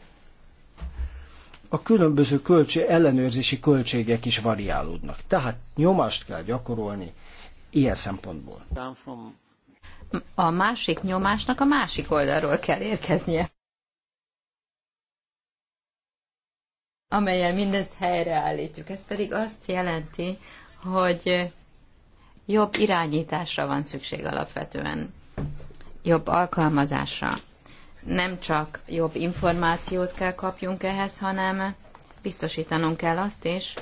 a különböző költség, ellenőrzési költségek is variálódnak. Tehát nyomást kell gyakorolni ilyen szempontból. A másik nyomásnak a másik oldalról kell érkeznie. amelyel mindezt helyreállítjuk. Ez pedig azt jelenti, hogy jobb irányításra van szükség alapvetően, jobb alkalmazásra. Nem csak jobb információt kell kapjunk ehhez, hanem biztosítanunk kell azt is,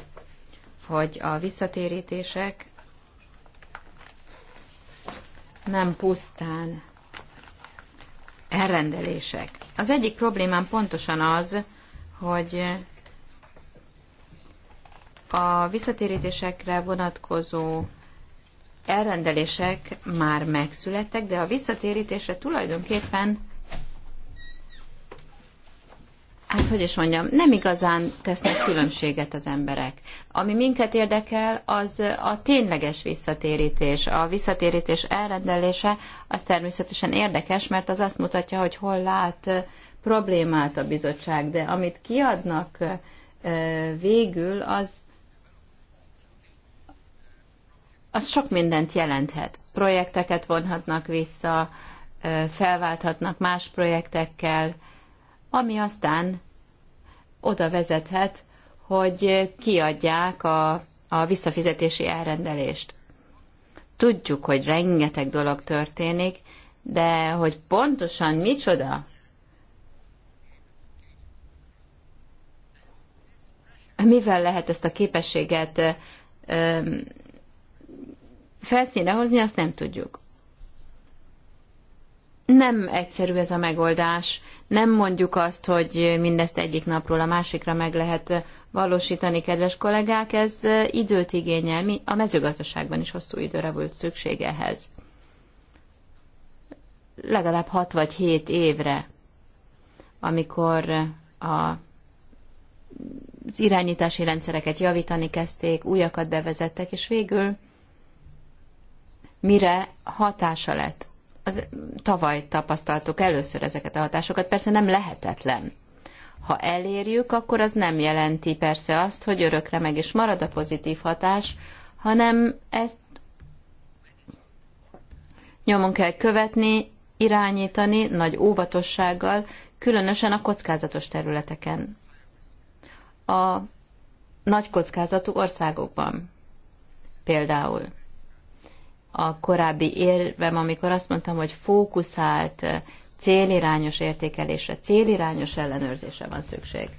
hogy a visszatérítések nem pusztán elrendelések. Az egyik problémám pontosan az, hogy a visszatérítésekre vonatkozó elrendelések már megszülettek, de a visszatérítésre tulajdonképpen Hát, hogy is mondjam, nem igazán tesznek különbséget az emberek. Ami minket érdekel, az a tényleges visszatérítés, a visszatérítés elrendelése, az természetesen érdekes, mert az azt mutatja, hogy hol lát problémát a bizottság, de amit kiadnak végül, az az sok mindent jelenthet. Projekteket vonhatnak vissza, felválthatnak más projektekkel, ami aztán oda vezethet, hogy kiadják a, a visszafizetési elrendelést. Tudjuk, hogy rengeteg dolog történik, de hogy pontosan micsoda, mivel lehet ezt a képességet felszínre hozni, azt nem tudjuk. Nem egyszerű ez a megoldás. Nem mondjuk azt, hogy mindezt egyik napról a másikra meg lehet valósítani, kedves kollégák, ez időt igényel. Mi a mezőgazdaságban is hosszú időre volt szükség ehhez. Legalább 6 vagy 7 évre, amikor a az irányítási rendszereket javítani kezdték, újakat bevezettek, és végül mire hatása lett. Az, tavaly tapasztaltuk először ezeket a hatásokat, persze nem lehetetlen. Ha elérjük, akkor az nem jelenti persze azt, hogy örökre meg is marad a pozitív hatás, hanem ezt nyomon kell követni, irányítani nagy óvatossággal, különösen a kockázatos területeken. A nagy kockázatú országokban például a korábbi érvem, amikor azt mondtam, hogy fókuszált, eh, célirányos értékelésre, célirányos ellenőrzésre van szükség.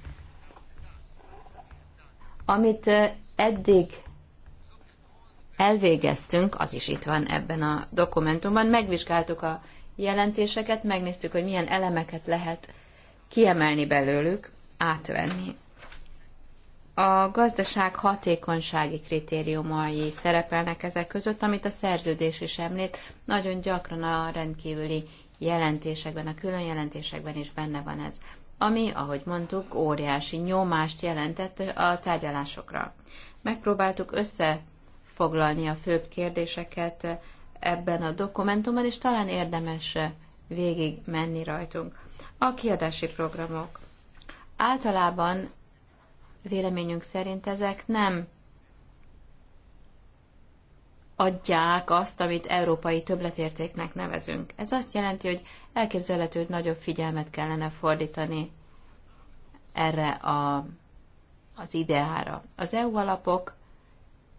Amit eh, eddig elvégeztünk, az is itt van ebben a dokumentumban, megvizsgáltuk a jelentéseket, megnéztük, hogy milyen elemeket lehet kiemelni belőlük, átvenni a gazdaság hatékonysági kritériumai szerepelnek ezek között, amit a szerződés is említ, nagyon gyakran a rendkívüli jelentésekben, a külön jelentésekben is benne van ez, ami, ahogy mondtuk, óriási nyomást jelentett a tárgyalásokra. Megpróbáltuk összefoglalni a főbb kérdéseket ebben a dokumentumban, és talán érdemes végig menni rajtunk. A kiadási programok. Általában Véleményünk szerint ezek nem adják azt, amit európai többletértéknek nevezünk. Ez azt jelenti, hogy elképzelhető, hogy nagyobb figyelmet kellene fordítani erre a, az ideára. Az EU alapok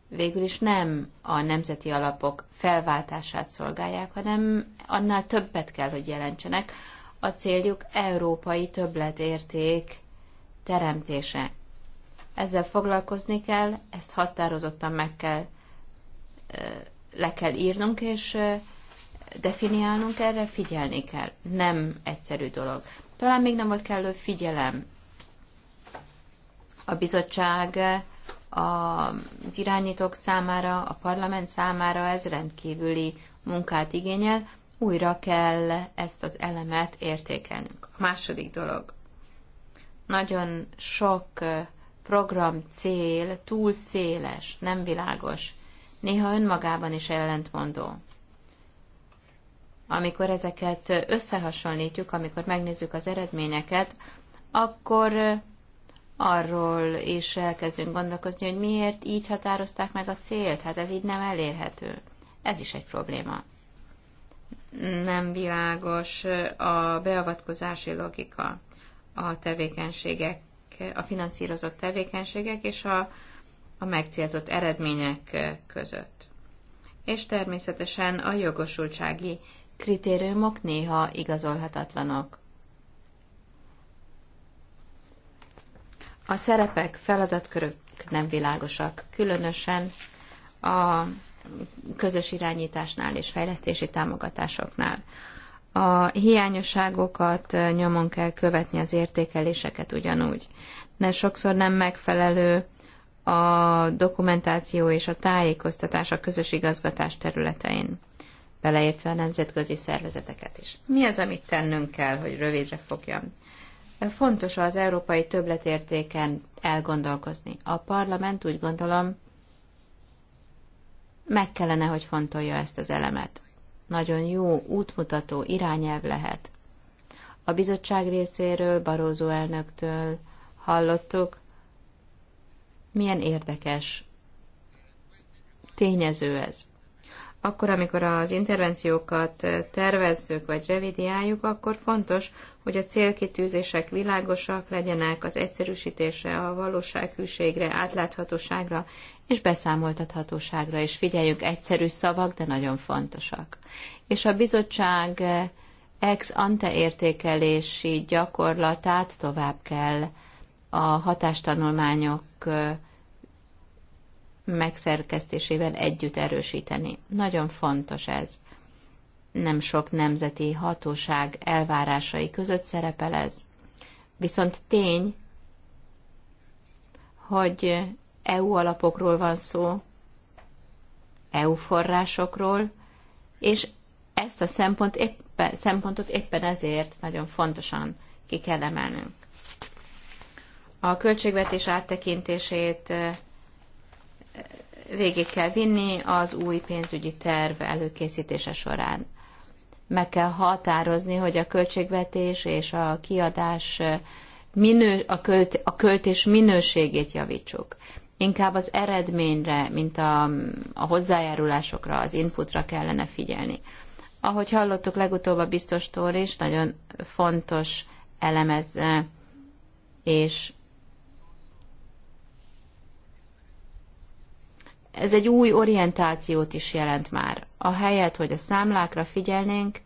végül is nem a nemzeti alapok felváltását szolgálják, hanem annál többet kell, hogy jelentsenek. A céljuk európai többletérték teremtése ezzel foglalkozni kell, ezt határozottan meg kell, le kell írnunk, és definiálnunk erre, figyelni kell. Nem egyszerű dolog. Talán még nem volt kellő figyelem. A bizottság az irányítók számára, a parlament számára ez rendkívüli munkát igényel, újra kell ezt az elemet értékelnünk. A második dolog. Nagyon sok program cél túl széles, nem világos, néha önmagában is ellentmondó. Amikor ezeket összehasonlítjuk, amikor megnézzük az eredményeket, akkor arról is elkezdünk gondolkozni, hogy miért így határozták meg a célt, hát ez így nem elérhető. Ez is egy probléma. Nem világos a beavatkozási logika a tevékenységek a finanszírozott tevékenységek és a, a megcélzott eredmények között. És természetesen a jogosultsági kritériumok néha igazolhatatlanok. A szerepek, feladatkörök nem világosak, különösen a közös irányításnál és fejlesztési támogatásoknál a hiányosságokat nyomon kell követni, az értékeléseket ugyanúgy. De sokszor nem megfelelő a dokumentáció és a tájékoztatás a közös igazgatás területein, beleértve a nemzetközi szervezeteket is. Mi az, amit tennünk kell, hogy rövidre fogjam? Fontos az európai többletértéken elgondolkozni. A parlament úgy gondolom meg kellene, hogy fontolja ezt az elemet nagyon jó útmutató irányelv lehet. A bizottság részéről, Barózó elnöktől hallottuk, milyen érdekes tényező ez akkor, amikor az intervenciókat tervezzük vagy revidiáljuk, akkor fontos, hogy a célkitűzések világosak legyenek az egyszerűsítésre, a valósághűségre, átláthatóságra és beszámoltathatóságra, és figyeljünk egyszerű szavak, de nagyon fontosak. És a bizottság ex ante értékelési gyakorlatát tovább kell a hatástanulmányok megszerkesztésével együtt erősíteni. Nagyon fontos ez. Nem sok nemzeti hatóság elvárásai között szerepel ez. Viszont tény, hogy EU alapokról van szó, EU forrásokról, és ezt a szempont éppen, szempontot éppen ezért nagyon fontosan ki kell emelnünk. A költségvetés áttekintését végig kell vinni az új pénzügyi terv előkészítése során. Meg kell határozni, hogy a költségvetés és a kiadás minő, a, költ, a költés minőségét javítsuk. Inkább az eredményre, mint a, a hozzájárulásokra, az inputra kellene figyelni. Ahogy hallottuk legutóbb a biztostól is, nagyon fontos elemez és ez egy új orientációt is jelent már. A helyet, hogy a számlákra figyelnénk,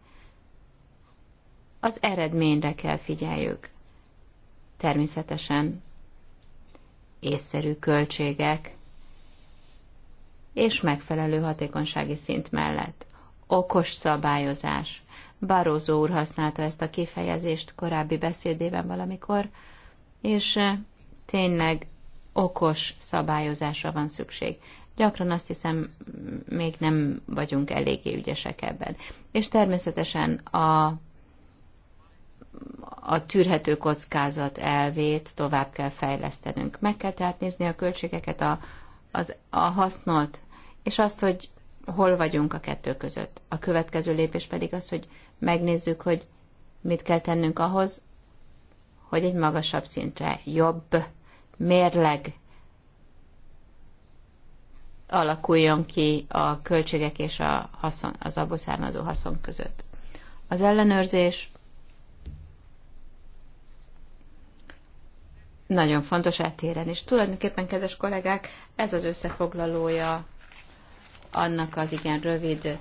az eredményre kell figyeljük. Természetesen észszerű költségek és megfelelő hatékonysági szint mellett. Okos szabályozás. Barózó úr használta ezt a kifejezést korábbi beszédében valamikor, és eh, tényleg okos szabályozásra van szükség gyakran azt hiszem, még nem vagyunk eléggé ügyesek ebben. És természetesen a, a tűrhető kockázat elvét tovább kell fejlesztenünk. Meg kell tehát nézni a költségeket, a, az, a hasznot, és azt, hogy hol vagyunk a kettő között. A következő lépés pedig az, hogy megnézzük, hogy mit kell tennünk ahhoz, hogy egy magasabb szintre, jobb mérleg alakuljon ki a költségek és a haszon, az abból származó haszon között. Az ellenőrzés nagyon fontos eltéren, és tulajdonképpen, kedves kollégák, ez az összefoglalója annak az igen rövid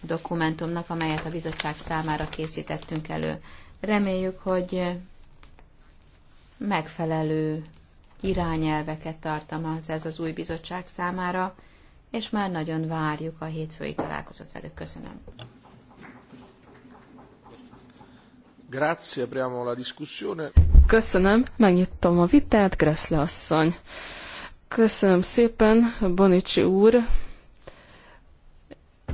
dokumentumnak, amelyet a bizottság számára készítettünk elő. Reméljük, hogy megfelelő irányelveket tartalmaz ez az új bizottság számára, és már nagyon várjuk a hétfői találkozót velük. Köszönöm. Grazie, apriamo la discussione. Köszönöm, megnyitom a vitát, Gressle asszony. Köszönöm szépen, Bonicsi úr.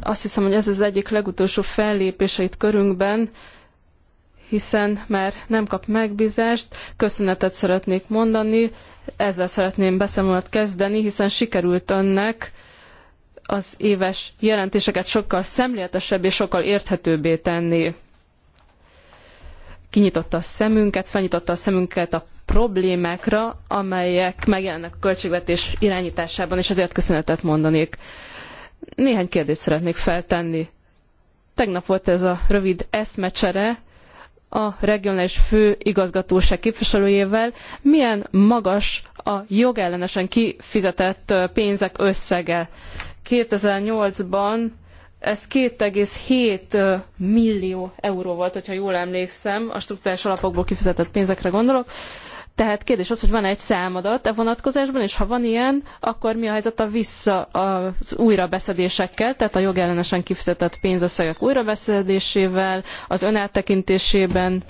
Azt hiszem, hogy ez az egyik legutolsó fellépése itt körünkben hiszen már nem kap megbízást. Köszönetet szeretnék mondani, ezzel szeretném beszámolat kezdeni, hiszen sikerült önnek az éves jelentéseket sokkal szemléletesebb és sokkal érthetőbbé tenni. Kinyitotta a szemünket, felnyitotta a szemünket a problémákra, amelyek megjelennek a költségvetés irányításában, és ezért köszönetet mondanék. Néhány kérdést szeretnék feltenni. Tegnap volt ez a rövid eszmecsere, a regionális főigazgatóság képviselőjével, milyen magas a jogellenesen kifizetett pénzek összege. 2008-ban ez 2,7 millió euró volt, hogyha jól emlékszem, a struktúrás alapokból kifizetett pénzekre gondolok. Tehát kérdés az, hogy van egy számadat e vonatkozásban, és ha van ilyen, akkor mi a helyzet a vissza az újrabeszedésekkel, tehát a jogellenesen kifizetett pénzösszegek újrabeszedésével, az áttekintésében,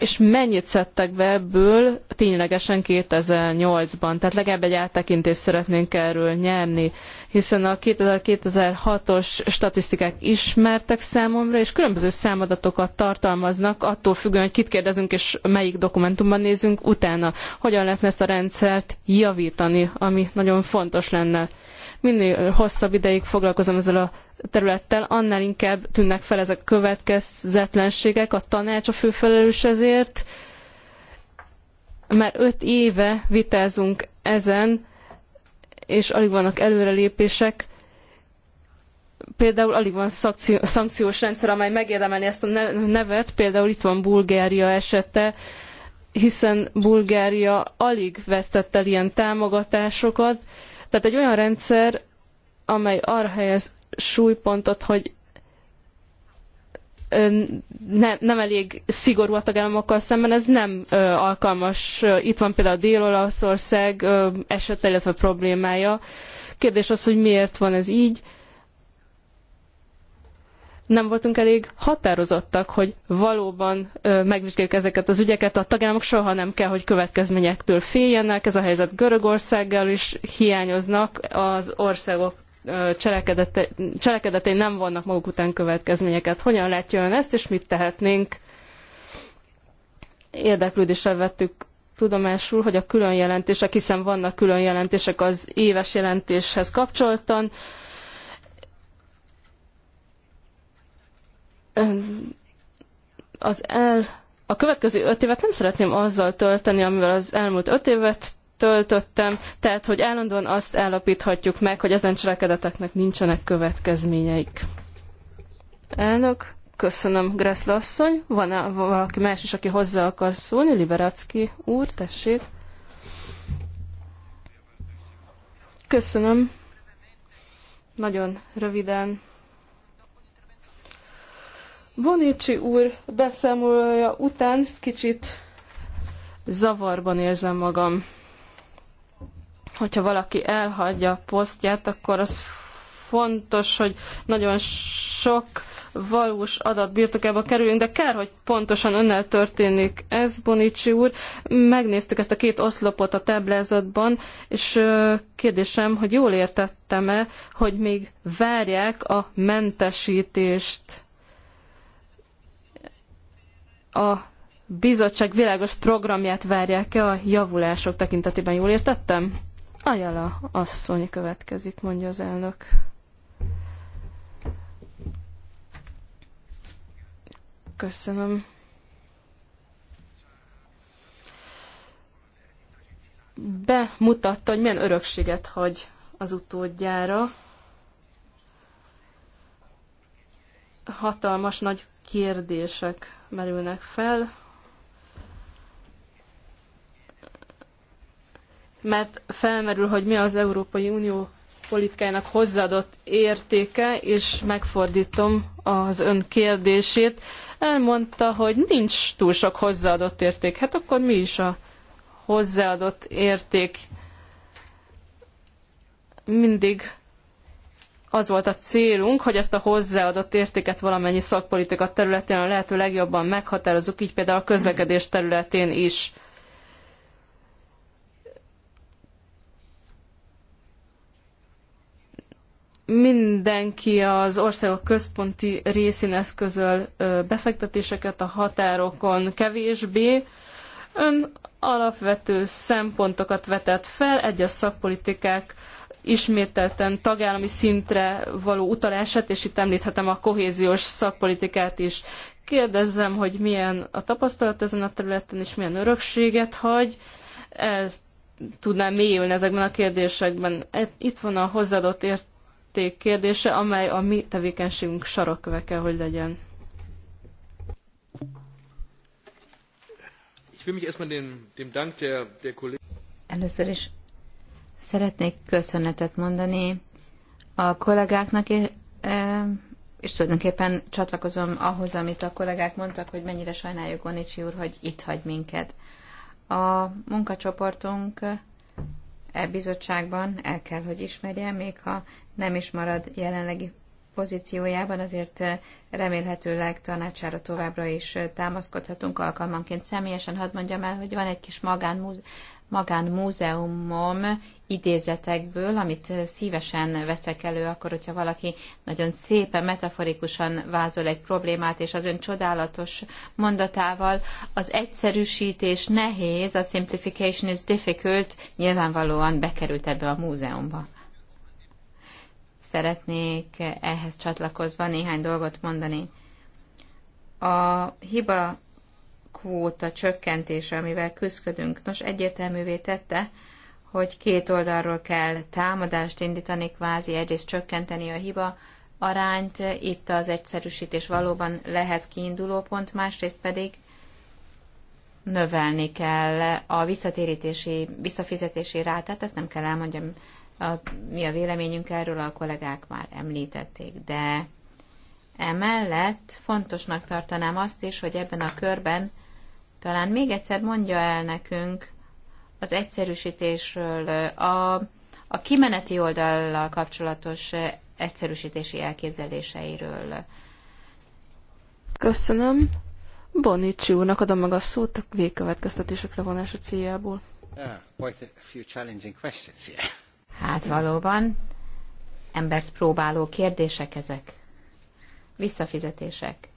és mennyit szedtek be ebből ténylegesen 2008-ban? Tehát legalább egy áttekintést szeretnénk erről nyerni, hiszen a 2006-os statisztikák ismertek számomra, és különböző számadatokat tartalmaznak, attól függően, hogy kit kérdezünk és melyik dokumentumban nézünk utána. Hogyan lehetne ezt a rendszert javítani, ami nagyon fontos lenne. Minél hosszabb ideig foglalkozom ezzel a területtel, annál inkább tűnnek fel ezek a következetlenségek, a tanács a főfelelős ezért. Már öt éve vitázunk ezen, és alig vannak előrelépések. Például alig van szankció szankciós rendszer, amely megérdemelni ezt a nevet, például itt van Bulgária esete, hiszen Bulgária alig vesztett el ilyen támogatásokat. Tehát egy olyan rendszer, amely arra helyez súlypontot, hogy ne, nem elég szigorú a tagállamokkal szemben, ez nem ö, alkalmas. Itt van például Dél-Olaszország esete, illetve problémája. Kérdés az, hogy miért van ez így. Nem voltunk elég határozottak, hogy valóban ö, megvizsgáljuk ezeket az ügyeket. A tagállamok soha nem kell, hogy következményektől féljenek. Ez a helyzet Görögországgal is hiányoznak az országok cselekedetei nem vannak maguk után következményeket. Hogyan látja ön ezt, és mit tehetnénk? Érdeklődéssel vettük tudomásul, hogy a külön jelentések, hiszen vannak külön jelentések az éves jelentéshez kapcsolatban. az el, a következő öt évet nem szeretném azzal tölteni, amivel az elmúlt öt évet töltöttem, tehát hogy állandóan azt állapíthatjuk meg, hogy ezen cselekedeteknek nincsenek következményeik. Elnök, köszönöm, Greszla asszony. Van -e valaki más is, aki hozzá akar szólni? Liberacki úr, tessék. Köszönöm. Nagyon röviden. Bonicsi úr beszámolója után kicsit zavarban érzem magam hogyha valaki elhagyja a posztját, akkor az fontos, hogy nagyon sok valós adat birtokába kerüljünk, de kell, hogy pontosan önnel történik ez, Bonicsi úr. Megnéztük ezt a két oszlopot a táblázatban, és kérdésem, hogy jól értettem-e, hogy még várják a mentesítést a bizottság világos programját várják-e a javulások tekintetében, jól értettem? Ajala asszony következik, mondja az elnök. Köszönöm. Bemutatta, hogy milyen örökséget hagy az utódjára. Hatalmas nagy kérdések merülnek fel, mert felmerül, hogy mi az Európai Unió politikájának hozzáadott értéke, és megfordítom az ön kérdését. Elmondta, hogy nincs túl sok hozzáadott érték. Hát akkor mi is a hozzáadott érték? Mindig az volt a célunk, hogy ezt a hozzáadott értéket valamennyi szakpolitika területén a lehető legjobban meghatározzuk, így például a közlekedés területén is. mindenki az országok központi részén eszközöl befektetéseket a határokon kevésbé. Ön alapvető szempontokat vetett fel, egyes szakpolitikák ismételten tagállami szintre való utalását, és itt említhetem a kohéziós szakpolitikát is. Kérdezzem, hogy milyen a tapasztalat ezen a területen, és milyen örökséget hagy. El tudnám mélyülni ezekben a kérdésekben. E, itt van a hozzáadott ért érték kérdése, amely a mi tevékenységünk sarokköve kell, hogy legyen. Először is szeretnék köszönetet mondani a kollégáknak, e, és tulajdonképpen csatlakozom ahhoz, amit a kollégák mondtak, hogy mennyire sajnáljuk Onicsi úr, hogy itt hagy minket. A munkacsoportunk E bizottságban el kell, hogy ismerje, még ha nem is marad jelenlegi pozíciójában azért eh, remélhetőleg tanácsára továbbra is eh, támaszkodhatunk alkalmanként. Személyesen hadd mondjam el, hogy van egy kis magánmúzeum, magánmúzeumom idézetekből, amit eh, szívesen veszek elő, akkor, hogyha valaki nagyon szépen, metaforikusan vázol egy problémát, és az ön csodálatos mondatával az egyszerűsítés nehéz, a simplification is difficult, nyilvánvalóan bekerült ebbe a múzeumba szeretnék ehhez csatlakozva néhány dolgot mondani. A hiba kvóta csökkentése, amivel küzdködünk, nos egyértelművé tette, hogy két oldalról kell támadást indítani, kvázi egyrészt csökkenteni a hiba arányt, itt az egyszerűsítés valóban lehet kiinduló pont, másrészt pedig növelni kell a visszatérítési, visszafizetési rátát, ezt nem kell elmondjam a, mi a véleményünk erről, a kollégák már említették, de emellett fontosnak tartanám azt is, hogy ebben a körben talán még egyszer mondja el nekünk az egyszerűsítésről, a, a kimeneti oldallal kapcsolatos egyszerűsítési elképzeléseiről. Köszönöm. Bonicsi úrnak adom meg a szót a végkövetkeztetésekre vonása céljából. Uh, quite a few challenging questions here. Hát valóban, embert próbáló kérdések ezek. Visszafizetések.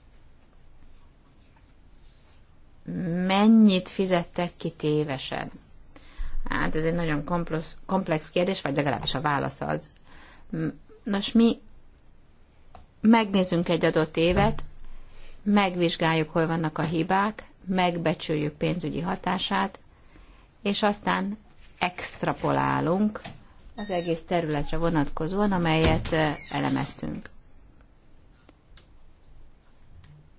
Mennyit fizettek ki tévesen? Hát ez egy nagyon komplex, kérdés, vagy legalábbis a válasz az. Nos, mi megnézünk egy adott évet, megvizsgáljuk, hol vannak a hibák, megbecsüljük pénzügyi hatását, és aztán extrapolálunk az egész területre vonatkozóan, amelyet elemeztünk.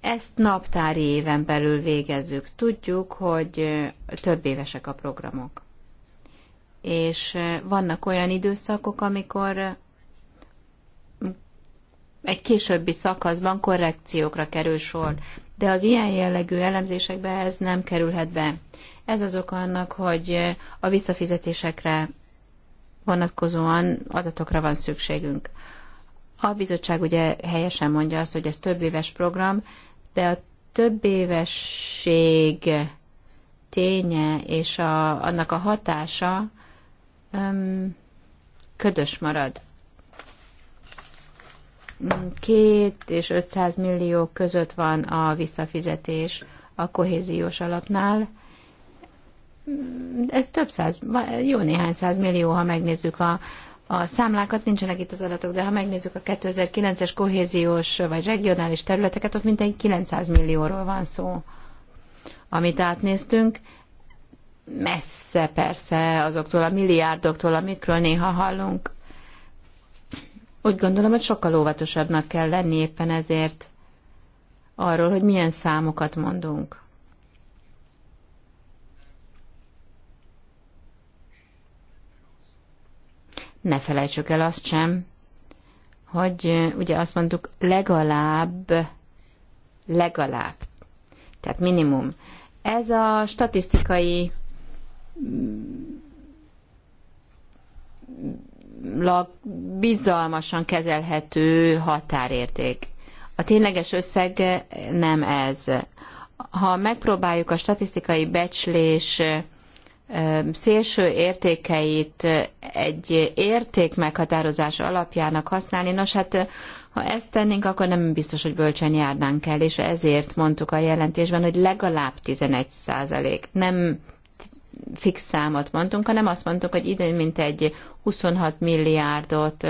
Ezt naptári éven belül végezzük. Tudjuk, hogy több évesek a programok. És vannak olyan időszakok, amikor egy későbbi szakaszban korrekciókra kerül sor, de az ilyen jellegű elemzésekbe ez nem kerülhet be. Ez az oka annak, hogy a visszafizetésekre vonatkozóan adatokra van szükségünk. A bizottság ugye helyesen mondja azt, hogy ez több éves program, de a több évesség ténye és a, annak a hatása öm, ködös marad. Két és 500 millió között van a visszafizetés a kohéziós alapnál, ez több száz, jó néhány száz millió, ha megnézzük a, a számlákat, nincsenek itt az adatok, de ha megnézzük a 2009-es kohéziós vagy regionális területeket, ott mintegy 900 millióról van szó, amit átnéztünk. Messze persze azoktól a milliárdoktól, amikről néha hallunk. Úgy gondolom, hogy sokkal óvatosabbnak kell lenni éppen ezért arról, hogy milyen számokat mondunk. ne felejtsük el azt sem, hogy ugye azt mondtuk legalább, legalább, tehát minimum. Ez a statisztikai mm, bizalmasan kezelhető határérték. A tényleges összeg nem ez. Ha megpróbáljuk a statisztikai becslés szélső értékeit egy érték meghatározás alapjának használni, nos hát ha ezt tennénk, akkor nem biztos, hogy bölcsen járnánk el, és ezért mondtuk a jelentésben, hogy legalább 11 százalék. Nem fix számot mondtunk, hanem azt mondtuk, hogy idén mint egy 26 milliárdot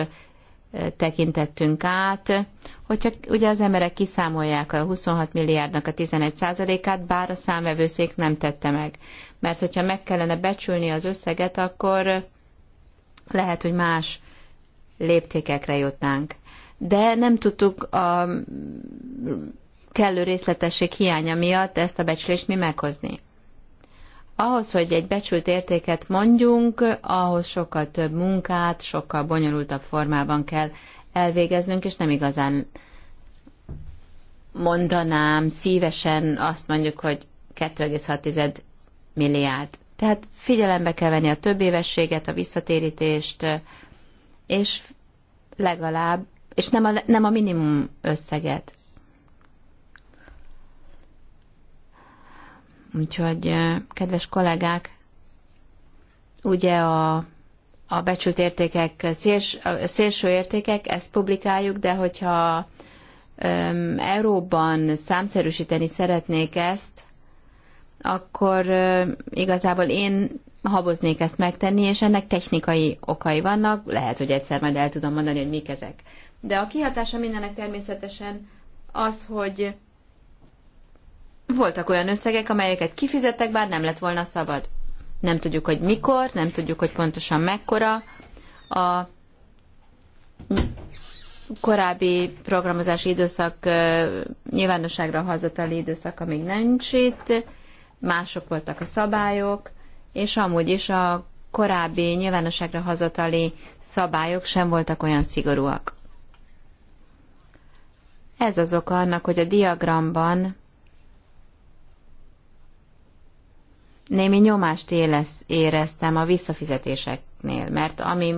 tekintettünk át. Hogyha ugye az emberek kiszámolják a 26 milliárdnak a 11 százalékát, bár a számvevőszék nem tette meg mert hogyha meg kellene becsülni az összeget, akkor lehet, hogy más léptékekre jutnánk. De nem tudtuk a kellő részletesség hiánya miatt ezt a becslést mi meghozni. Ahhoz, hogy egy becsült értéket mondjunk, ahhoz sokkal több munkát, sokkal bonyolultabb formában kell elvégeznünk, és nem igazán mondanám, szívesen azt mondjuk, hogy 2,6 milliárd. Tehát figyelembe kell venni a több évességet, a visszatérítést, és legalább, és nem a, nem a minimum összeget. Úgyhogy, kedves kollégák, ugye a, a becsült értékek, széls, a szélső értékek, ezt publikáljuk, de hogyha um, euróban számszerűsíteni szeretnék ezt, akkor igazából én haboznék ezt megtenni, és ennek technikai okai vannak, lehet, hogy egyszer majd el tudom mondani, hogy mik ezek. De a kihatása mindenek természetesen az, hogy voltak olyan összegek, amelyeket kifizettek, bár nem lett volna szabad. Nem tudjuk, hogy mikor, nem tudjuk, hogy pontosan mekkora. A korábbi programozási időszak nyilvánosságra hazatali időszaka még nincs itt, mások voltak a szabályok, és amúgy is a korábbi nyilvánosságra hazatali szabályok sem voltak olyan szigorúak. Ez az oka annak, hogy a diagramban némi nyomást élesz, éreztem a visszafizetéseknél, mert ami,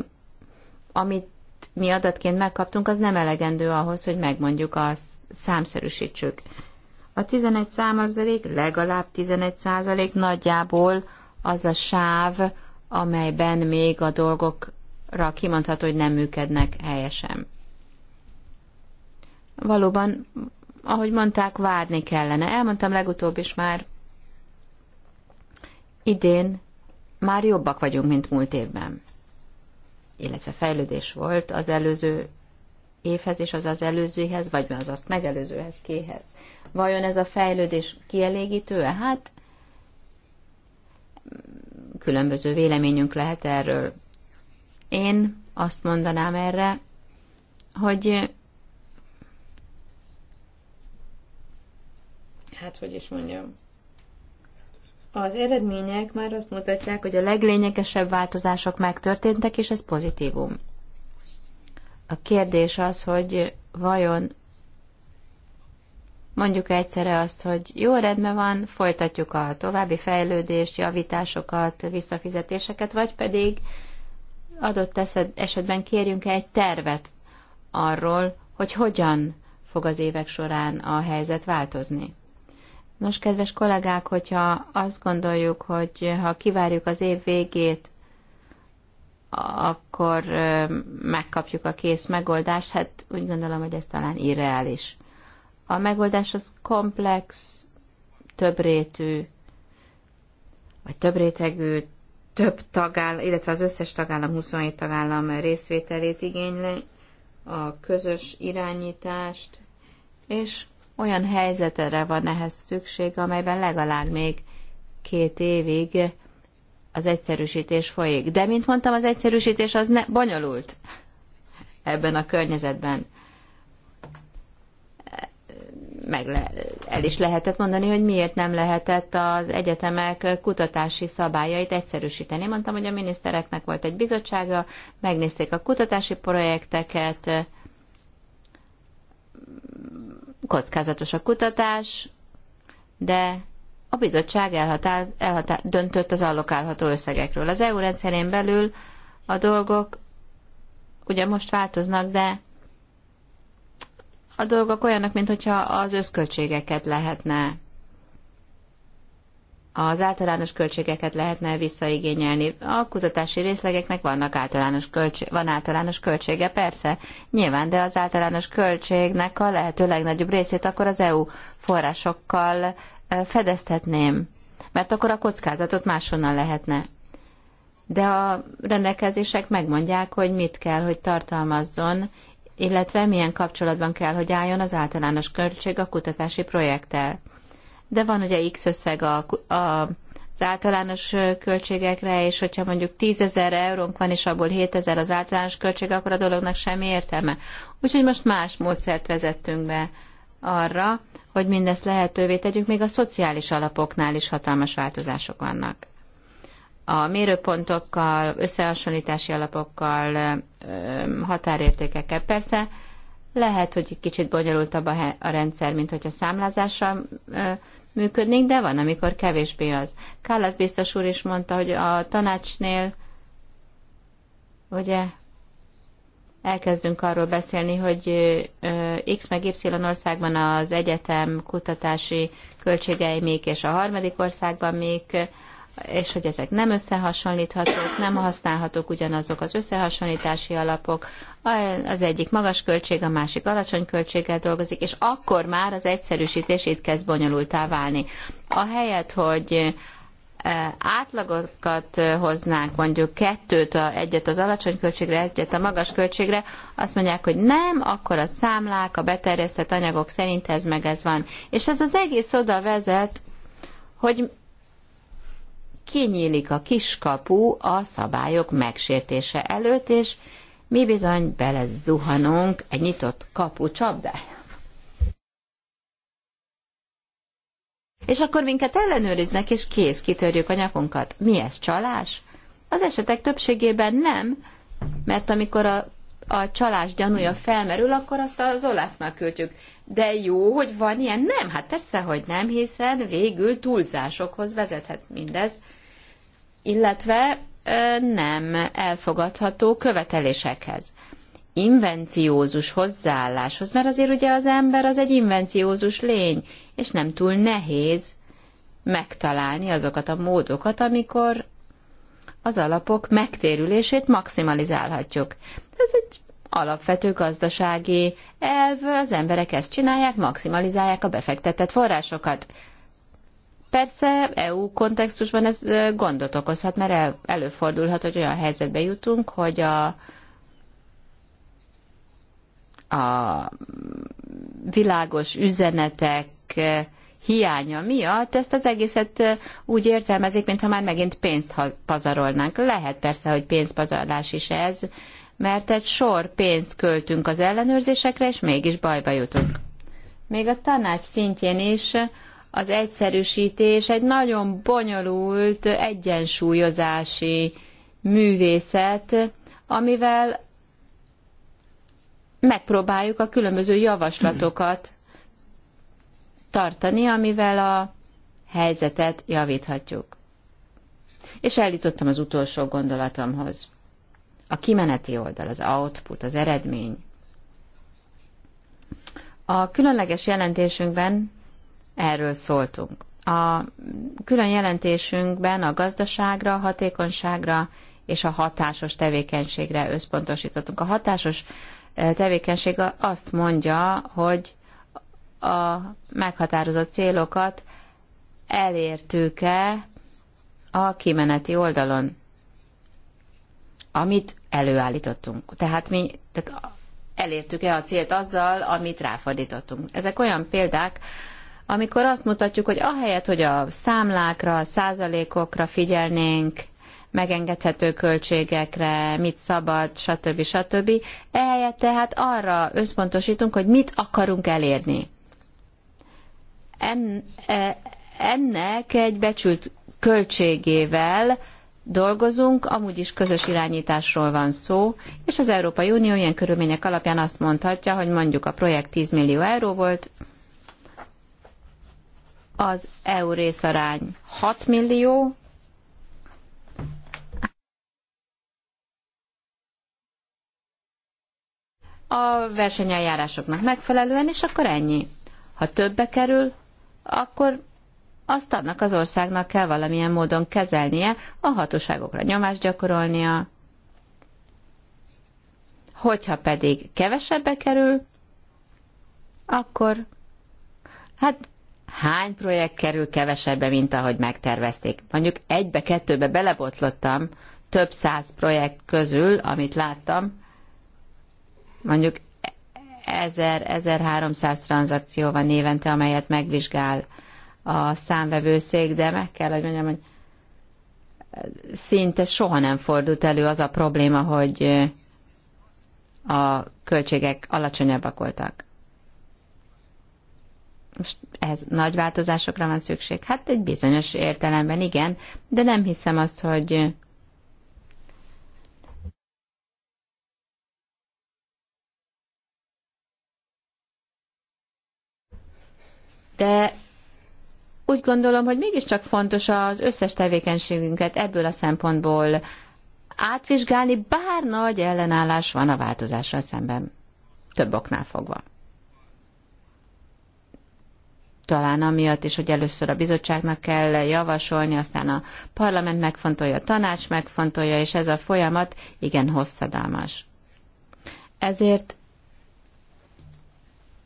amit mi adatként megkaptunk, az nem elegendő ahhoz, hogy megmondjuk, az számszerűsítsük a 11 százalék, legalább 11 százalék nagyjából az a sáv, amelyben még a dolgokra kimondható, hogy nem működnek helyesen. Valóban, ahogy mondták, várni kellene. Elmondtam legutóbb is már, idén már jobbak vagyunk, mint múlt évben. Illetve fejlődés volt az előző évhez és az az előzőhez, vagy az azt megelőzőhez, kéhez. Vajon ez a fejlődés kielégítő-e? Hát különböző véleményünk lehet erről. Én azt mondanám erre, hogy hát hogy is mondjam, az eredmények már azt mutatják, hogy a leglényegesebb változások megtörténtek, és ez pozitívum. A kérdés az, hogy vajon mondjuk egyszerre azt, hogy jó rendben van, folytatjuk a további fejlődést, javításokat, visszafizetéseket, vagy pedig adott esetben kérjünk -e egy tervet arról, hogy hogyan fog az évek során a helyzet változni. Nos, kedves kollégák, hogyha azt gondoljuk, hogy ha kivárjuk az év végét, akkor megkapjuk a kész megoldást, hát úgy gondolom, hogy ez talán irreális. A megoldás az komplex, többrétű, vagy több rétegű, több tagállam, illetve az összes tagállam, 27 tagállam részvételét igényli, a közös irányítást, és olyan helyzetre van ehhez szükség, amelyben legalább még két évig az egyszerűsítés folyik. De, mint mondtam, az egyszerűsítés az ne, bonyolult ebben a környezetben meg le, el is lehetett mondani, hogy miért nem lehetett az egyetemek kutatási szabályait egyszerűsíteni. Mondtam, hogy a minisztereknek volt egy bizottsága, megnézték a kutatási projekteket, kockázatos a kutatás, de a bizottság elhatál, elhatál, döntött az allokálható összegekről. Az EU rendszerén belül a dolgok ugye most változnak, de a dolgok olyanok, mint hogyha az összköltségeket lehetne az általános költségeket lehetne visszaigényelni. A kutatási részlegeknek vannak általános költség, van általános költsége, persze, nyilván, de az általános költségnek a lehető legnagyobb részét akkor az EU forrásokkal e, fedeztetném, mert akkor a kockázatot máshonnan lehetne. De a rendelkezések megmondják, hogy mit kell, hogy tartalmazzon, illetve milyen kapcsolatban kell, hogy álljon az általános költség a kutatási projekttel. De van ugye X összeg a, a, az általános költségekre, és hogyha mondjuk 10 ezer eurónk van, és abból 7 ezer az általános költség, akkor a dolognak semmi értelme. Úgyhogy most más módszert vezettünk be arra, hogy mindezt lehetővé tegyük, még a szociális alapoknál is hatalmas változások vannak a mérőpontokkal, összehasonlítási alapokkal, határértékekkel. Persze lehet, hogy kicsit bonyolultabb a, rendszer, mint hogyha számlázással működnénk, de van, amikor kevésbé az. Kállász biztos úr is mondta, hogy a tanácsnél, ugye, elkezdünk arról beszélni, hogy X meg Y országban az egyetem kutatási költségei még, és a harmadik országban még és hogy ezek nem összehasonlíthatók, nem használhatók ugyanazok az összehasonlítási alapok, az egyik magas költség, a másik alacsony költséggel dolgozik, és akkor már az egyszerűsítés itt kezd bonyolultá válni. Ahelyett, hogy eh, átlagokat eh, hoznánk, mondjuk kettőt, a, egyet az alacsony költségre, egyet a magas költségre, azt mondják, hogy nem, akkor a számlák, a beterjesztett anyagok szerint ez meg ez van. És ez az egész oda vezet, hogy kinyílik a kiskapu a szabályok megsértése előtt, és mi bizony zuhanunk egy nyitott kapu csapdája. És akkor minket ellenőriznek, és kész, kitörjük a nyakunkat. Mi ez, csalás? Az esetek többségében nem, mert amikor a, a csalás gyanúja felmerül, akkor azt az Olafnak küldjük. De jó, hogy van ilyen? Nem, hát persze, hogy nem, hiszen végül túlzásokhoz vezethet mindez, illetve nem elfogadható követelésekhez. Invenciózus hozzáálláshoz, mert azért ugye az ember az egy invenciózus lény, és nem túl nehéz megtalálni azokat a módokat, amikor az alapok megtérülését maximalizálhatjuk. Ez egy alapvető gazdasági elv, az emberek ezt csinálják, maximalizálják a befektetett forrásokat. Persze EU kontextusban ez gondot okozhat, mert el, előfordulhat, hogy olyan helyzetbe jutunk, hogy a, a világos üzenetek hiánya miatt ezt az egészet úgy értelmezik, mintha már megint pénzt pazarolnánk. Lehet persze, hogy pénzpazarlás is ez, mert egy sor pénzt költünk az ellenőrzésekre, és mégis bajba jutunk. Még a tanács szintjén is az egyszerűsítés egy nagyon bonyolult egyensúlyozási művészet, amivel megpróbáljuk a különböző javaslatokat tartani, amivel a helyzetet javíthatjuk. És eljutottam az utolsó gondolatomhoz. A kimeneti oldal, az output, az eredmény. A különleges jelentésünkben erről szóltunk. A külön jelentésünkben a gazdaságra, hatékonyságra és a hatásos tevékenységre összpontosítottunk. A hatásos e, tevékenység azt mondja, hogy a meghatározott célokat elértük-e a kimeneti oldalon, amit előállítottunk. Tehát mi tehát elértük-e a célt azzal, amit ráfordítottunk. Ezek olyan példák, amikor azt mutatjuk, hogy ahelyett, hogy a számlákra, a százalékokra figyelnénk, megengedhető költségekre, mit szabad, stb. stb. Ehelyett tehát arra összpontosítunk, hogy mit akarunk elérni. En, e, ennek egy becsült költségével dolgozunk, amúgy is közös irányításról van szó, és az Európai Unió ilyen körülmények alapján azt mondhatja, hogy mondjuk a projekt 10 millió euró volt, az EU részarány 6 millió, a versenyeljárásoknak megfelelően, és akkor ennyi. Ha többe kerül, akkor azt annak az országnak kell valamilyen módon kezelnie, a hatóságokra nyomást gyakorolnia. Hogyha pedig kevesebbe kerül, akkor hát hány projekt kerül kevesebbe, mint ahogy megtervezték. Mondjuk egybe-kettőbe belebotlottam több száz projekt közül, amit láttam, mondjuk 1000-1300 tranzakció van évente, amelyet megvizsgál a számvevőszék, de meg kell, hogy mondjam, hogy szinte soha nem fordult elő az a probléma, hogy a költségek alacsonyabbak voltak. Most ez nagy változásokra van szükség? Hát egy bizonyos értelemben igen, de nem hiszem azt, hogy de úgy gondolom, hogy mégiscsak fontos az összes tevékenységünket ebből a szempontból átvizsgálni, bár nagy ellenállás van a változással szemben. Több oknál fogva talán amiatt is, hogy először a bizottságnak kell javasolni, aztán a parlament megfontolja, a tanács megfontolja, és ez a folyamat igen hosszadalmas. Ezért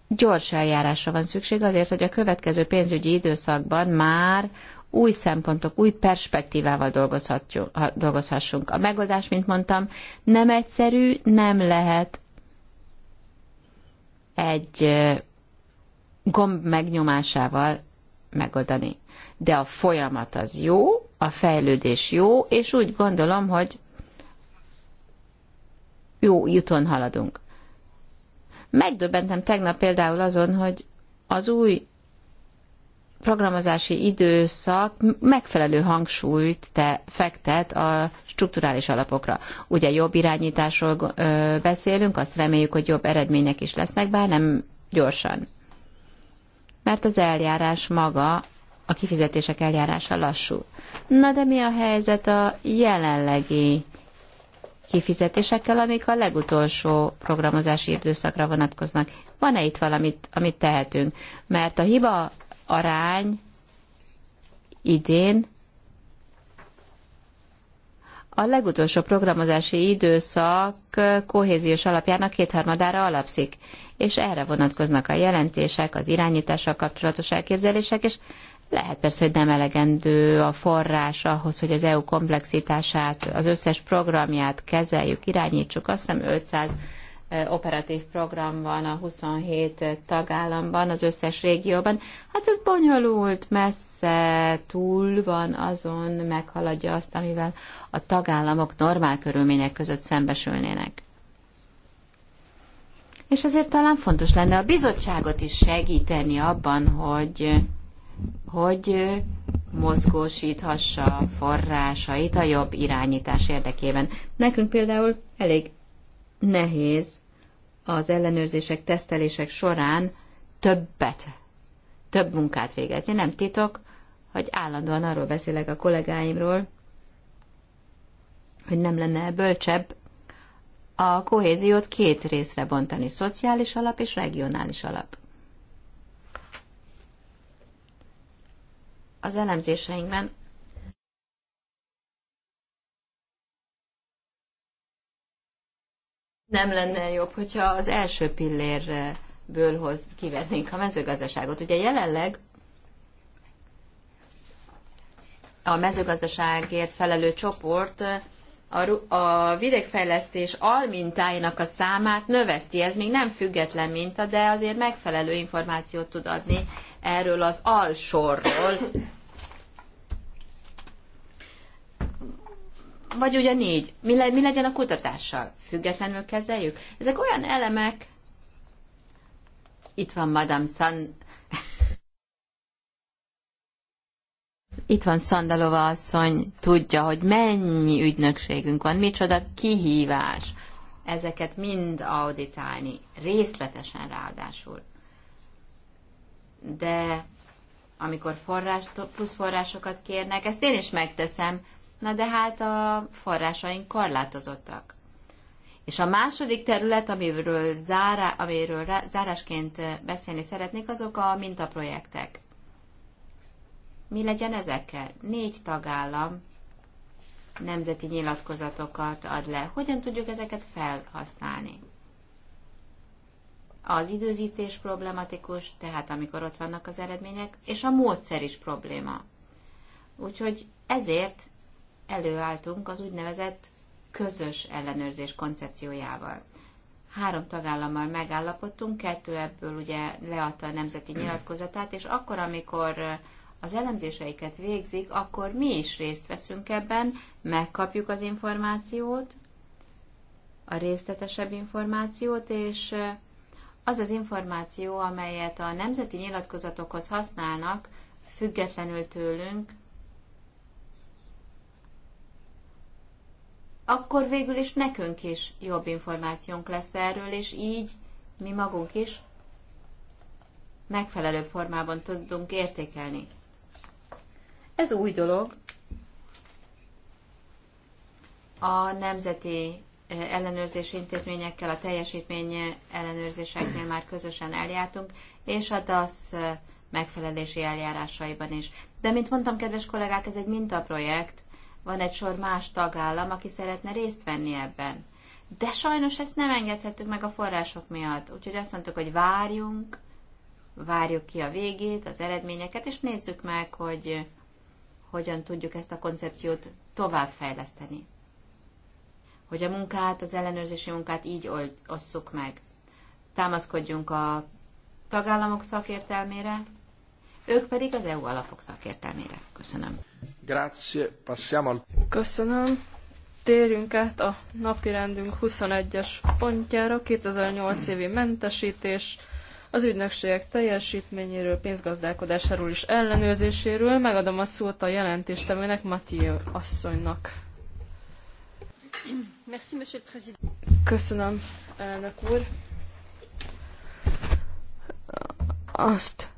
gyors eljárásra van szükség azért, hogy a következő pénzügyi időszakban már új szempontok, új perspektívával dolgozhassunk. A megoldás, mint mondtam, nem egyszerű, nem lehet egy gomb megnyomásával megoldani. De a folyamat az jó, a fejlődés jó, és úgy gondolom, hogy jó jutón haladunk. Megdöbbentem tegnap például azon, hogy az új programozási időszak megfelelő hangsúlyt te fektet a strukturális alapokra. Ugye jobb irányításról ö, beszélünk, azt reméljük, hogy jobb eredmények is lesznek, bár nem gyorsan mert az eljárás maga, a kifizetések eljárása lassú. Na de mi a helyzet a jelenlegi kifizetésekkel, amik a legutolsó programozási időszakra vonatkoznak? Van-e itt valamit, amit tehetünk? Mert a hiba arány idén a legutolsó programozási időszak kohéziós alapjának kétharmadára alapszik és erre vonatkoznak a jelentések, az irányítással kapcsolatos elképzelések, és lehet persze, hogy nem elegendő a forrás ahhoz, hogy az EU komplexitását, az összes programját kezeljük, irányítsuk. Azt hiszem 500 operatív program van a 27 tagállamban, az összes régióban. Hát ez bonyolult, messze túl van azon, meghaladja azt, amivel a tagállamok normál körülmények között szembesülnének. És ezért talán fontos lenne a bizottságot is segíteni abban, hogy, hogy mozgósíthassa forrásait a jobb irányítás érdekében. Nekünk például elég nehéz az ellenőrzések, tesztelések során többet, több munkát végezni. Nem titok, hogy állandóan arról beszélek a kollégáimról, hogy nem lenne bölcsebb a kohéziót két részre bontani, szociális alap és regionális alap. Az elemzéseinkben nem lenne jobb, hogyha az első pillérből hoz, kivennénk a mezőgazdaságot. Ugye jelenleg a mezőgazdaságért felelő csoport a, vidékfejlesztés almintáinak a számát növeszti. Ez még nem független minta, de azért megfelelő információt tud adni erről az alsorról. Vagy ugye négy. Mi, le, mi legyen a kutatással? Függetlenül kezeljük? Ezek olyan elemek, itt van Madame San Itt van Szandalova asszony, tudja, hogy mennyi ügynökségünk van, micsoda kihívás ezeket mind auditálni, részletesen ráadásul. De amikor forrás, plusz forrásokat kérnek, ezt én is megteszem, na de hát a forrásaink korlátozottak. És a második terület, amiről, zárá, amiről zárásként eh, beszélni szeretnék, azok a mintaprojektek. Mi legyen ezekkel? Négy tagállam nemzeti nyilatkozatokat ad le. Hogyan tudjuk ezeket felhasználni? Az időzítés problematikus, tehát amikor ott vannak az eredmények, és a módszer is probléma. Úgyhogy ezért előálltunk az úgynevezett közös ellenőrzés koncepciójával. Három tagállammal megállapodtunk, kettő ebből ugye leadta a nemzeti nyilatkozatát, és akkor, amikor az elemzéseiket végzik, akkor mi is részt veszünk ebben, megkapjuk az információt, a részletesebb információt, és az az információ, amelyet a nemzeti nyilatkozatokhoz használnak, függetlenül tőlünk, akkor végül is nekünk is jobb információnk lesz erről, és így mi magunk is megfelelő formában tudunk értékelni. Ez új dolog. A nemzeti eh, ellenőrzési intézményekkel, a teljesítmény ellenőrzéseknél már közösen eljártunk, és a DASZ eh, megfelelési eljárásaiban is. De, mint mondtam, kedves kollégák, ez egy mintaprojekt, van egy sor más tagállam, aki szeretne részt venni ebben. De sajnos ezt nem engedhettük meg a források miatt, úgyhogy azt mondtuk, hogy várjunk, várjuk ki a végét, az eredményeket, és nézzük meg, hogy hogyan tudjuk ezt a koncepciót továbbfejleszteni. Hogy a munkát, az ellenőrzési munkát így osszuk meg. Támaszkodjunk a tagállamok szakértelmére, ők pedig az EU alapok szakértelmére. Köszönöm. Grazie, passiamo al... Köszönöm. Térjünk át a napirendünk 21-es pontjára, 2008 évi mentesítés, az ügynökségek teljesítményéről, pénzgazdálkodásáról és ellenőrzéséről. Megadom a szót a jelentéstevőnek, Mathieu asszonynak. Köszönöm, elnök úr. Azt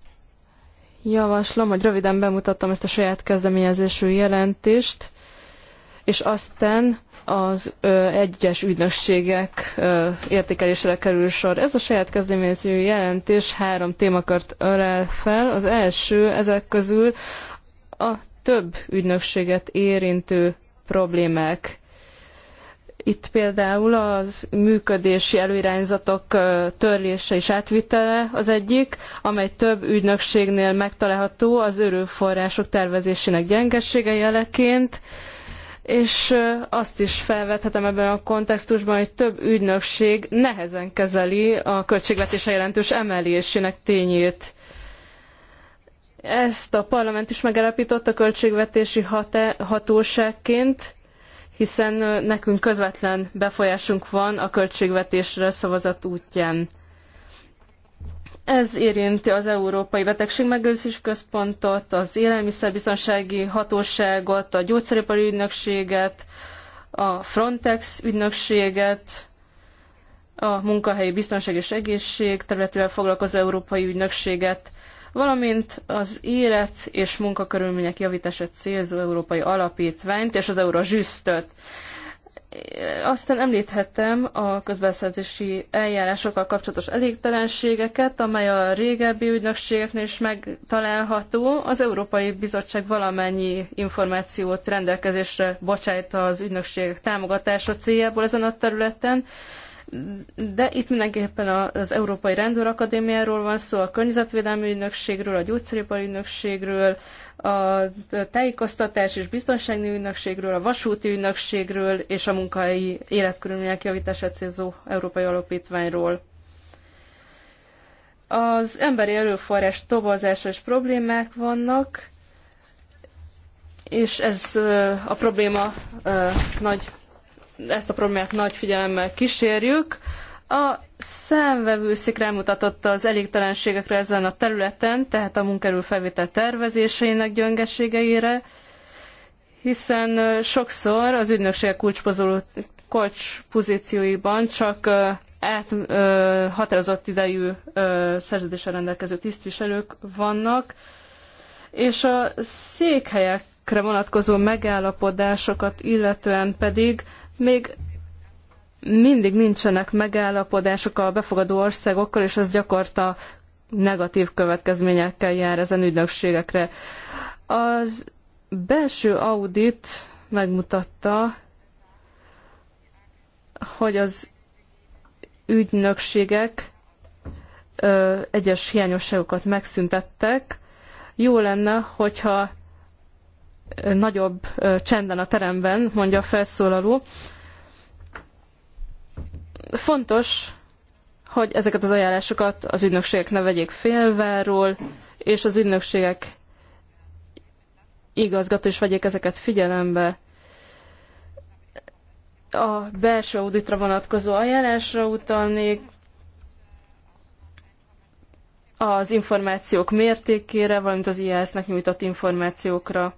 javaslom, hogy röviden bemutattam ezt a saját kezdeményezésű jelentést, és aztán az ö, egyes ügynökségek ö, értékelésre kerül sor. Ez a saját kezdeményező jelentés három témakört ölel fel. Az első ezek közül a több ügynökséget érintő problémák. Itt például az működési előirányzatok törlése és átvitele az egyik, amely több ügynökségnél megtalálható az erőforrások tervezésének gyengesége jeleként és azt is felvethetem ebben a kontextusban, hogy több ügynökség nehezen kezeli a költségvetése jelentős emelésének tényét. Ezt a parlament is megállapította a költségvetési hatóságként, hiszen nekünk közvetlen befolyásunk van a költségvetésre szavazat útján. Ez érinti az Európai Betegség Megőrzési Központot, az Élelmiszerbiztonsági Hatóságot, a Gyógyszeripari Ügynökséget, a Frontex ügynökséget, a Munkahelyi Biztonság és Egészség területével foglalkozó Európai Ügynökséget, valamint az élet és munkakörülmények javítását célzó Európai Alapítványt és az Eurozsüsztöt. Aztán említhetem a közbeszerzési eljárásokkal kapcsolatos elégtelenségeket, amely a régebbi ügynökségeknél is megtalálható. Az Európai Bizottság valamennyi információt rendelkezésre bocsájt az ügynökségek támogatása céljából ezen a területen, de itt mindenképpen az Európai Rendőrakadémiáról van szó, a Környezetvédelmi Ügynökségről, a Gyógyszeripari Ügynökségről, a Tájékoztatás és Biztonsági Ügynökségről, a Vasúti Ügynökségről és a Munkai Életkörülmények Javítását célzó Európai Alapítványról. Az emberi erőforrás és problémák vannak, és ez a probléma nagy ezt a problémát nagy figyelemmel kísérjük. A számvevőszik rámutatott az elégtelenségekre ezen a területen, tehát a munkerő felvétel tervezésének gyöngeségeire, hiszen sokszor az ügynökség kulcspozoló kocs pozícióiban csak át, ö, határozott idejű ö, szerződéssel rendelkező tisztviselők vannak, és a székhelyekre vonatkozó megállapodásokat illetően pedig még mindig nincsenek megállapodások a befogadó országokkal, és ez gyakorta negatív következményekkel jár ezen ügynökségekre. Az belső audit megmutatta, hogy az ügynökségek ö, egyes hiányosságokat megszüntettek. Jó lenne, hogyha nagyobb csenden a teremben, mondja a felszólaló. Fontos, hogy ezeket az ajánlásokat az ügynökségek ne vegyék félváról, és az ügynökségek igazgató is vegyék ezeket figyelembe. A belső auditra vonatkozó ajánlásra utalnék, az információk mértékére, valamint az IAS-nek nyújtott információkra.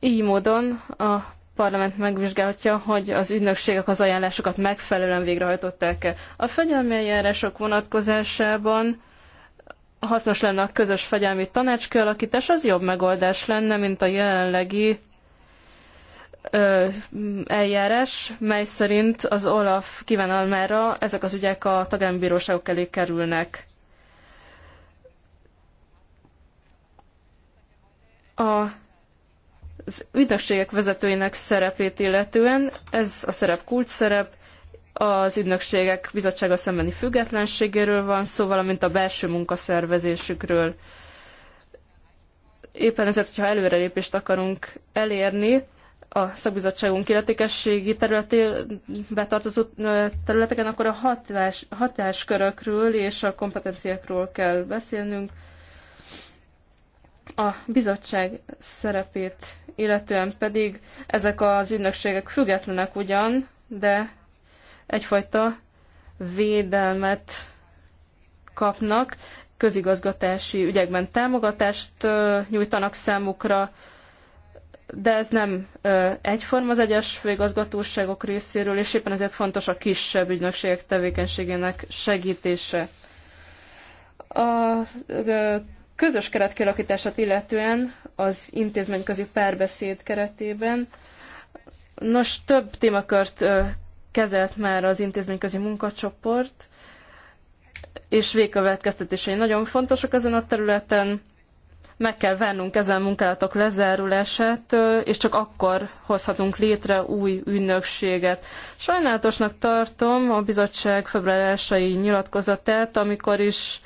Így módon a parlament megvizsgálhatja, hogy az ügynökségek az ajánlásokat megfelelően végrehajtották-e. A fegyelmi eljárások vonatkozásában hasznos lenne a közös fegyelmi tanács kialakítás, az jobb megoldás lenne, mint a jelenlegi ö, eljárás, mely szerint az Olaf kívánalmára ezek az ügyek a tagállami bíróságok elé kerülnek. A az ügynökségek vezetőinek szerepét illetően, ez a szerep kulcs szerep, az ügynökségek bizottsága szembeni függetlenségéről van szó, valamint a belső munkaszervezésükről. Éppen ezért, hogyha előrelépést akarunk elérni, a szakbizottságunk illetékességi területébe tartozó területeken, akkor a hatás, hatáskörökről és a kompetenciákról kell beszélnünk, a bizottság szerepét illetően pedig ezek az ügynökségek függetlenek ugyan, de egyfajta védelmet kapnak, közigazgatási ügyekben támogatást nyújtanak számukra, de ez nem egyforma az egyes főigazgatóságok részéről, és éppen ezért fontos a kisebb ügynökségek tevékenységének segítése. A közös keret kialakítását illetően az intézményközi párbeszéd keretében. Nos, több témakört kezelt már az intézményközi munkacsoport, és végkövetkeztetései nagyon fontosak ezen a területen. Meg kell várnunk ezen munkálatok lezárulását, és csak akkor hozhatunk létre új ügynökséget. Sajnálatosnak tartom a bizottság február 1 nyilatkozatát, amikor is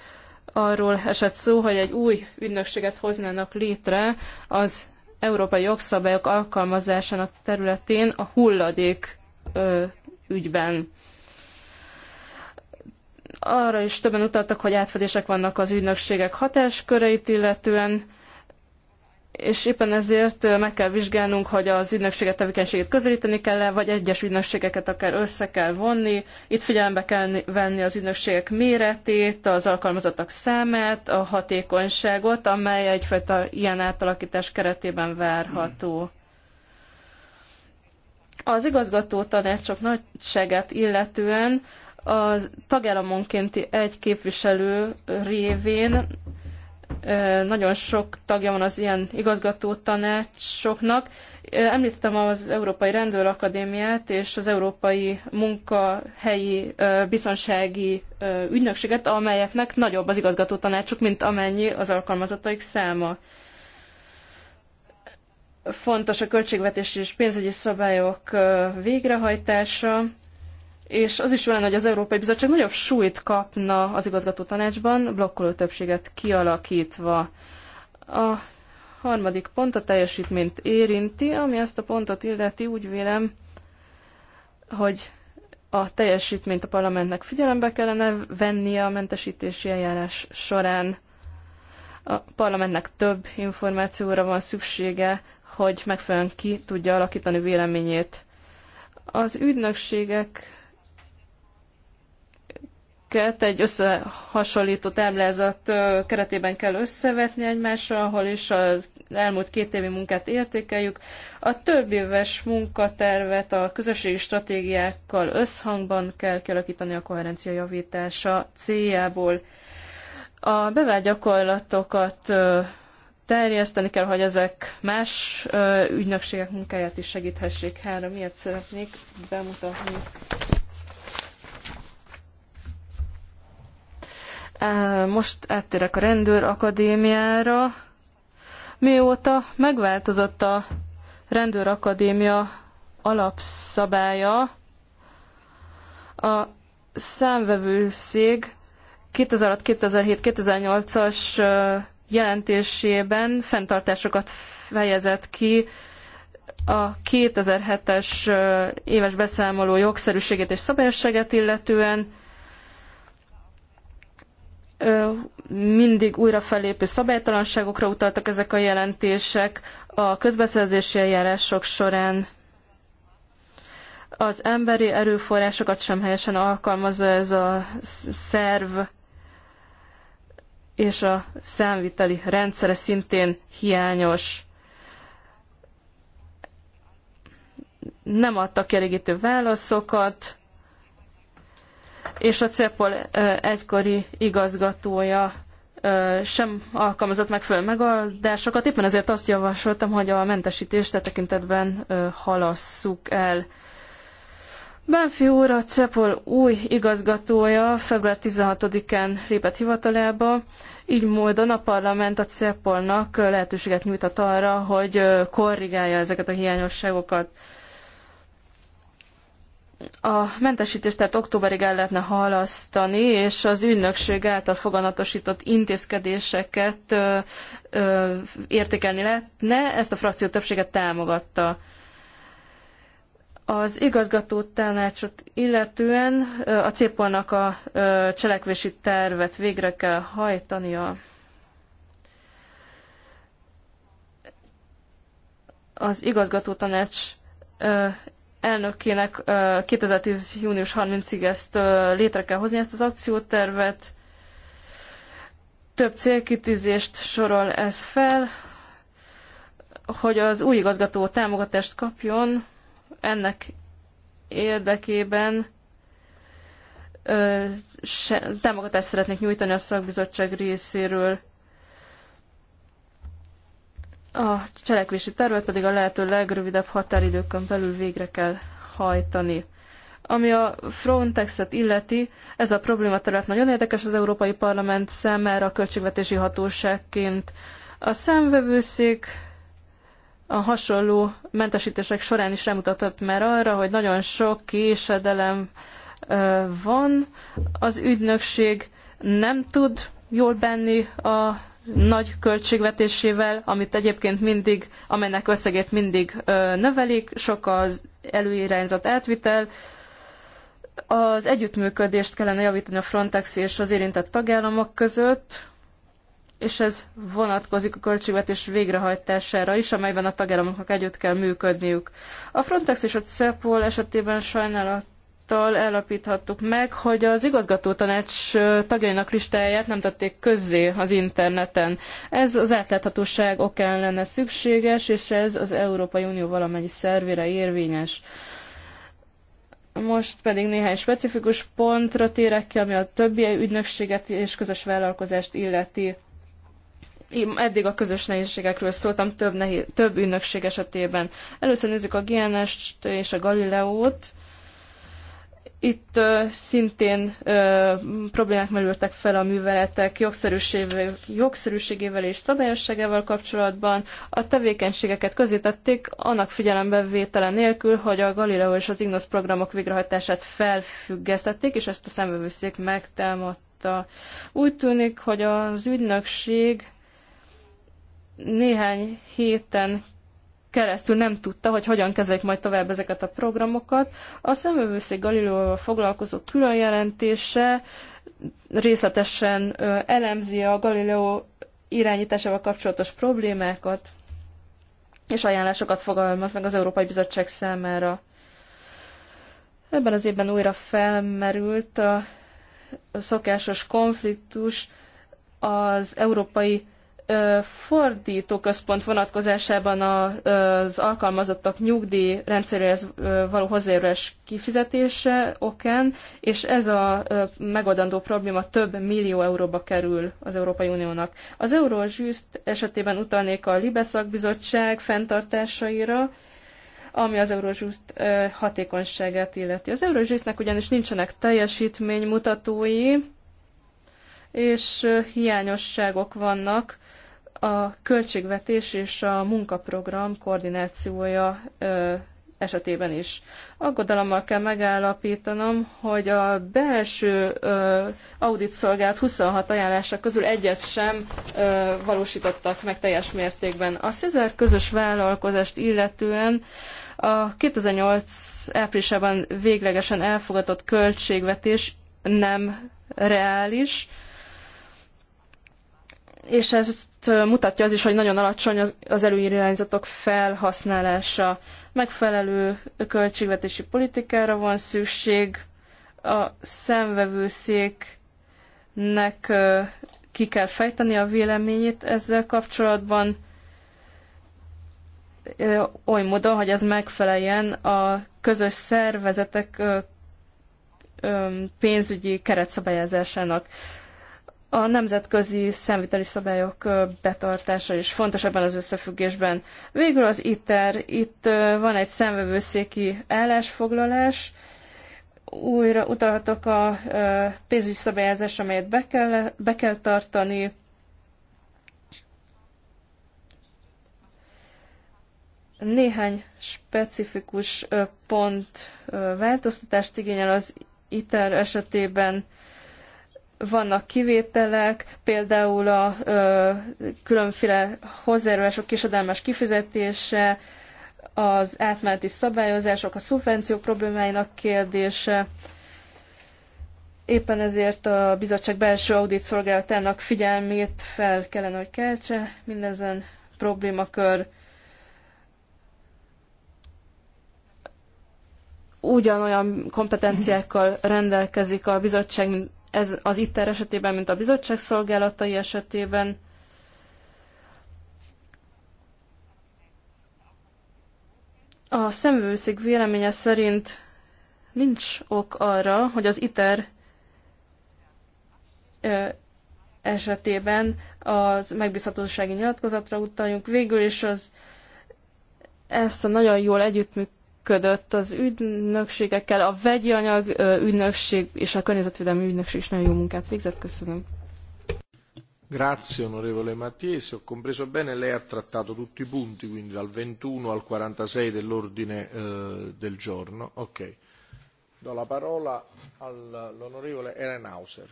arról esett szó, hogy egy új ügynökséget hoznának létre az európai jogszabályok alkalmazásának területén a hulladék ö, ügyben. Arra is többen utaltak, hogy átfedések vannak az ügynökségek hatásköreit illetően, és éppen ezért meg kell vizsgálnunk, hogy az ügynökséget tevékenységét közelíteni kell -e, vagy egyes ügynökségeket akár össze kell vonni. Itt figyelembe kell venni az ügynökségek méretét, az alkalmazottak számát, a hatékonyságot, amely egyfajta ilyen átalakítás keretében várható. Az igazgató tanácsok nagyságát illetően a tagállamonkénti egy képviselő révén nagyon sok tagja van az ilyen igazgató tanácsoknak. Említettem az Európai Rendőrakadémiát és az Európai Munkahelyi Biztonsági Ügynökséget, amelyeknek nagyobb az igazgató tanácsuk, mint amennyi az alkalmazataik száma. Fontos a költségvetési és pénzügyi szabályok végrehajtása és az is lenne, hogy az Európai Bizottság nagyobb súlyt kapna az igazgató tanácsban, blokkoló többséget kialakítva. A harmadik pont a teljesítményt érinti, ami ezt a pontot illeti, úgy vélem, hogy a teljesítményt a parlamentnek figyelembe kellene vennie a mentesítési eljárás során. A parlamentnek több információra van szüksége, hogy megfelelően ki tudja alakítani véleményét. Az ügynökségek ezeket egy összehasonlító táblázat keretében kell összevetni egymással, ahol is az elmúlt két évi munkát értékeljük. A több éves munkatervet a közösségi stratégiákkal összhangban kell kialakítani a koherencia javítása céljából. A bevált gyakorlatokat terjeszteni kell, hogy ezek más ügynökségek munkáját is segíthessék. Három ilyet szeretnék bemutatni. Most áttérek a rendőr akadémiára. Mióta megváltozott a rendőr akadémia alapszabálya, a számvevőszég 2006-2007-2008-as jelentésében fenntartásokat fejezett ki a 2007-es éves beszámoló jogszerűségét és szabályosságát illetően, mindig újra fellépő szabálytalanságokra utaltak ezek a jelentések. A közbeszerzési eljárások során az emberi erőforrásokat sem helyesen alkalmazza ez a szerv, és a számviteli rendszere szintén hiányos. Nem adtak elégítő válaszokat, és a CEPOL egykori igazgatója sem alkalmazott megfelelő megoldásokat. Éppen ezért azt javasoltam, hogy a mentesítést e tekintetben halasszuk el. Benfi úr, a CEPOL új igazgatója február 16-án lépett hivatalába, így módon a parlament a CEPOL-nak lehetőséget nyújtott arra, hogy korrigálja ezeket a hiányosságokat a mentesítést tehát októberig el lehetne halasztani, és az ügynökség által foganatosított intézkedéseket ö, ö, értékelni lehetne. Ezt a frakció többsége támogatta. Az igazgató tanácsot illetően a CEPOL-nak a cselekvési tervet végre kell hajtania. Az igazgató tanács elnökének 2010. június 30-ig ezt létre kell hozni, ezt az akciótervet. Több célkitűzést sorol ez fel, hogy az új igazgató támogatást kapjon ennek érdekében támogatást szeretnék nyújtani a szakbizottság részéről. A cselekvési tervet pedig a lehető legrövidebb határidőkön belül végre kell hajtani. Ami a Frontexet illeti, ez a probléma terület nagyon érdekes az Európai Parlament számára a költségvetési hatóságként. A számvevőszék a hasonló mentesítések során is remutatott már arra, hogy nagyon sok késedelem van, az ügynökség nem tud jól benni a nagy költségvetésével, amit egyébként mindig, amelynek összegét mindig növelik, sok az előirányzat átvitel, az együttműködést kellene javítani a Frontex és az érintett tagállamok között, és ez vonatkozik a költségvetés végrehajtására is, amelyben a tagállamoknak együtt kell működniük. A Frontex és a CEPOL esetében sajnálat által elapíthattuk meg, hogy az igazgató tanács tagjainak listáját nem tették közzé az interneten. Ez az átláthatóság okán lenne szükséges, és ez az Európai Unió valamennyi szervére érvényes. Most pedig néhány specifikus pontra térek ki, ami a többi ügynökséget és közös vállalkozást illeti. Én eddig a közös nehézségekről szóltam több, nehéz, több ügynökség esetében. Először nézzük a GNS-t és a Galileót itt szintén problémák merültek fel a műveletek jogszerűségével, jogszerűségével és szabályosságával kapcsolatban. A tevékenységeket közítették annak figyelembe vétele nélkül, hogy a Galileo és az Ignos programok végrehajtását felfüggesztették, és ezt a szemvevőszék megtámadta. Úgy tűnik, hogy az ügynökség néhány héten keresztül nem tudta, hogy hogyan kezelik majd tovább ezeket a programokat. A szemövőszék Galileóval foglalkozó különjelentése részletesen elemzi a Galileo irányításával kapcsolatos problémákat, és ajánlásokat fogalmaz meg az Európai Bizottság számára. Ebben az évben újra felmerült a szokásos konfliktus az európai fordítóközpont vonatkozásában az alkalmazottak nyugdíj rendszeréhez való hozzájárulás kifizetése okán, és ez a megoldandó probléma több millió euróba kerül az Európai Uniónak. Az Eurozsűzt esetében utalnék a Libeszak Bizottság fenntartásaira, ami az Eurozsűzt hatékonyságát illeti. Az Eurozsűsznek ugyanis nincsenek teljesítménymutatói, és hiányosságok vannak, a költségvetés és a munkaprogram koordinációja esetében is. Aggodalommal kell megállapítanom, hogy a belső audit szolgált 26 ajánlása közül egyet sem valósítottak meg teljes mértékben. A Cezár közös vállalkozást illetően a 2008 áprilisában véglegesen elfogadott költségvetés nem reális, és ezt mutatja az is, hogy nagyon alacsony az előirányzatok felhasználása. Megfelelő költségvetési politikára van szükség, a szemvevőszéknek ki kell fejteni a véleményét ezzel kapcsolatban, oly módon, hogy ez megfeleljen a közös szervezetek pénzügyi keretszabályozásának. A nemzetközi számviteli szabályok betartása is fontos ebben az összefüggésben. Végül az ITER. Itt van egy számvevőszéki állásfoglalás. Újra utalhatok a pénzügyi szabályozás, amelyet be kell, be kell tartani. Néhány specifikus pont változtatást igényel az ITER esetében vannak kivételek, például a ö, különféle hozzájárulások kisedelmes kifizetése, az átmeneti szabályozások, a szubvenciók problémáinak kérdése. Éppen ezért a bizottság belső audit szolgálatának figyelmét fel kellene, hogy keltse mindezen problémakör. Ugyanolyan kompetenciákkal rendelkezik a bizottság, mint ez az ITER esetében, mint a bizottság szolgálatai esetében. A szemvőszik véleménye szerint nincs ok arra, hogy az ITER esetében az megbízhatósági nyilatkozatra utaljunk végül, és az ezt a nagyon jól együttműködő együttműködött az ügynökségekkel, a vegyi anyag ügynökség és a környezetvédelmi ügynökség is nagyon jó munkát végzett. Köszönöm. Grazie onorevole Mattier, se ho compreso bene lei ha trattato tutti i punti, quindi dal 21 al 46 dell'ordine eh, del giorno. Ok. Do la parola all'onorevole Ehrenhauser.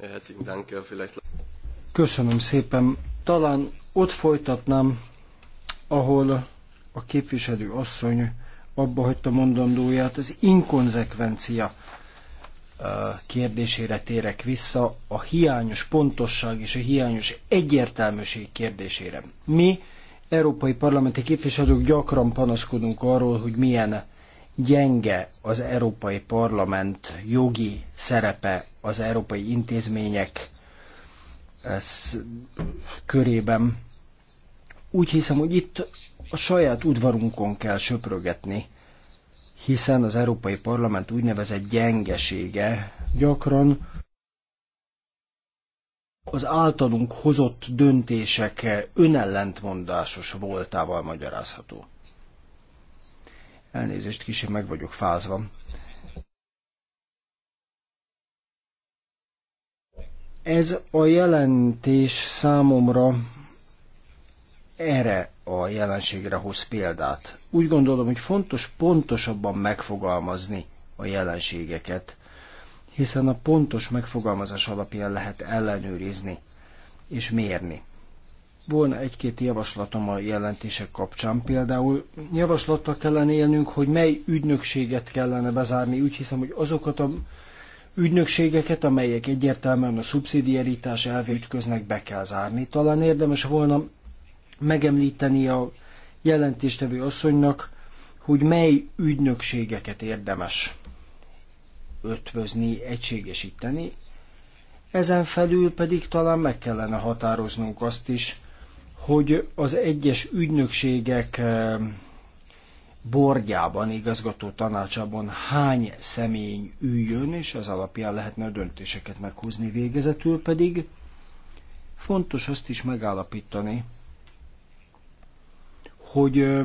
Herzlichen Dank, vielleicht... Köszönöm szépen. Talán ott folytatnám, ahol a képviselő asszony abba hagyta mondandóját, az inkonzekvencia uh, kérdésére térek vissza, a hiányos pontosság és a hiányos egyértelműség kérdésére. Mi, európai parlamenti képviselők gyakran panaszkodunk arról, hogy milyen gyenge az Európai Parlament jogi szerepe az európai intézmények uh, körében. Úgy hiszem, hogy itt a saját udvarunkon kell söprögetni, hiszen az Európai Parlament úgynevezett gyengesége gyakran az általunk hozott döntések önellentmondásos voltával magyarázható. Elnézést, kicsit meg vagyok fázva. Ez a jelentés számomra erre a jelenségre hoz példát. Úgy gondolom, hogy fontos pontosabban megfogalmazni a jelenségeket, hiszen a pontos megfogalmazás alapján lehet ellenőrizni és mérni. Volna egy-két javaslatom a jelentések kapcsán, például javaslattal kellene élnünk, hogy mely ügynökséget kellene bezárni. Úgy hiszem, hogy azokat a ügynökségeket, amelyek egyértelműen a szubszidiaritás elvét köznek be kell zárni. Talán érdemes volna megemlíteni a jelentéstevő asszonynak, hogy mely ügynökségeket érdemes ötvözni, egységesíteni. Ezen felül pedig talán meg kellene határoznunk azt is, hogy az egyes ügynökségek eh, borgyában, igazgató tanácsában hány személy üljön, és ez alapján lehetne a döntéseket meghozni végezetül pedig. Fontos azt is megállapítani, hogy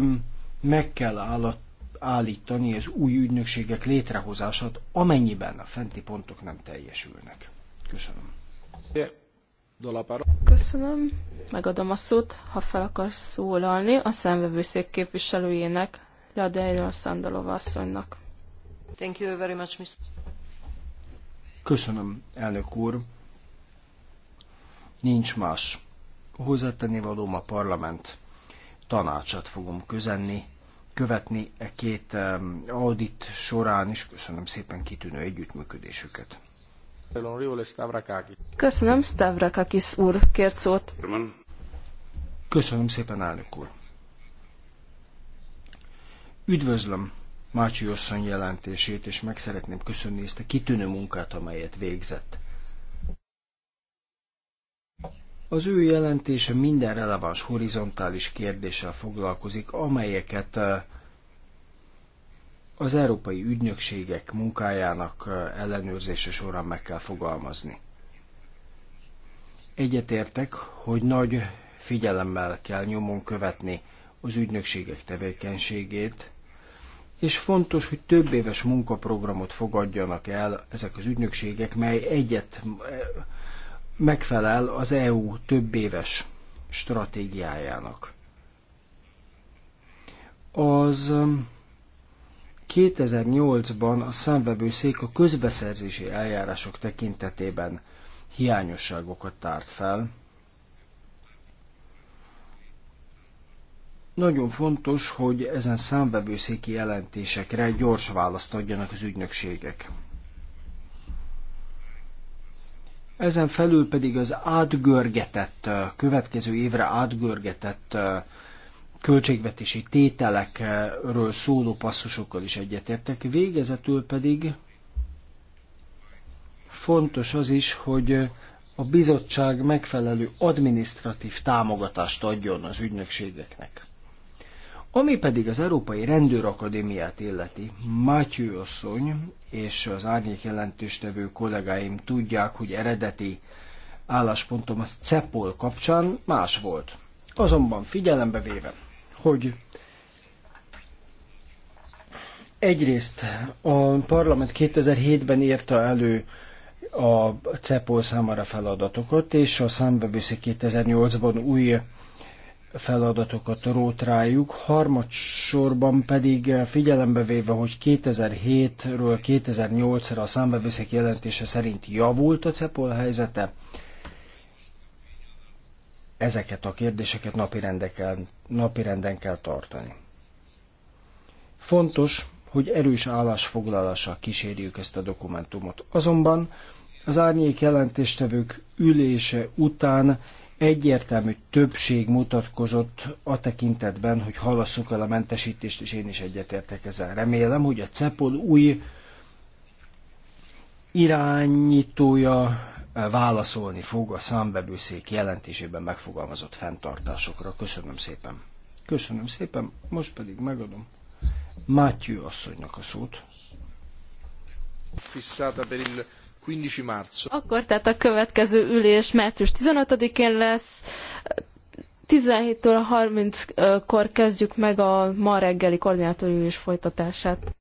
meg kell állat, állítani az új ügynökségek létrehozását, amennyiben a fenti pontok nem teljesülnek. Köszönöm. Köszönöm. Megadom a szót, ha fel akarsz szólalni, a szemvevőszék képviselőjének, Ladeira Szandalova asszonynak. Thank you very much, Mr. Köszönöm, elnök úr. Nincs más. Hozzátenni valóm a parlament tanácsát fogom közenni, követni e két audit során, és köszönöm szépen kitűnő együttműködésüket. Köszönöm, Stavrakakis úr, kért szót. Köszönöm szépen, elnök úr. Üdvözlöm Mácsi Osszony jelentését, és meg szeretném köszönni ezt a kitűnő munkát, amelyet végzett. Az ő jelentése minden releváns horizontális kérdéssel foglalkozik, amelyeket eh, az európai ügynökségek munkájának eh, ellenőrzése során meg kell fogalmazni. Egyetértek, hogy nagy figyelemmel kell nyomon követni az ügynökségek tevékenységét, és fontos, hogy több éves munkaprogramot fogadjanak el ezek az ügynökségek, mely egyet eh, megfelel az EU több éves stratégiájának. Az 2008-ban um, a számvevőszék a közbeszerzési eljárások tekintetében hiányosságokat tárt fel. Nagyon fontos, hogy ezen számvevőszéki jelentésekre gyors választ adjanak az ügynökségek. Ezen felül pedig az átgörgetett, következő évre átgörgetett költségvetési tételekről szóló passzusokkal is egyetértek. Végezetül pedig fontos az is, hogy a bizottság megfelelő adminisztratív támogatást adjon az ügynökségeknek. Ami pedig az Európai Rendőrakadémiát illeti, Mátyő asszony és az árnyék jelentőstevő kollégáim tudják, hogy eredeti álláspontom az CEPOL kapcsán más volt. Azonban figyelembe véve, hogy egyrészt a parlament 2007-ben írta elő a CEPOL számára feladatokat, és a számbevőszék 2008-ban új feladatokat rót rájuk, harmadsorban pedig figyelembe véve, hogy 2007-ről 2008-ra a számbevőszék jelentése szerint javult a CEPOL helyzete, ezeket a kérdéseket napirenden kell, napirenden kell tartani. Fontos, hogy erős állásfoglalással kísérjük ezt a dokumentumot. Azonban az árnyék jelentéstevők ülése után egyértelmű többség mutatkozott a tekintetben, hogy halasszuk el a mentesítést, és én is egyetértek ezzel. Remélem, hogy a CEPOL új irányítója eh, válaszolni fog a számbevőszék jelentésében megfogalmazott fenntartásokra. Köszönöm szépen. Köszönöm szépen, most pedig megadom Mátyő asszonynak a szót. Fissata per il 15 marzo. Akkor tehát a következő ülés március 15-én lesz. 17-től 30-kor kezdjük meg a ma reggeli ülés folytatását.